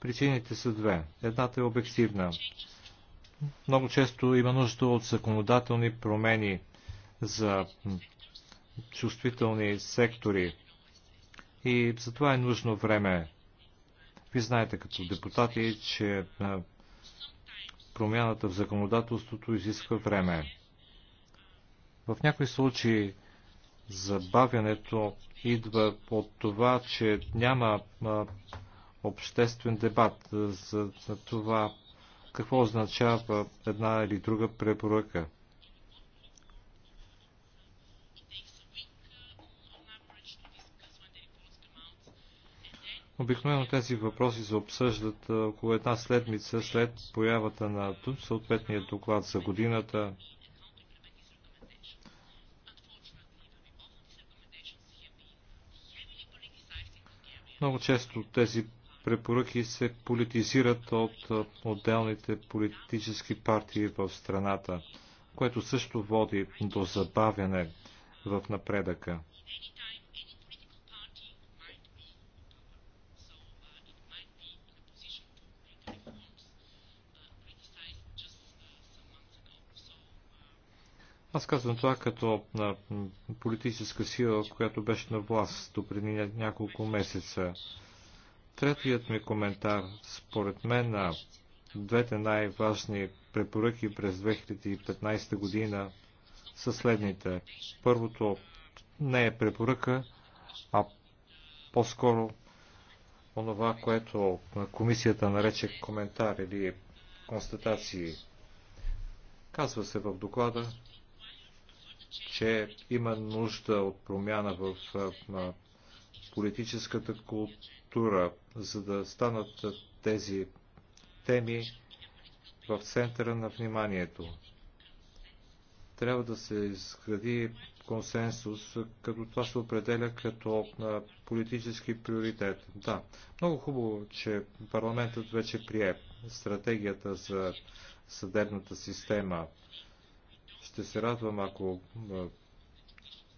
Причините са две. Едната е обективна. Много често има нужда от законодателни промени за чувствителни сектори. И за това е нужно време. Вие знаете като депутати, че промяната в законодателството изисква време. В някои случаи Забавянето идва от това, че няма а, обществен дебат за, за това какво означава една или друга препоръка. Обикновено тези въпроси се обсъждат около една седмица след появата на съответния доклад за годината. Много често тези препоръки се политизират от отделните политически партии в страната, което също води до забавяне в напредъка. Аз казвам това като на политическа сила, която беше на власт до преди няколко месеца. Третият ми коментар, според мен, на двете най-важни препоръки през 2015 година са следните. Първото не е препоръка, а по-скоро онова, което комисията нарече коментар или констатации. Казва се в доклада, че има нужда от промяна в политическата култура, за да станат тези теми в центъра на вниманието. Трябва да се изгради консенсус, като това се определя като политически приоритет. Да, много хубаво, че парламентът вече прие стратегията за съдебната система. Ще се радвам, ако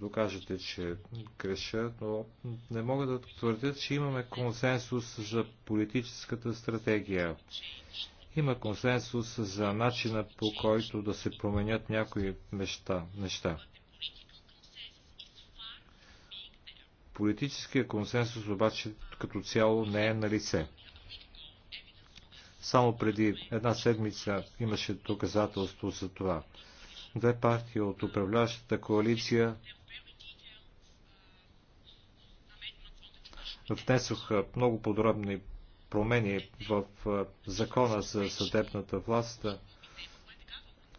докажете, че греша, но не мога да твърдя, че имаме консенсус за политическата стратегия. Има консенсус за начина по който да се променят някои неща. неща. Политическия консенсус обаче като цяло не е на лице. Само преди една седмица имаше доказателство за това две партии от управляващата коалиция внесоха много подробни промени в закона за съдебната власт,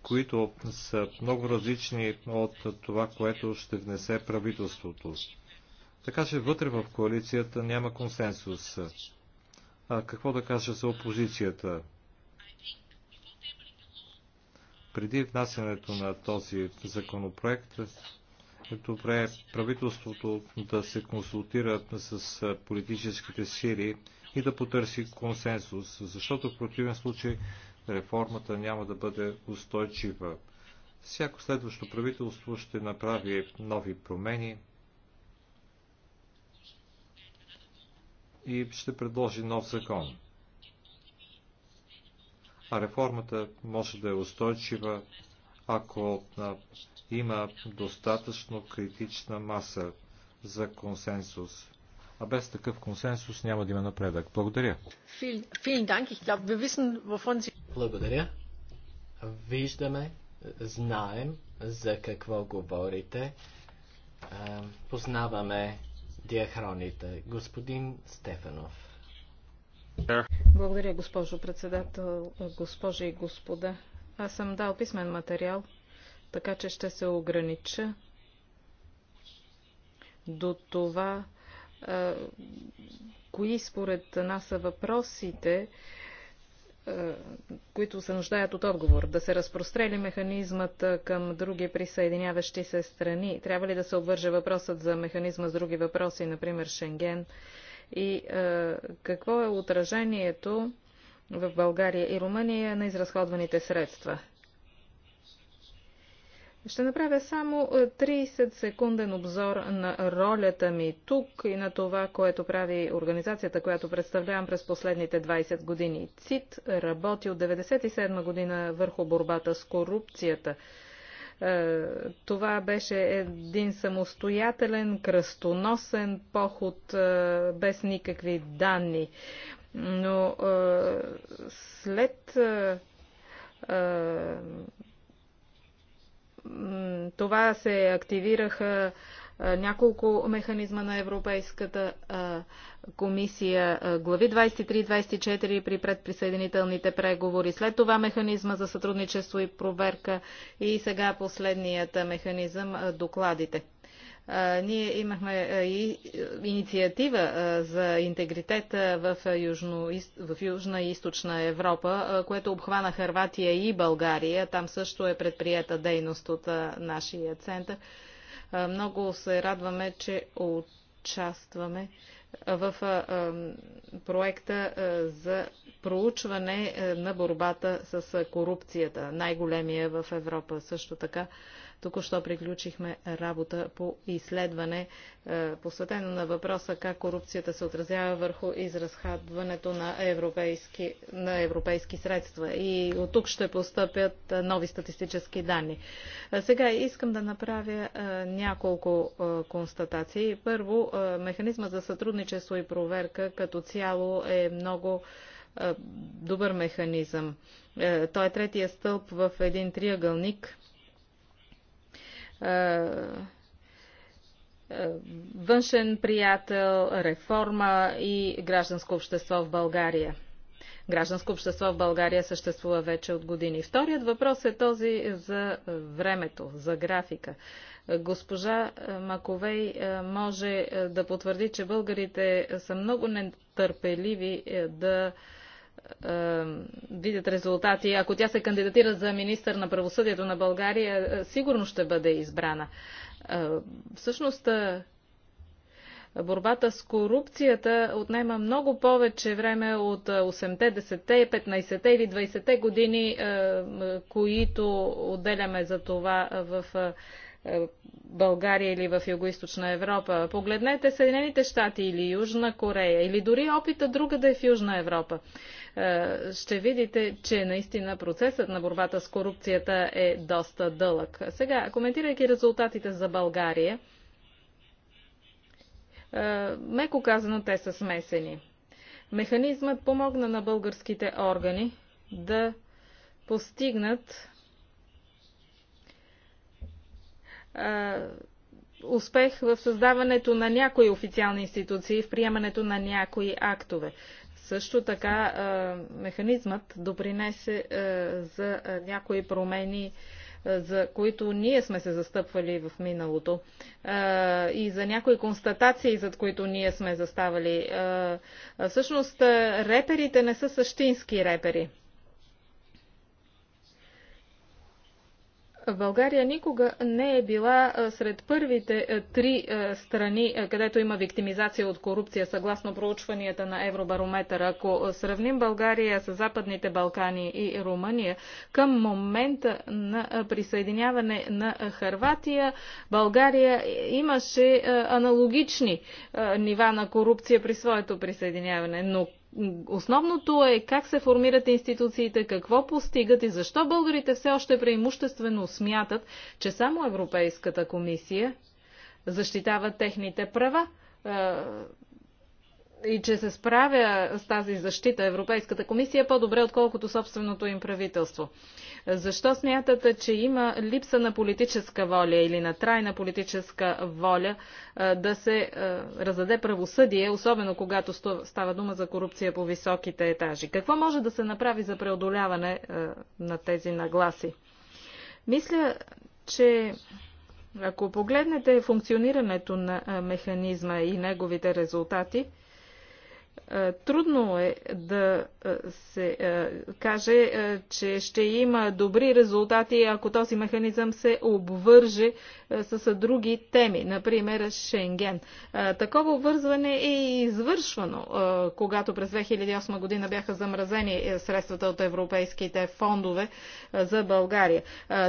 които са много различни от това, което ще внесе правителството. Така че вътре в коалицията няма консенсус. А какво да кажа за опозицията? Преди внасянето на този законопроект е добре правителството да се консултира с политическите сили и да потърси консенсус, защото в противен случай реформата няма да бъде устойчива. Всяко следващо правителство ще направи нови промени и ще предложи нов закон а реформата може да е устойчива, ако има достатъчно критична маса за консенсус. А без такъв консенсус няма да има напредък. Благодаря. Благодаря. Виждаме, знаем за какво говорите. Познаваме диахроните. Господин Стефанов. Благодаря, госпожо председател, госпожи и господа. Аз съм дал писмен материал, така че ще се огранича до това, кои според нас са въпросите, които се нуждаят от отговор. Да се разпрострели механизмът към други присъединяващи се страни? Трябва ли да се обвърже въпросът за механизма с други въпроси, например Шенген? и а, е, какво е отражението в България и Румъния на изразходваните средства. Ще направя само 30-секунден е, обзор на ролята ми тук и на това, което прави организацията, която представлявам през последните 20 години. ЦИТ работи от 1997 година върху борбата с корупцията. Е, това беше един самостоятелен, кръстоносен поход е, без никакви данни. Но е, след това се активираха няколко механизма на Европейската комисия, глави 23 и 24 при предприсъединителните преговори, след това механизма за сътрудничество и проверка и сега последният механизъм докладите. Ние имахме и инициатива за интегритет в, Южно, в Южна и Източна Европа, което обхвана Харватия и България. Там също е предприета дейност от нашия център. Много се радваме, че участваме в проекта за проучване на борбата с корупцията, най-големия в Европа. Също така Току-що приключихме работа по изследване, е, посветено на въпроса как корупцията се отразява върху изразходването на европейски, на европейски средства. И от тук ще постъпят е, нови статистически данни. Е, сега искам да направя няколко констатации. Първо, механизма за сътрудничество и проверка като цяло е много добър механизъм. Той е третия стълб в един триъгълник е, е, външен приятел, реформа и гражданско общество в България. Гражданско общество в България съществува вече от години. Вторият въпрос е този за времето, за графика. Госпожа е, Маковей може да потвърди, че българите са много нетърпеливи да видят резултати. Ако тя се кандидатира за министър на правосъдието на България, е, сигурно ще бъде избрана. Е, всъщност, е, борбата с корупцията отнема много повече време от 8-те, 10-те, 15-те или 20-те години, които отделяме за това в България или в Юго-Источна Европа. Погледнете Съединените щати или Южна Корея, или дори опита друга да е в Южна Европа. Е, ще видите, че наистина процесът на борбата с корупцията е доста дълъг. Сега, коментирайки резултатите за България, е, меко казано те са смесени. Механизмът помогна на българските органи да постигнат е, успех в създаването на някои официални институции, в приемането на някои актове. Също така механизмът допринесе за някои промени за които ние сме се застъпвали в миналото и за някои констатации, зад които ние сме заставали. Всъщност, реперите не са същински репери. България никога не е била сред първите три страни, където има виктимизация от корупция, съгласно проучванията на Евробарометър. Ако сравним България с Западните Балкани и Румъния, към момента на присъединяване на Харватия, България имаше аналогични нива на корупция при своето присъединяване. Но Основното е как се формират институциите, какво постигат и защо българите все още преимуществено смятат, че само Европейската комисия защитава техните права е, и че се справя с тази защита Европейската комисия е по-добре, отколкото собственото им правителство. Защо смятате, че има липса на политическа воля или на трайна политическа воля е, да се е, раздаде правосъдие, особено когато става дума за корупция по високите етажи? Какво може да се направи за преодоляване на тези нагласи? Мисля, че ако погледнете функционирането на механизма и неговите резултати, е, трудно е да е, се е, каже, че ще има добри резултати, ако този механизъм се обвърже с други теми, например Шенген. Такова обвързване е извършвано, когато през 2008 година бяха замразени средствата от европейските фондове за България.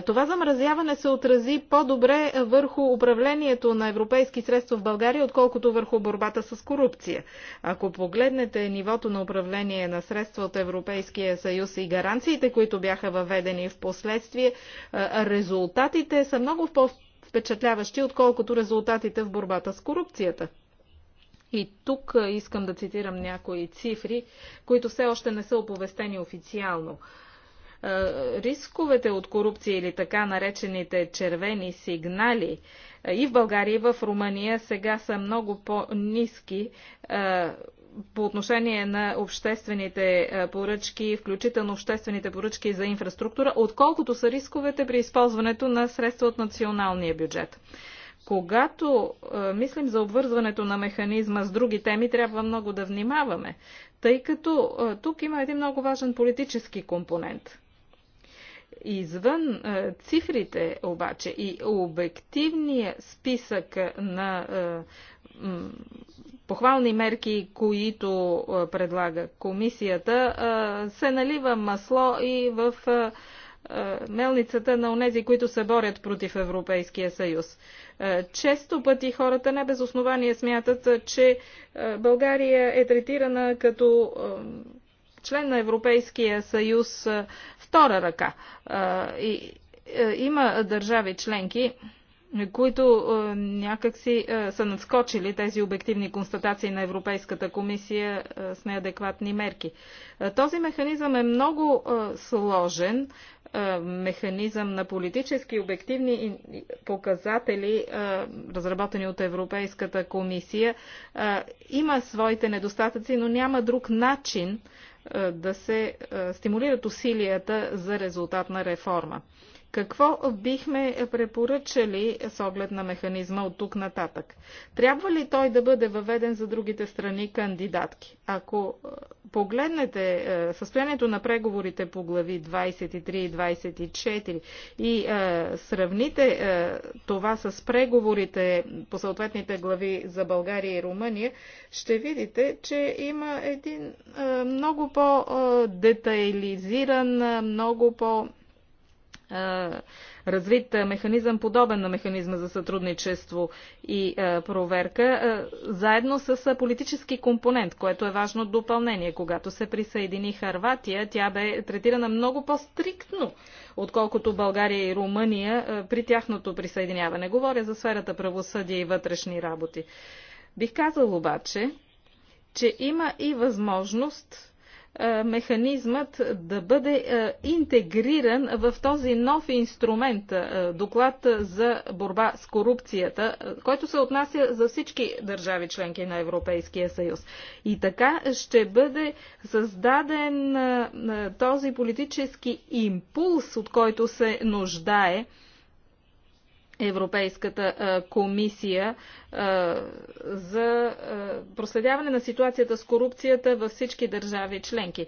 Това замразяване се отрази по-добре върху управлението на европейски средства в България, отколкото върху борбата с корупция. Ако погледнете нивото на управление на средства от Европейския съюз и гаранциите, които бяха въведени в последствие, резултатите са много по-впечатляващи, отколкото резултатите в борбата с корупцията. И тук искам да цитирам някои цифри, които все още не са оповестени официално. Рисковете от корупция или така наречените червени сигнали и в България, и в Румъния сега са много по-низки по отношение на обществените поръчки, включително обществените поръчки за инфраструктура, отколкото са рисковете при използването на средства от националния бюджет. Когато е, мислим за обвързването на механизма с други теми, трябва много да внимаваме, тъй като е, тук има един много важен политически компонент. Извън е, цифрите обаче и обективния списък на е, похвални мерки, които предлага комисията, се налива масло и в мелницата на онези, които се борят против Европейския съюз. Често пъти хората не без основание смятат, че България е третирана като член на Европейския съюз втора ръка. И има държави членки, които е, някакси е, са надскочили тези обективни констатации на Европейската комисия е, с неадекватни мерки. Е, този механизъм е много е, сложен, е, механизъм на политически обективни показатели, е, разработени от Европейската комисия. Е, има своите недостатъци, но няма друг начин да се стимулират усилията за резултат на реформа. Какво бихме препоръчали с оглед на механизма от тук нататък? Трябва ли той да бъде въведен за другите страни кандидатки? Ако е, погледнете е, състоянието на преговорите по глави 23 и 24 и е, сравните това с преговорите по съответните глави за България и Румъния, ще видите, че има един много по-детайлизиран, много по- развит механизъм, подобен на механизма за сътрудничество и проверка, заедно с политически компонент, което е важно допълнение. Когато се присъедини Харватия, тя бе третирана много по-стриктно, отколкото България и Румъния при тяхното присъединяване. Говоря за сферата правосъдие и вътрешни работи. Бих казал обаче, че има и възможност е, механизмът да бъде е, интегриран в този нов инструмент е, доклад за борба с корупцията, който се отнася за всички държави членки на Европейския съюз. И така ще бъде създаден този политически импулс, от който се нуждае Европейската комисия за проследяване на ситуацията с корупцията във всички държави членки.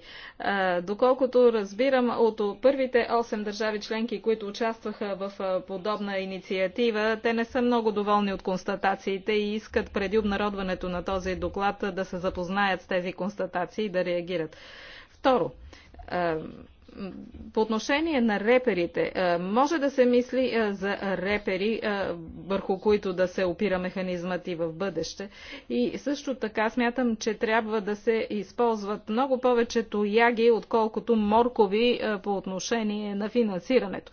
Доколкото разбирам от първите 8 държави членки, които участваха в подобна инициатива, те не са много доволни от констатациите и искат преди обнародването на този доклад да се запознаят с тези констатации и да реагират. Второ, по отношение на реперите, е, може да се мисли е, за репери, е, върху които да се опира механизмът и в бъдеще. И също така смятам, че трябва да се използват много повече тояги, отколкото моркови по отношение на финансирането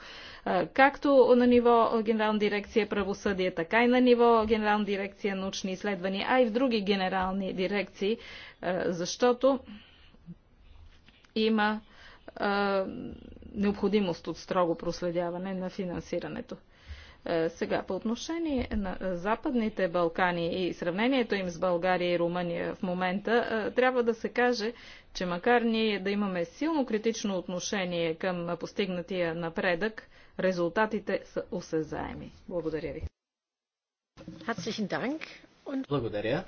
както на ниво Генерална дирекция правосъдие, така и на ниво Генерална дирекция научни изследвания, а и в други генерални дирекции, защото има а, необходимост от строго проследяване на финансирането. Сега, по отношение на Западните Балкани и сравнението им с България и Румъния в момента, трябва да се каже, че макар ние да имаме силно критично отношение към постигнатия напредък, резултатите са осезаеми. Благодаря ви. Благодаря.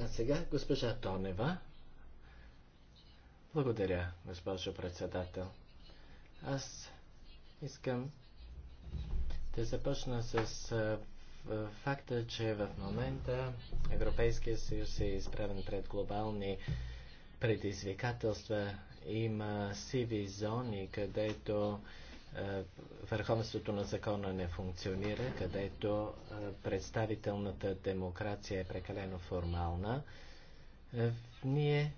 А сега госпожа Тонева благодаря, госпожо председател. Аз искам да започна с факта, че в момента Европейския съюз е изправен пред глобални предизвикателства. Има сиви зони, където върховенството на закона не функционира, където представителната демокрация е прекалено формална. Е, ние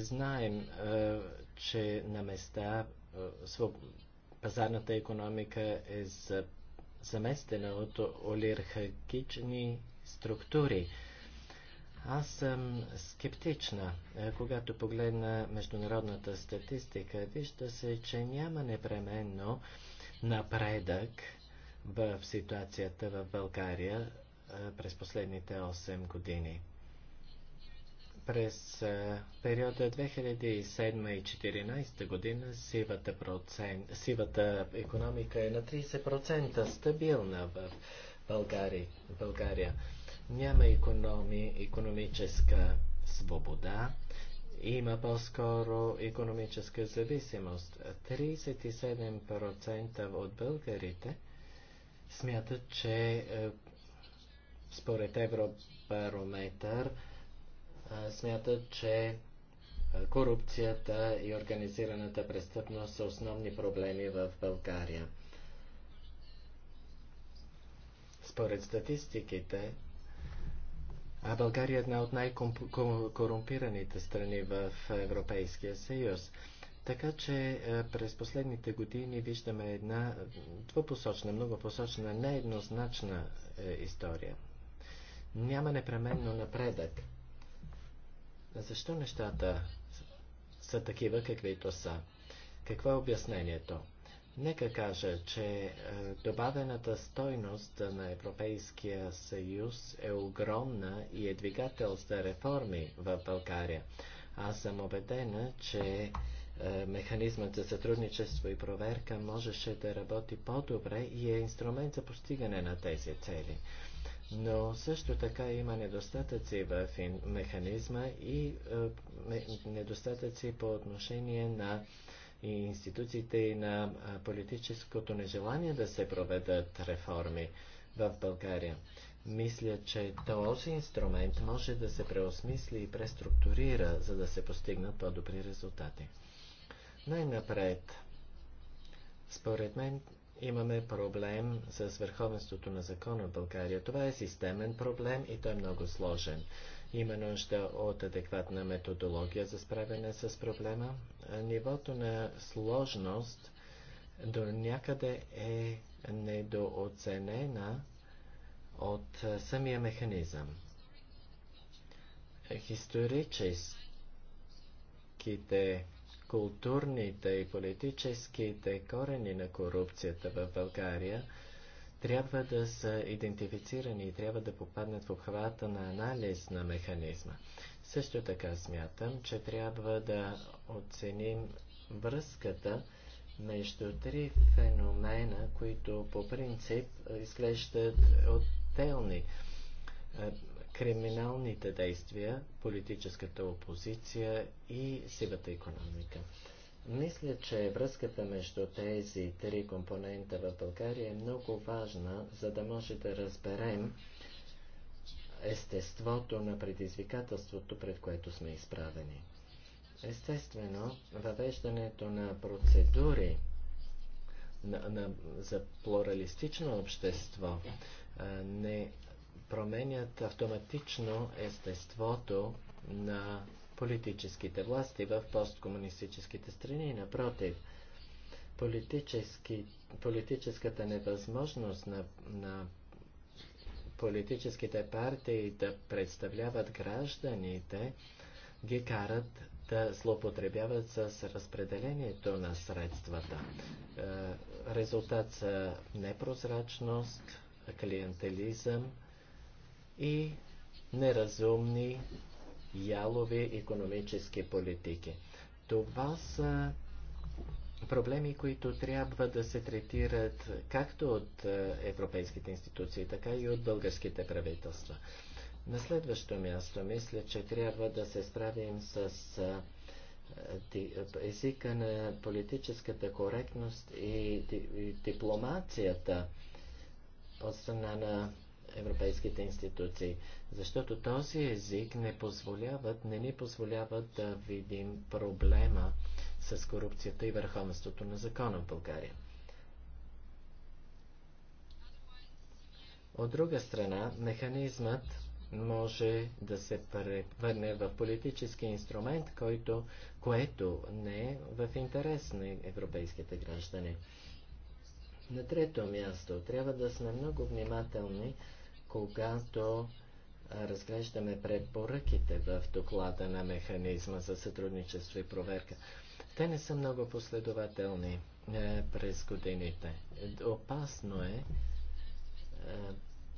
Знаем, е, че на места е, пазарната економика е заместена от олигархични структури. Аз съм скептична. Е, когато погледна международната статистика, вижда се, че няма непременно напредък в ситуацията в България през последните 8 години. През периода 2007 2014 година сивата, процент, сивата економика е на 30% стабилна в България. България. Няма економи, економическа свобода, има по-скоро економическа зависимост. 37% от българите смятат, че е, според Евробарометър смятат, че корупцията и организираната престъпност са основни проблеми в България. Според статистиките, а България е една от най-корумпираните страни в Европейския съюз. Така че през последните години виждаме една двупосочна, многопосочна, нееднозначна е, история. Няма непременно напредък. Защо нещата са такива, каквито са? Какво е обяснението? Нека кажа, че е, добавената стойност на Европейския съюз е огромна и е двигател за реформи в България. Аз съм убедена, че е, механизмът за сътрудничество и проверка можеше да работи по-добре и е инструмент за постигане на тези цели но също така има недостатъци в механизма и е, недостатъци по отношение на и институциите и на политическото нежелание да се проведат реформи в България. Мисля, че този инструмент може да се преосмисли и преструктурира, за да се постигнат по-добри резултати. Най-напред, според мен, Имаме проблем с върховенството на закона в България. Това е системен проблем и той е много сложен. Има нужда от адекватна методология за справяне с проблема. Нивото на сложност до някъде е недооценена от самия механизъм. Историческите културните и политическите корени на корупцията в България трябва да са идентифицирани и трябва да попаднат в обхвата на анализ на механизма. Също така смятам, че трябва да оценим връзката между три феномена, които по принцип изглеждат отделни криминалните действия, политическата опозиция и сивата економика. Мисля, че връзката между тези три компонента в България е много важна, за да може да разберем естеството на предизвикателството, пред което сме изправени. Естествено, въвеждането на процедури на, на, за плуралистично общество не променят автоматично естеството на политическите власти в посткомунистическите страни. Напротив, политическата невъзможност на, на политическите партии да представляват гражданите ги карат да злоупотребяват с разпределението на средствата. Е, резултат са непрозрачност, клиентелизъм, и неразумни ялови економически политики. Това са проблеми, които трябва да се третират както от е, европейските институции, така и от българските правителства. На следващо място мисля, че трябва да се справим с е, езика на политическата коректност и дипломацията от страна на европейските институции, защото този език не, позволяват, не ни позволява да видим проблема с корупцията и върховенството на закона в България. От друга страна, механизмът може да се превърне в политически инструмент, който, което не е в интерес на европейските граждани. На трето място трябва да сме много внимателни когато разглеждаме препоръките в доклада на механизма за сътрудничество и проверка. Те не са много последователни е, през годините. Опасно е, е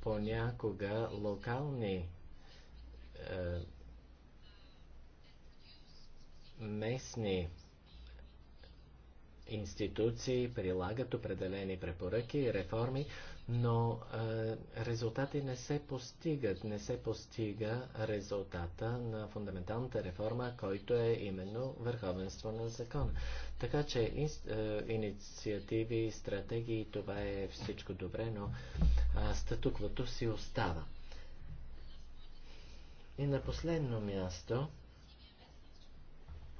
понякога локални е, местни институции прилагат определени препоръки и реформи, но е, резултати не се постигат. Не се постига резултата на фундаменталната реформа, който е именно върховенство на закона. Така че ин, е, инициативи, стратегии, това е всичко добре, но е, статуквото си остава. И на последно място,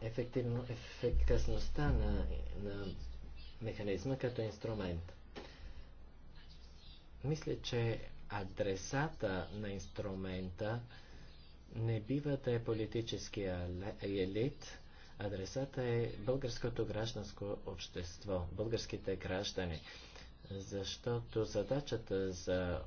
ефективно, ефикасността на, на механизма като инструмент. Мисля, че адресата на инструмента не бива да е политическия елит, адресата е българското гражданско общество, българските граждани, защото задачата за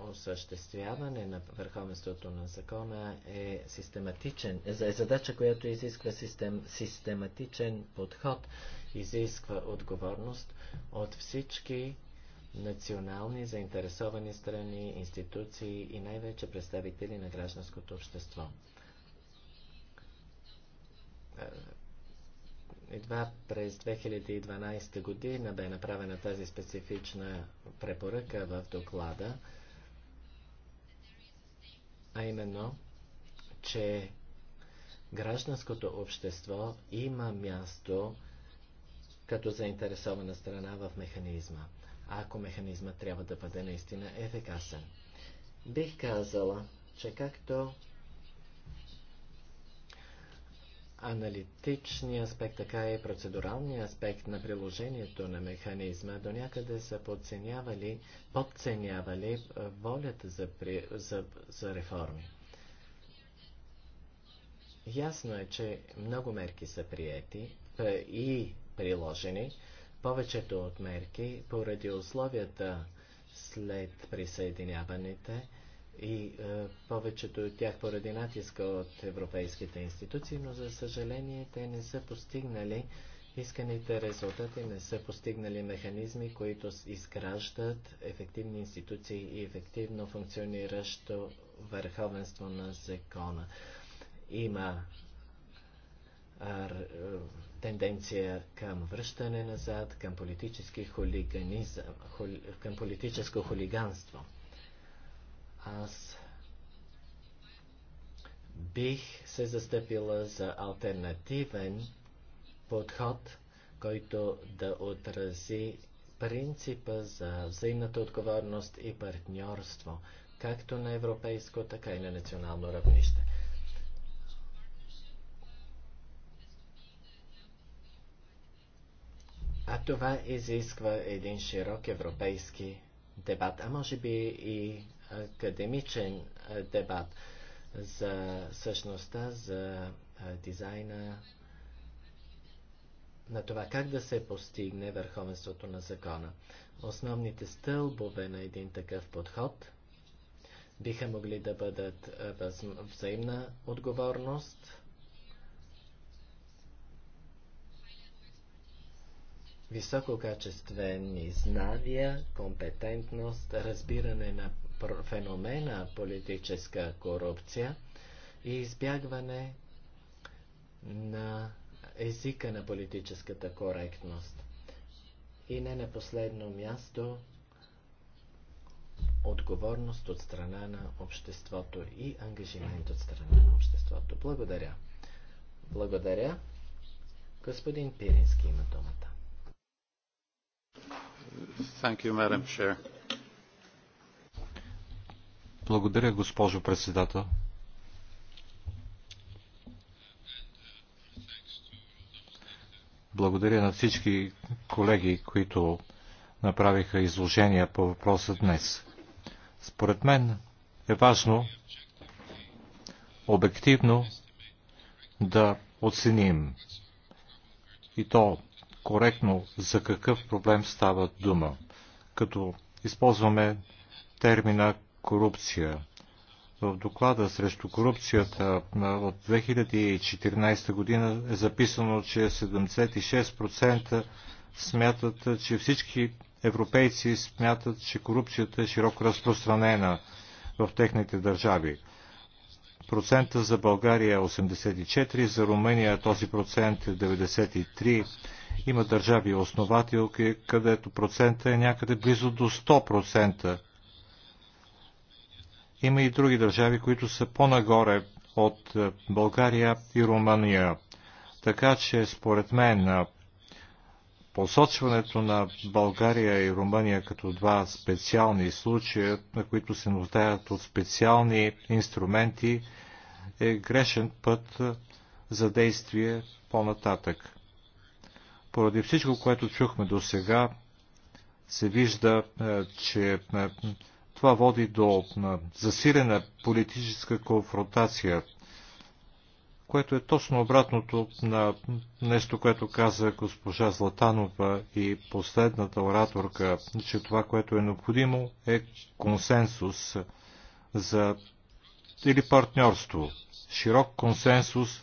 осъществяване на върховенството на закона е систематичен, е задача, която изисква систем, систематичен подход, изисква отговорност от всички национални заинтересовани страни, институции и най-вече представители на гражданското общество. Е, едва през 2012 година бе направена тази специфична препоръка в доклада а именно, че гражданското общество има място като заинтересована страна в механизма, ако механизма трябва да бъде наистина ефикасен. Бих казала, че както аналитичния аспект, така и процедуралния аспект на приложението на механизма до някъде са подценявали, подценявали е, волята за, при, за, за реформи. Ясно е, че много мерки са приети е, и приложени. Повечето от мерки, поради условията след присъединяваните, и е, повечето от тях поради натиска от европейските институции, но за съжаление те не са постигнали исканите резултати, не са постигнали механизми, които изграждат ефективни институции и ефективно функциониращо върховенство на закона. Има а, е, тенденция към връщане назад, към политически хулиганизъм, хули, към политическо хулиганство. Аз бих се застъпила за альтернативен подход, който да отрази принципа за взаимната отговорност и партньорство, както на европейско, така и на национално равнище. А това изисква един широк европейски дебат, а може би и академичен дебат за същността, за дизайна, на това как да се постигне върховенството на закона. Основните стълбове на един такъв подход биха могли да бъдат взаимна отговорност, висококачествени знания, компетентност, разбиране на феномена политическа корупция и избягване на езика на политическата коректност. И не на последно място отговорност от страна на обществото и ангажимент от страна на обществото. Благодаря. Благодаря. Господин Пирински има думата. Thank you, Madam Chair. Благодаря, госпожо председател. Благодаря на всички колеги, които направиха изложения по въпроса днес. Според мен е важно обективно да оценим и то коректно за какъв проблем става дума, като използваме термина корупция. В доклада срещу корупцията от 2014 година е записано, че 76% смятат, че всички европейци смятат, че корупцията е широко разпространена в техните държави. Процента за България е 84, за Румъния този процент е 93. Има държави основателки, където процента е някъде близо до 100%. Има и други държави, които са по-нагоре от е, България и Румъния. Така че, според мен, е, посочването на България и Румъния като два специални случая, на които се нуждаят от специални инструменти, е грешен път е, за действие по-нататък. Поради всичко, което чухме до сега, се вижда, че това води до засилена политическа конфронтация, което е точно обратното на нещо, което каза госпожа Златанова и последната ораторка, че това, което е необходимо е консенсус за или партньорство, широк консенсус,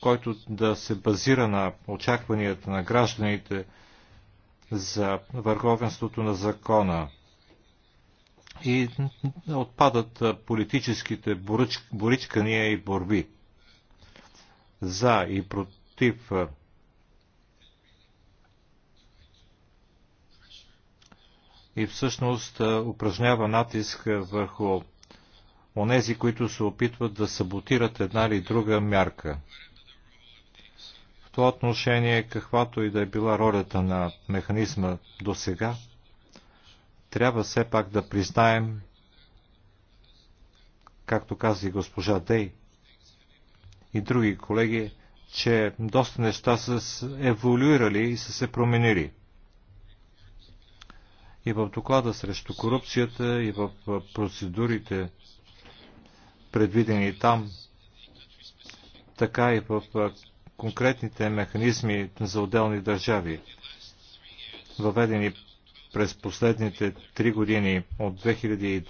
който да се базира на очакванията на гражданите за върховенството на закона и отпадат политическите боричкания и борби за и против и всъщност упражнява натиск върху онези, които се опитват да саботират една или друга мярка. В това отношение, каквато и да е била ролята на механизма до сега, трябва все пак да признаем, както каза и госпожа Дей и други колеги, че доста неща са еволюирали и са се променили. И в доклада срещу корупцията, и в процедурите, предвидени там, така и в конкретните механизми за отделни държави, въведени през последните три години от 2012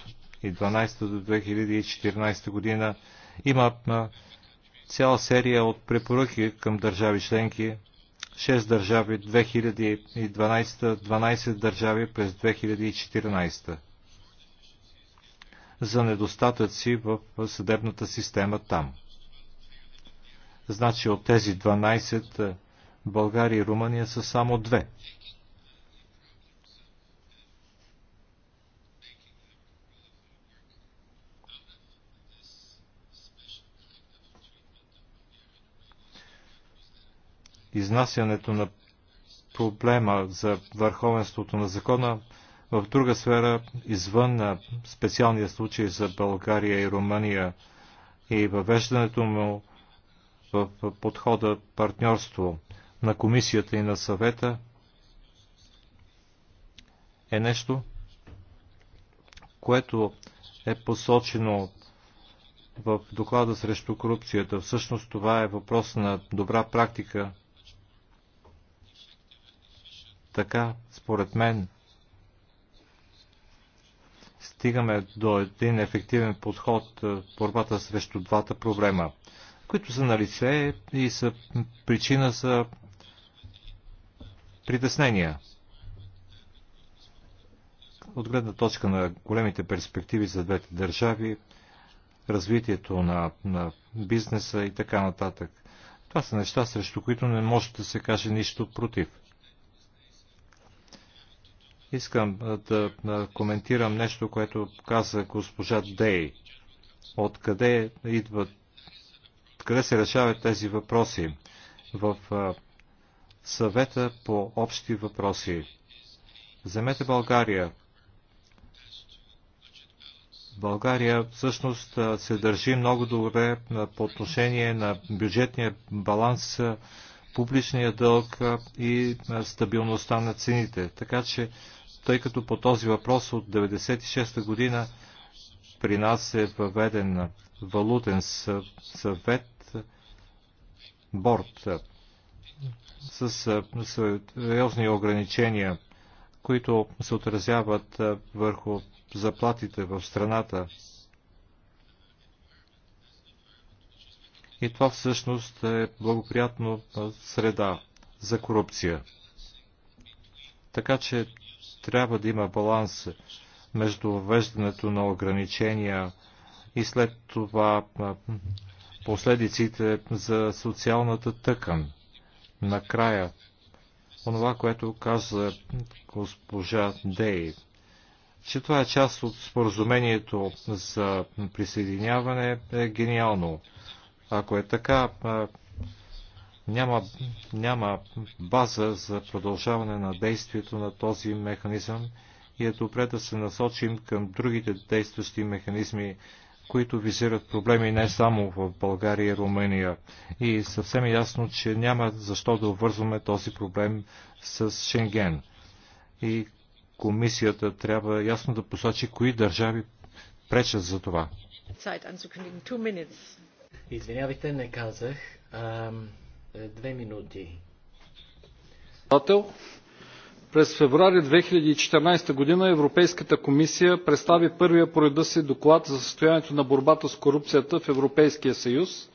до 2014 година има цяла серия от препоръки към държави членки. 6 държави 2012, 12 държави през 2014 за недостатъци в съдебната система там. Значи от тези 12 България и Румъния са само две. изнасянето на проблема за върховенството на закона в друга сфера, извън на специалния случай за България и Румъния и въвеждането му в подхода партньорство на комисията и на съвета е нещо, което е посочено в доклада срещу корупцията. Всъщност това е въпрос на добра практика – така, според мен, стигаме до един ефективен подход в е, борбата срещу двата проблема, които са на лице и са причина за притеснения. От гледна точка на големите перспективи за двете държави, развитието на, на бизнеса и така нататък. Това са неща, срещу които не може да се каже нищо против. Искам да коментирам нещо, което каза госпожа Дей. Откъде идват, откъде се решават тези въпроси? В съвета по общи въпроси. Вземете България. България всъщност се държи много добре по отношение на бюджетния баланс, публичния дълг и стабилността на цените. Така че тъй като по този въпрос от 1996 година при нас е въведен валутен съвет борт с сериозни ограничения, които се отразяват върху заплатите в страната. И това всъщност е благоприятно среда за корупция. Така че трябва да има баланс между въвеждането на ограничения и след това последиците за социалната тъкан. Накрая, онова, което каза госпожа Дей, че това е част от споразумението за присъединяване е гениално. Ако е така, няма, няма база за продължаване на действието на този механизъм и е добре да се насочим към другите действащи механизми, които визират проблеми не само в България и Румъния. И съвсем е ясно, че няма защо да обвързваме този проблем с Шенген. И комисията трябва ясно да посочи кои държави пречат за това. Извинявайте, не казах. Е, две минути. През февруари 2014 година Европейската комисия представи първия по си доклад за състоянието на борбата с корупцията в Европейския съюз,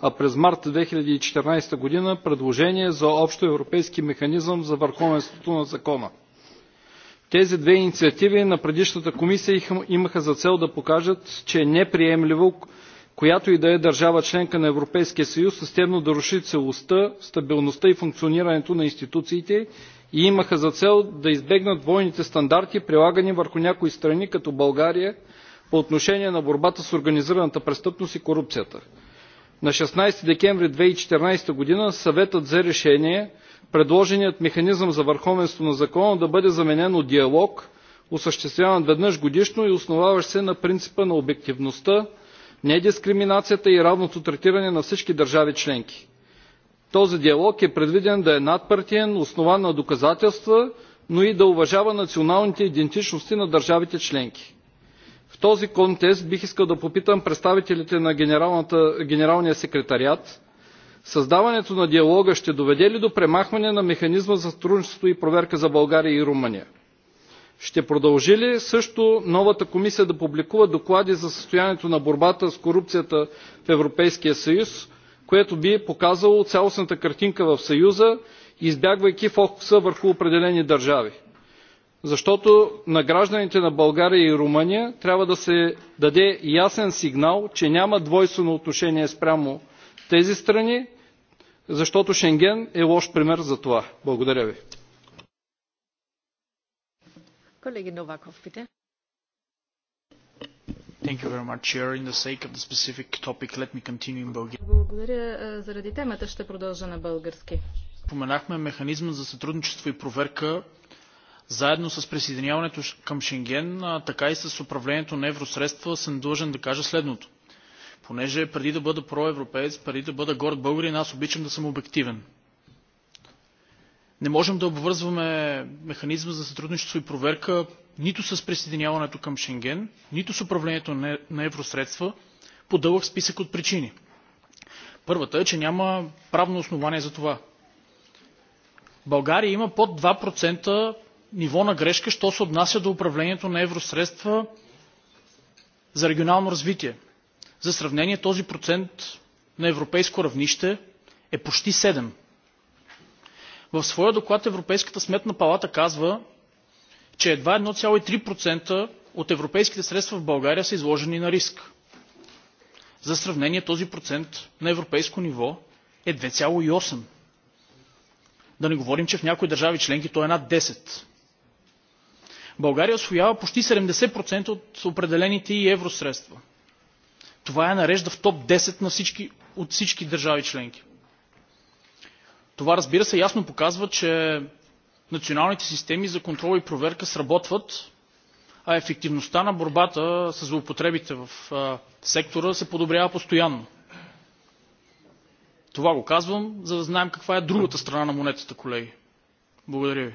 а през март 2014 година предложение за общо европейски механизъм за върховенството на закона. Тези две инициативи на предишната комисия имаха за цел да покажат, че е неприемливо която и да е държава членка на Европейския съюз, системно да руши целостта, стабилността и функционирането на институциите и имаха за цел да избегнат двойните стандарти, прилагани върху някои страни, като България, по отношение на борбата с организираната престъпност и корупцията. На 16 декември 2014 г. съветът взе решение предложеният механизъм за върховенство на закона да бъде заменен от диалог, осъществяван веднъж годишно и основаващ се на принципа на обективността, недискриминацията и равното третиране на всички държави членки. Този диалог е предвиден да е надпартиен, основан на доказателства, но и да уважава националните идентичности на държавите членки. В този контекст бих искал да попитам представителите на Генералния секретариат създаването на диалога ще доведе ли до премахване на механизма за сътрудничество и проверка за България и Румъния? ще продължи ли също новата комисия да публикува доклади за състоянието на борбата с корупцията в европейския съюз което би показало цялостната картинка в съюза избягвайки фокуса върху определени държави? защото на гражданите на България и Румъния трябва да се даде ясен сигнал, че няма двойствено отношение спрямо тези страни, защото Шенген е лош пример за това. Благодаря ви. Novakov, bitte. Thank you very much, Chair. In the sake of the specific topic, let me continue in Bulgarian. Благодаря заради темата. Ще продължа на български. Споменахме механизма за сътрудничество и проверка заедно с присъединяването към Шенген, така и с управлението на евросредства, съм длъжен да кажа следното. Понеже преди да бъда проевропеец, преди да бъда горд българин, аз обичам да съм обективен. Не можем да обвързваме механизма за сътрудничество и проверка нито с присъединяването към Шенген, нито с управлението на евросредства по дълъг списък от причини. Първата е, че няма правно основание за това. България има под 2% ниво на грешка, що се отнася до управлението на евросредства за регионално развитие. За сравнение този процент на европейско равнище е почти в своя доклад Европейската сметна палата казва, че едва 1,3% от европейските средства в България са изложени на риск. За сравнение този процент на европейско ниво е 2,8%. Да не говорим, че в някои държави членки то е над 10%. България освоява почти 70% от определените и евросредства. Това я нарежда в топ 10 на всички, от всички държави членки. Това разбира се ясно показва, че националните системи за контрол и проверка сработват, а ефективността на борбата с злоупотребите в сектора се подобрява постоянно. Това го казвам, за да знаем каква е другата страна на монетата, колеги. Благодаря ви.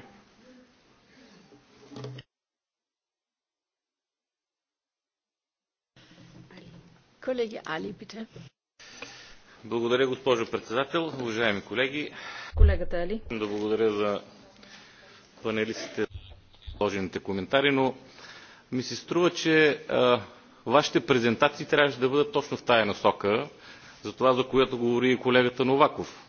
Колеги Али, пите. Благодаря, госпожо председател. Уважаеми колеги, колегата Али. Да благодаря за панелистите сложените коментари, но ми се струва, че а, вашите презентации трябваше да бъдат точно в тая насока, за това, за което говори и колегата Новаков.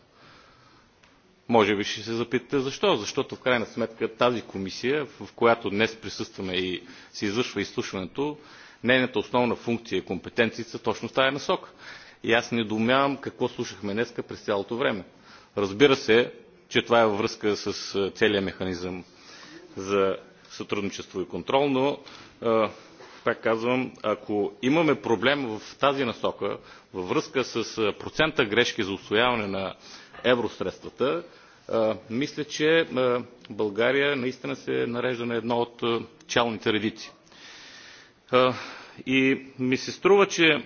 Може би ще се запитате защо. Защото в крайна сметка тази комисия, в която днес присъстваме и се извършва изслушването, нейната основна функция и компетенции са точно в тая насока и аз недоумявам какво слушахме днес през цялото време. Разбира се, че това е във връзка с целият механизъм за сътрудничество и контрол, но пак казвам, ако имаме проблем в тази насока, във връзка с процента грешки за устояване на евросредствата, мисля, че България наистина се нарежда на едно от челните редици. И ми се струва, че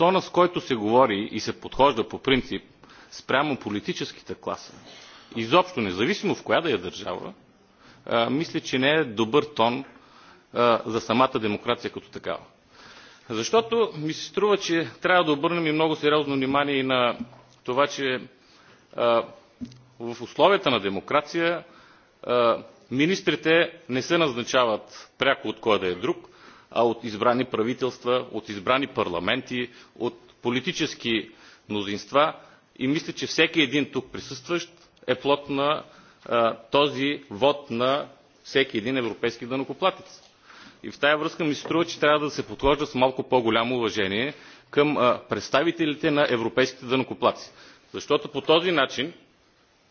тона, с който се говори и се подхожда по принцип спрямо политическите класа, изобщо, независимо в коя да е държава, мисля, че не е добър тон за самата демокрация като такава. Защото ми се струва, че трябва да обърнем и много сериозно внимание и на това, че в условията на демокрация министрите не се назначават пряко от кой да е друг, от избрани правителства, от избрани парламенти, от политически мнозинства и мисля, че всеки един тук присъстващ е плод на този вод на всеки един европейски данъкоплатец. И в тая връзка ми се струва, че трябва да се подхожда с малко по-голямо уважение към представителите на европейските данокоплаци. Защото по този начин,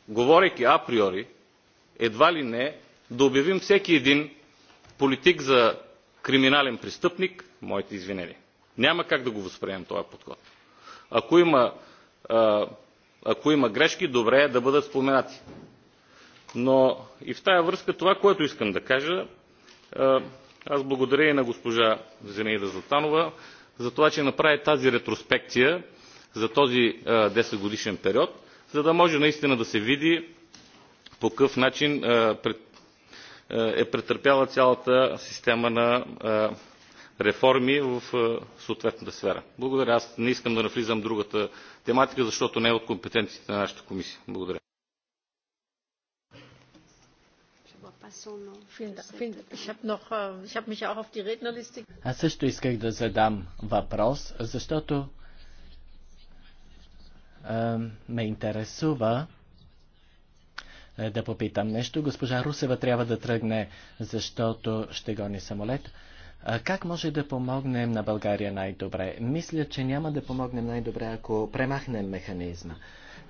говорейки априори, едва ли не, да обявим всеки един политик за криминален престъпник, моите извинения. Няма как да го възприемем този подход. Ако има, ако има грешки, добре е да бъдат споменати. Но и в тая връзка това, което искам да кажа, аз благодаря и на госпожа Зинаида Златанова за това, че направи тази ретроспекция за този 10-годишен период, за да може наистина да се види по какъв начин е претърпяла цялата система на реформи в съответната сфера. Благодаря. Аз не искам да навлизам в другата тематика, защото не е от компетенциите на нашата комисия. Благодаря. Аз също исках да задам въпрос, защото ме интересува е, да попитам нещо. Госпожа Русева трябва да тръгне, защото ще гони самолет. Как може да помогнем на България най-добре? Мисля, че няма да помогнем най-добре, ако премахнем механизма.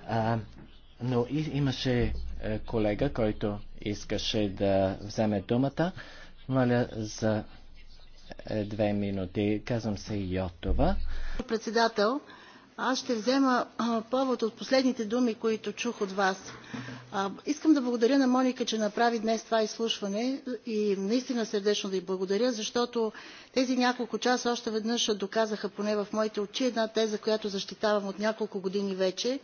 А, но и, имаше е, колега, който искаше да вземе думата. Моля за е, две минути. Казвам се Йотова. Председател, аз ще взема повод от последните думи, които чух от вас. Искам да благодаря на Моника, че направи днес това изслушване и наистина сърдечно да й благодаря, защото тези няколко часа още веднъж доказаха поне в моите очи една теза, която защитавам от няколко години вече,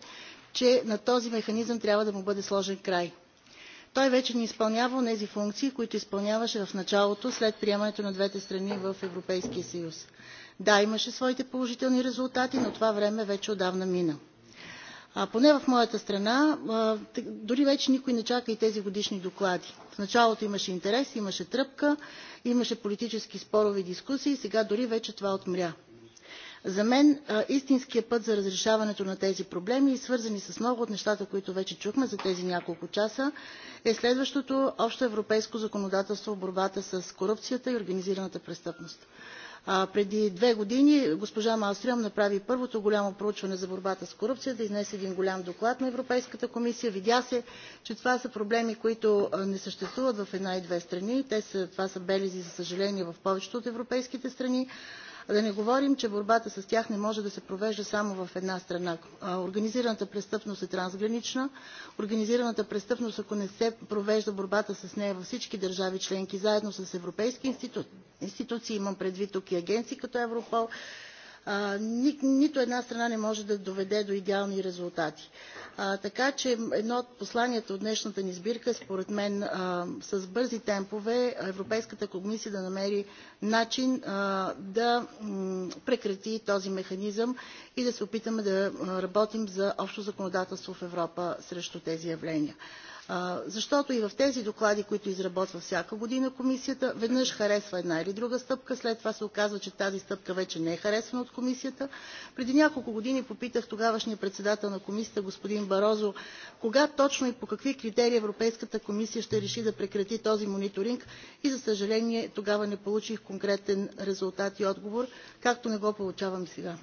че на този механизъм трябва да му бъде сложен край. Той вече не изпълнява тези функции, които изпълняваше в началото след приемането на двете страни в Европейския съюз. Да, имаше своите положителни резултати, но това време вече отдавна мина. А, поне в моята страна, дори вече никой не чака и тези годишни доклади. В началото имаше интерес, имаше тръпка, имаше политически спорови дискусии, сега дори вече това отмря. За мен истинският път за разрешаването на тези проблеми и свързани с много от нещата, които вече чухме за тези няколко часа, е следващото общо европейско законодателство в борбата с корупцията и организираната престъпност преди две години госпожа Малстрем направи първото голямо проучване за борбата с корупцията, да изнесе един голям доклад на Европейската комисия. Видя се, че това са проблеми, които не съществуват в една и две страни. Те са, това са белези, за съжаление, в повечето от европейските страни. А да не говорим, че борбата с тях не може да се провежда само в една страна. Организираната престъпност е трансгранична. Организираната престъпност, ако не се провежда борбата с нея във всички държави членки, заедно с европейски институции, имам предвид тук и агенции като Европол, а, ни, нито една страна не може да доведе до идеални резултати. А, така че едно от посланията от днешната ни сбирка, според мен, а, с бързи темпове Европейската комисия да намери начин а, да м, прекрати този механизъм и да се опитаме да работим за общо законодателство в Европа срещу тези явления. Защото и в тези доклади, които изработва всяка година комисията, веднъж харесва една или друга стъпка, след това се оказва, че тази стъпка вече не е харесвана от комисията. Преди няколко години попитах тогавашния председател на комисията, господин Барозо, кога точно и по какви критерии Европейската комисия ще реши да прекрати този мониторинг и за съжаление тогава не получих конкретен резултат и отговор, както не го получавам сега.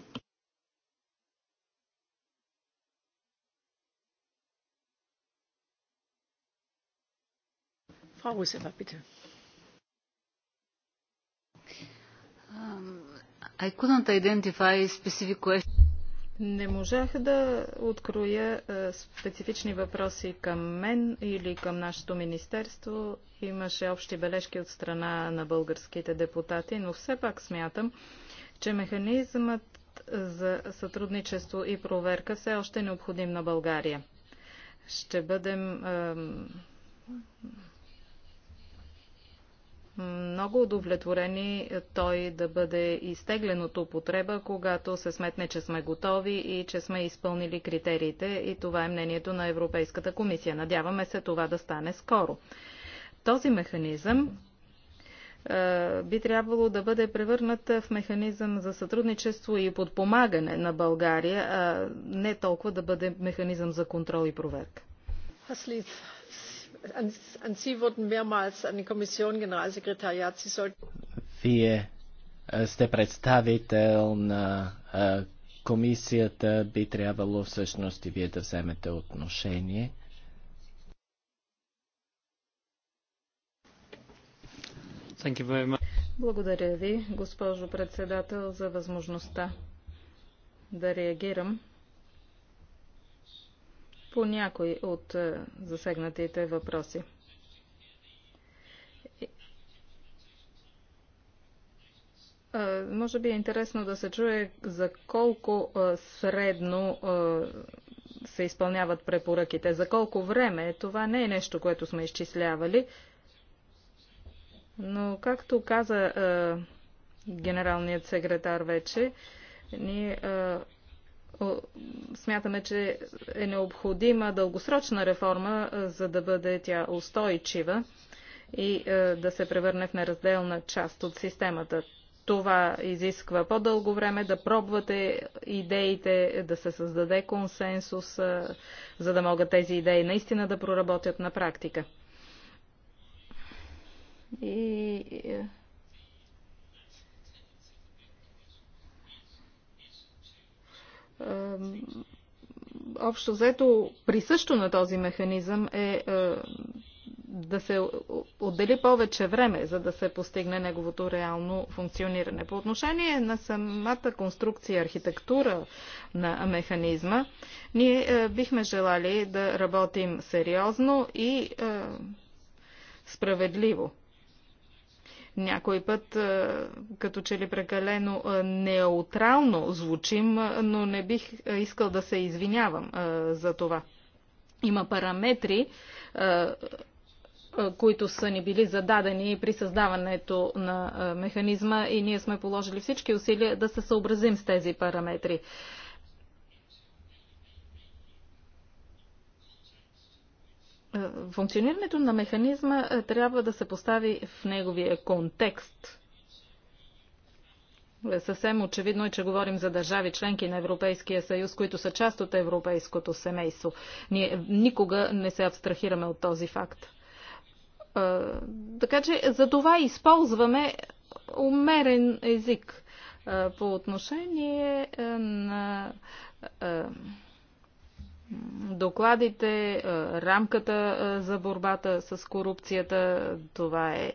Frau Rousseff, bitte. Um, I couldn't identify specific questions. Не можах да откроя е, специфични въпроси към мен или към нашето министерство. Имаше общи бележки от страна на българските депутати, но все пак смятам, че механизмът за сътрудничество и проверка все още е необходим на България. Ще бъдем много удовлетворени е, той да бъде изтеглен от употреба, когато се сметне, че сме готови и че сме изпълнили критериите и това е мнението на Европейската комисия. Надяваме се това да стане скоро. Този механизъм е, би трябвало да бъде превърнат в механизъм за сътрудничество и подпомагане на България, а не толкова да бъде механизъм за контрол и проверка an Sie wurden mehrmals an die Kommission, Generalsekretariat, Sie sollten... Вие сте представител на комисията, би трябвало всъщност и вие да вземете отношение. Благодаря ви, госпожо председател, за възможността да реагирам по някои от е, засегнатите въпроси. Е, може би е интересно да се чуе за колко е, средно се изпълняват препоръките, за колко време. Това не е нещо, което сме изчислявали. Но, както каза генералният секретар вече, ние смятаме, че е необходима дългосрочна реформа, за да бъде тя устойчива и да се превърне в неразделна част от системата. Това изисква по-дълго време да пробвате идеите, да се създаде консенсус, за да могат тези идеи наистина да проработят на практика. И общо взето присъщо на този механизъм е, е да се отдели повече време, за да се постигне неговото реално функциониране. По отношение на самата конструкция, архитектура на механизма, ние е, бихме желали да работим сериозно и е, справедливо. Някой път е, като че ли прекалено е, неутрално звучим, е, но не бих искал да се извинявам за това. Има параметри, които са ни били зададени при създаването на механизма и ние сме положили всички усилия да се съобразим с тези параметри. Е, функционирането на механизма е, трябва да се постави в неговия контекст. Е, съвсем очевидно е, че говорим за държави членки на Европейския съюз, които са част от европейското семейство. Ние никога не се абстрахираме от този факт. Така че за това използваме умерен език по отношение на докладите, рамката за борбата с корупцията. Това е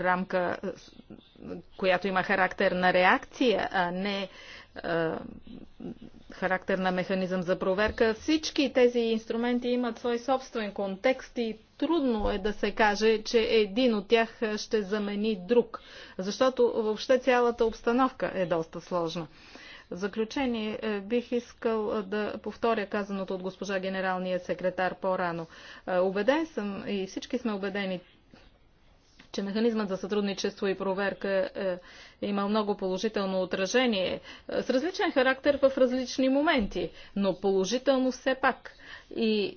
рамка, която има характер на реакция, а не характер на механизъм за проверка. Всички тези инструменти имат свой собствен контекст и трудно е да се каже, че един от тях ще замени друг, защото въобще цялата обстановка е доста сложна. В заключение е, бих искал е, да повторя казаното от госпожа генералния секретар по-рано. Обеден е, съм и всички сме убедени, че механизмът за сътрудничество и проверка е много положително отражение, с различен характер в различни моменти, но положително все пак. И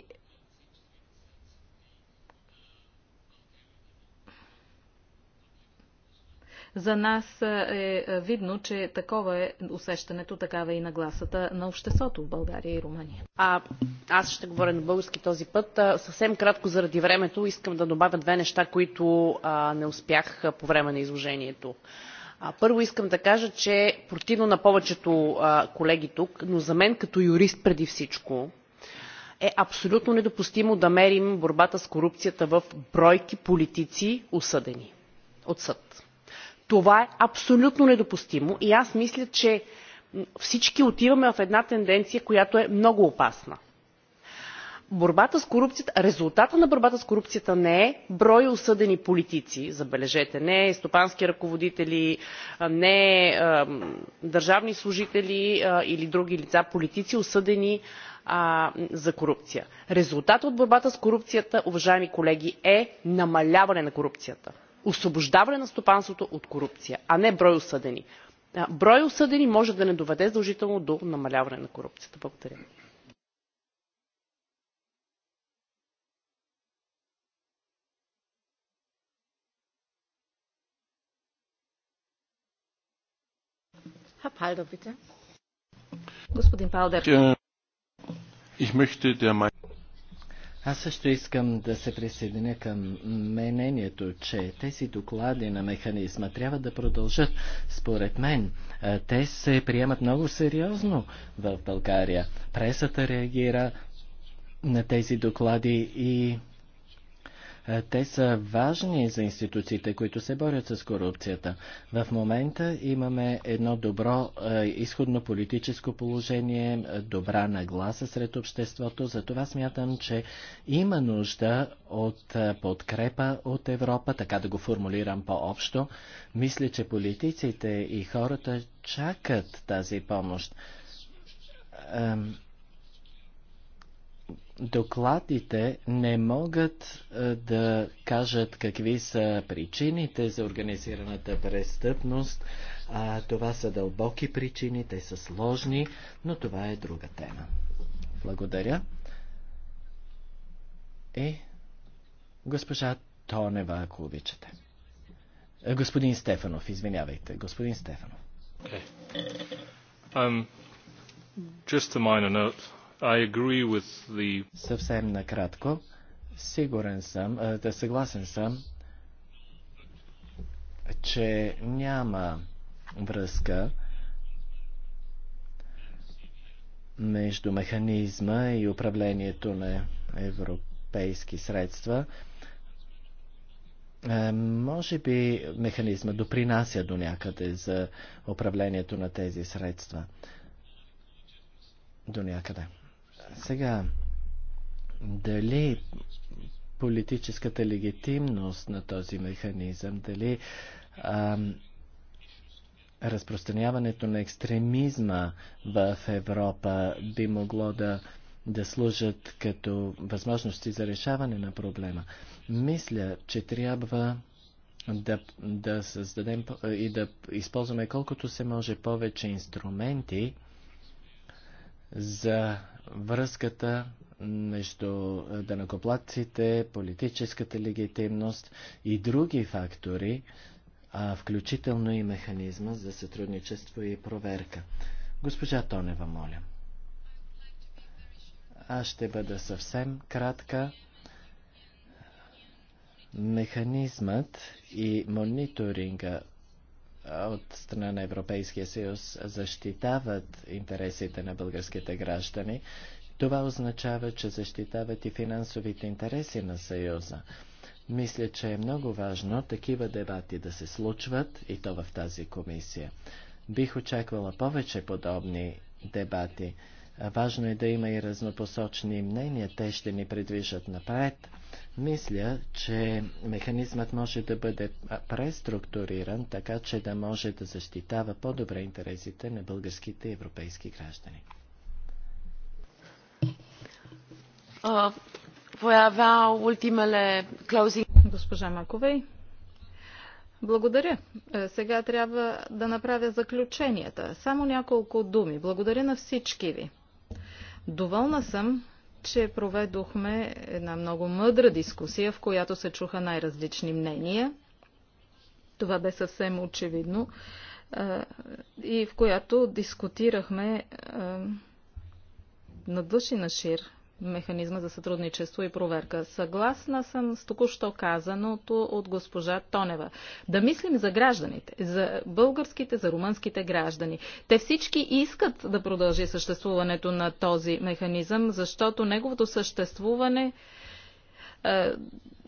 За нас е, е видно, че такова е усещането, такава е и нагласата на обществото в България и Румъния. А, аз ще говоря на български този път. А, съвсем кратко заради времето искам да добавя две неща, които а, не успях а, по време на изложението. А, първо искам да кажа, че противно на повечето а, колеги тук, но за мен като юрист преди всичко, е абсолютно недопустимо да мерим борбата с корупцията в бройки политици осъдени от съд това е абсолютно недопустимо и аз мисля че всички отиваме в една тенденция която е много опасна. Борбата с корупцията, резултата на борбата с корупцията не е брой осъдени политици забележете не е стопански ръководители не е държавни служители или други лица политици осъдени за корупция. резултатът от борбата с корупцията уважаеми колеги е намаляване на корупцията освобождаване на стопанството от корупция а не брой осъдени. брой осъдени може да не доведе задължително до намаляване на корупцията. благодаря. Господин Палдер. Аз също искам да се присъединя към мнението, че тези доклади на механизма трябва да продължат. Според мен, те се приемат много сериозно в България. Пресата реагира на тези доклади и е, те са важни за институциите, които се борят с корупцията. В момента имаме едно добро е, изходно политическо положение, е, добра нагласа сред обществото. Затова смятам, че има нужда от подкрепа от Европа, така да го формулирам по-общо. Мисля, че политиците и хората чакат тази помощ докладите не могат е, да кажат какви са причините за организираната престъпност. А, това са дълбоки причини, те са сложни, но това е друга тема. Благодаря. Е, госпожа Тонева, ако обичате. Е, господин Стефанов, извинявайте. Господин Стефанов. Okay. Um, just a minor note. I agree with the... Съвсем накратко. Сигурен съм, да съгласен съм, че няма връзка между механизма и управлението на европейски средства. Може би механизма допринася до някъде за управлението на тези средства. До някъде. Сега, дали политическата легитимност на този механизъм, дали а, разпространяването на екстремизма в Европа би могло да, да служат като възможности за решаване на проблема. Мисля, че трябва да, да създадем и да използваме колкото се може повече инструменти, за връзката между данакоплатците, политическата легитимност и други фактори, а включително и механизма за сътрудничество и проверка. Госпожа Тонева, моля. Аз ще бъда съвсем кратка. Механизмът и мониторинга от страна на Европейския съюз защитават интересите на българските граждани, това означава, че защитават и финансовите интереси на Съюза. Мисля, че е много важно такива дебати да се случват и то в тази комисия. Бих очаквала повече подобни дебати. Важно е да има и разнопосочни мнения, те ще ни предвижат напред. Мисля, че механизмът може да бъде преструктуриран, така че да може да защитава по-добре интересите на българските европейски граждани. Госпожа Маковей. Благодаря. Е, сега трябва да направя заключенията. Само няколко думи. Благодаря на всички ви. Доволна съм, че проведохме една много мъдра дискусия, в която се чуха най-различни мнения. Това бе съвсем очевидно. И в която дискутирахме надвъж и шир механизма за сътрудничество и проверка. Съгласна съм с току-що казаното от госпожа Тонева. Да мислим за гражданите, за българските, за румънските граждани. Те всички искат да продължи съществуването на този механизъм, защото неговото съществуване е,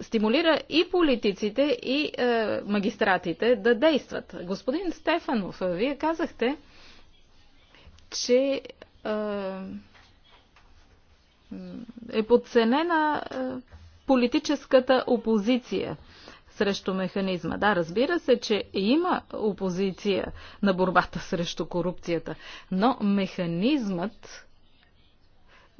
стимулира и политиците, и е, магистратите да действат. Господин Стефанов, вие казахте, че е, е подценена е, политическата опозиция срещу механизма. Да, разбира се, че има опозиция на борбата срещу корупцията, но механизмът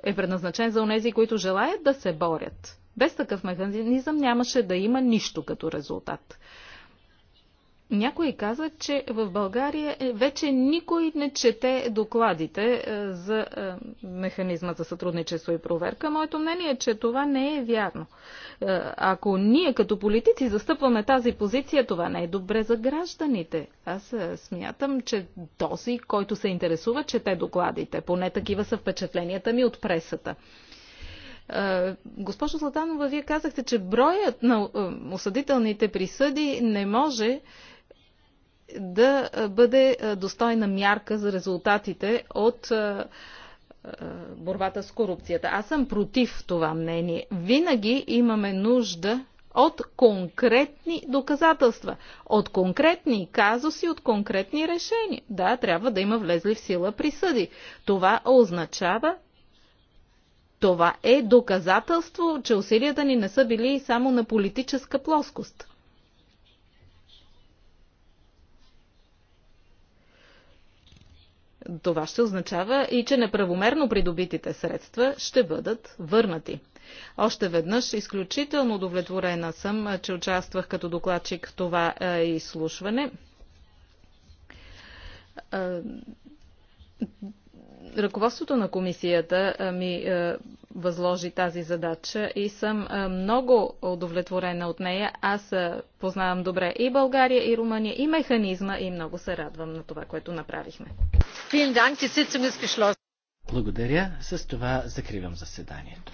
е предназначен за онези, които желаят да се борят. Без такъв механизъм нямаше да има нищо като резултат. Някои казват, че в България е вече никой не чете докладите е, за е, механизма за сътрудничество и проверка. Моето мнение е, че това не е вярно. Ако ние като политици застъпваме тази позиция, това не е добре за гражданите. Аз смятам, че този, който се интересува, чете докладите. Поне такива са впечатленията ми от пресата. Госпожо Златанова, вие казахте, че броят на осъдителните присъди не може да бъде достойна мярка за резултатите от борбата с корупцията. Аз съм против това мнение. Винаги имаме нужда от конкретни доказателства, от конкретни казуси, от конкретни решения. Да, трябва да има влезли в сила присъди. Това означава, това е доказателство, че усилията ни не са били само на политическа плоскост. Това ще означава и, че неправомерно придобитите средства ще бъдат върнати. Още веднъж изключително удовлетворена съм, че участвах като докладчик в това изслушване Ръководството на комисията ми възложи тази задача и съм много удовлетворена от нея. Аз познавам добре и България, и Румъния, и механизма и много се радвам на това, което направихме. Благодаря. С това закривам заседанието.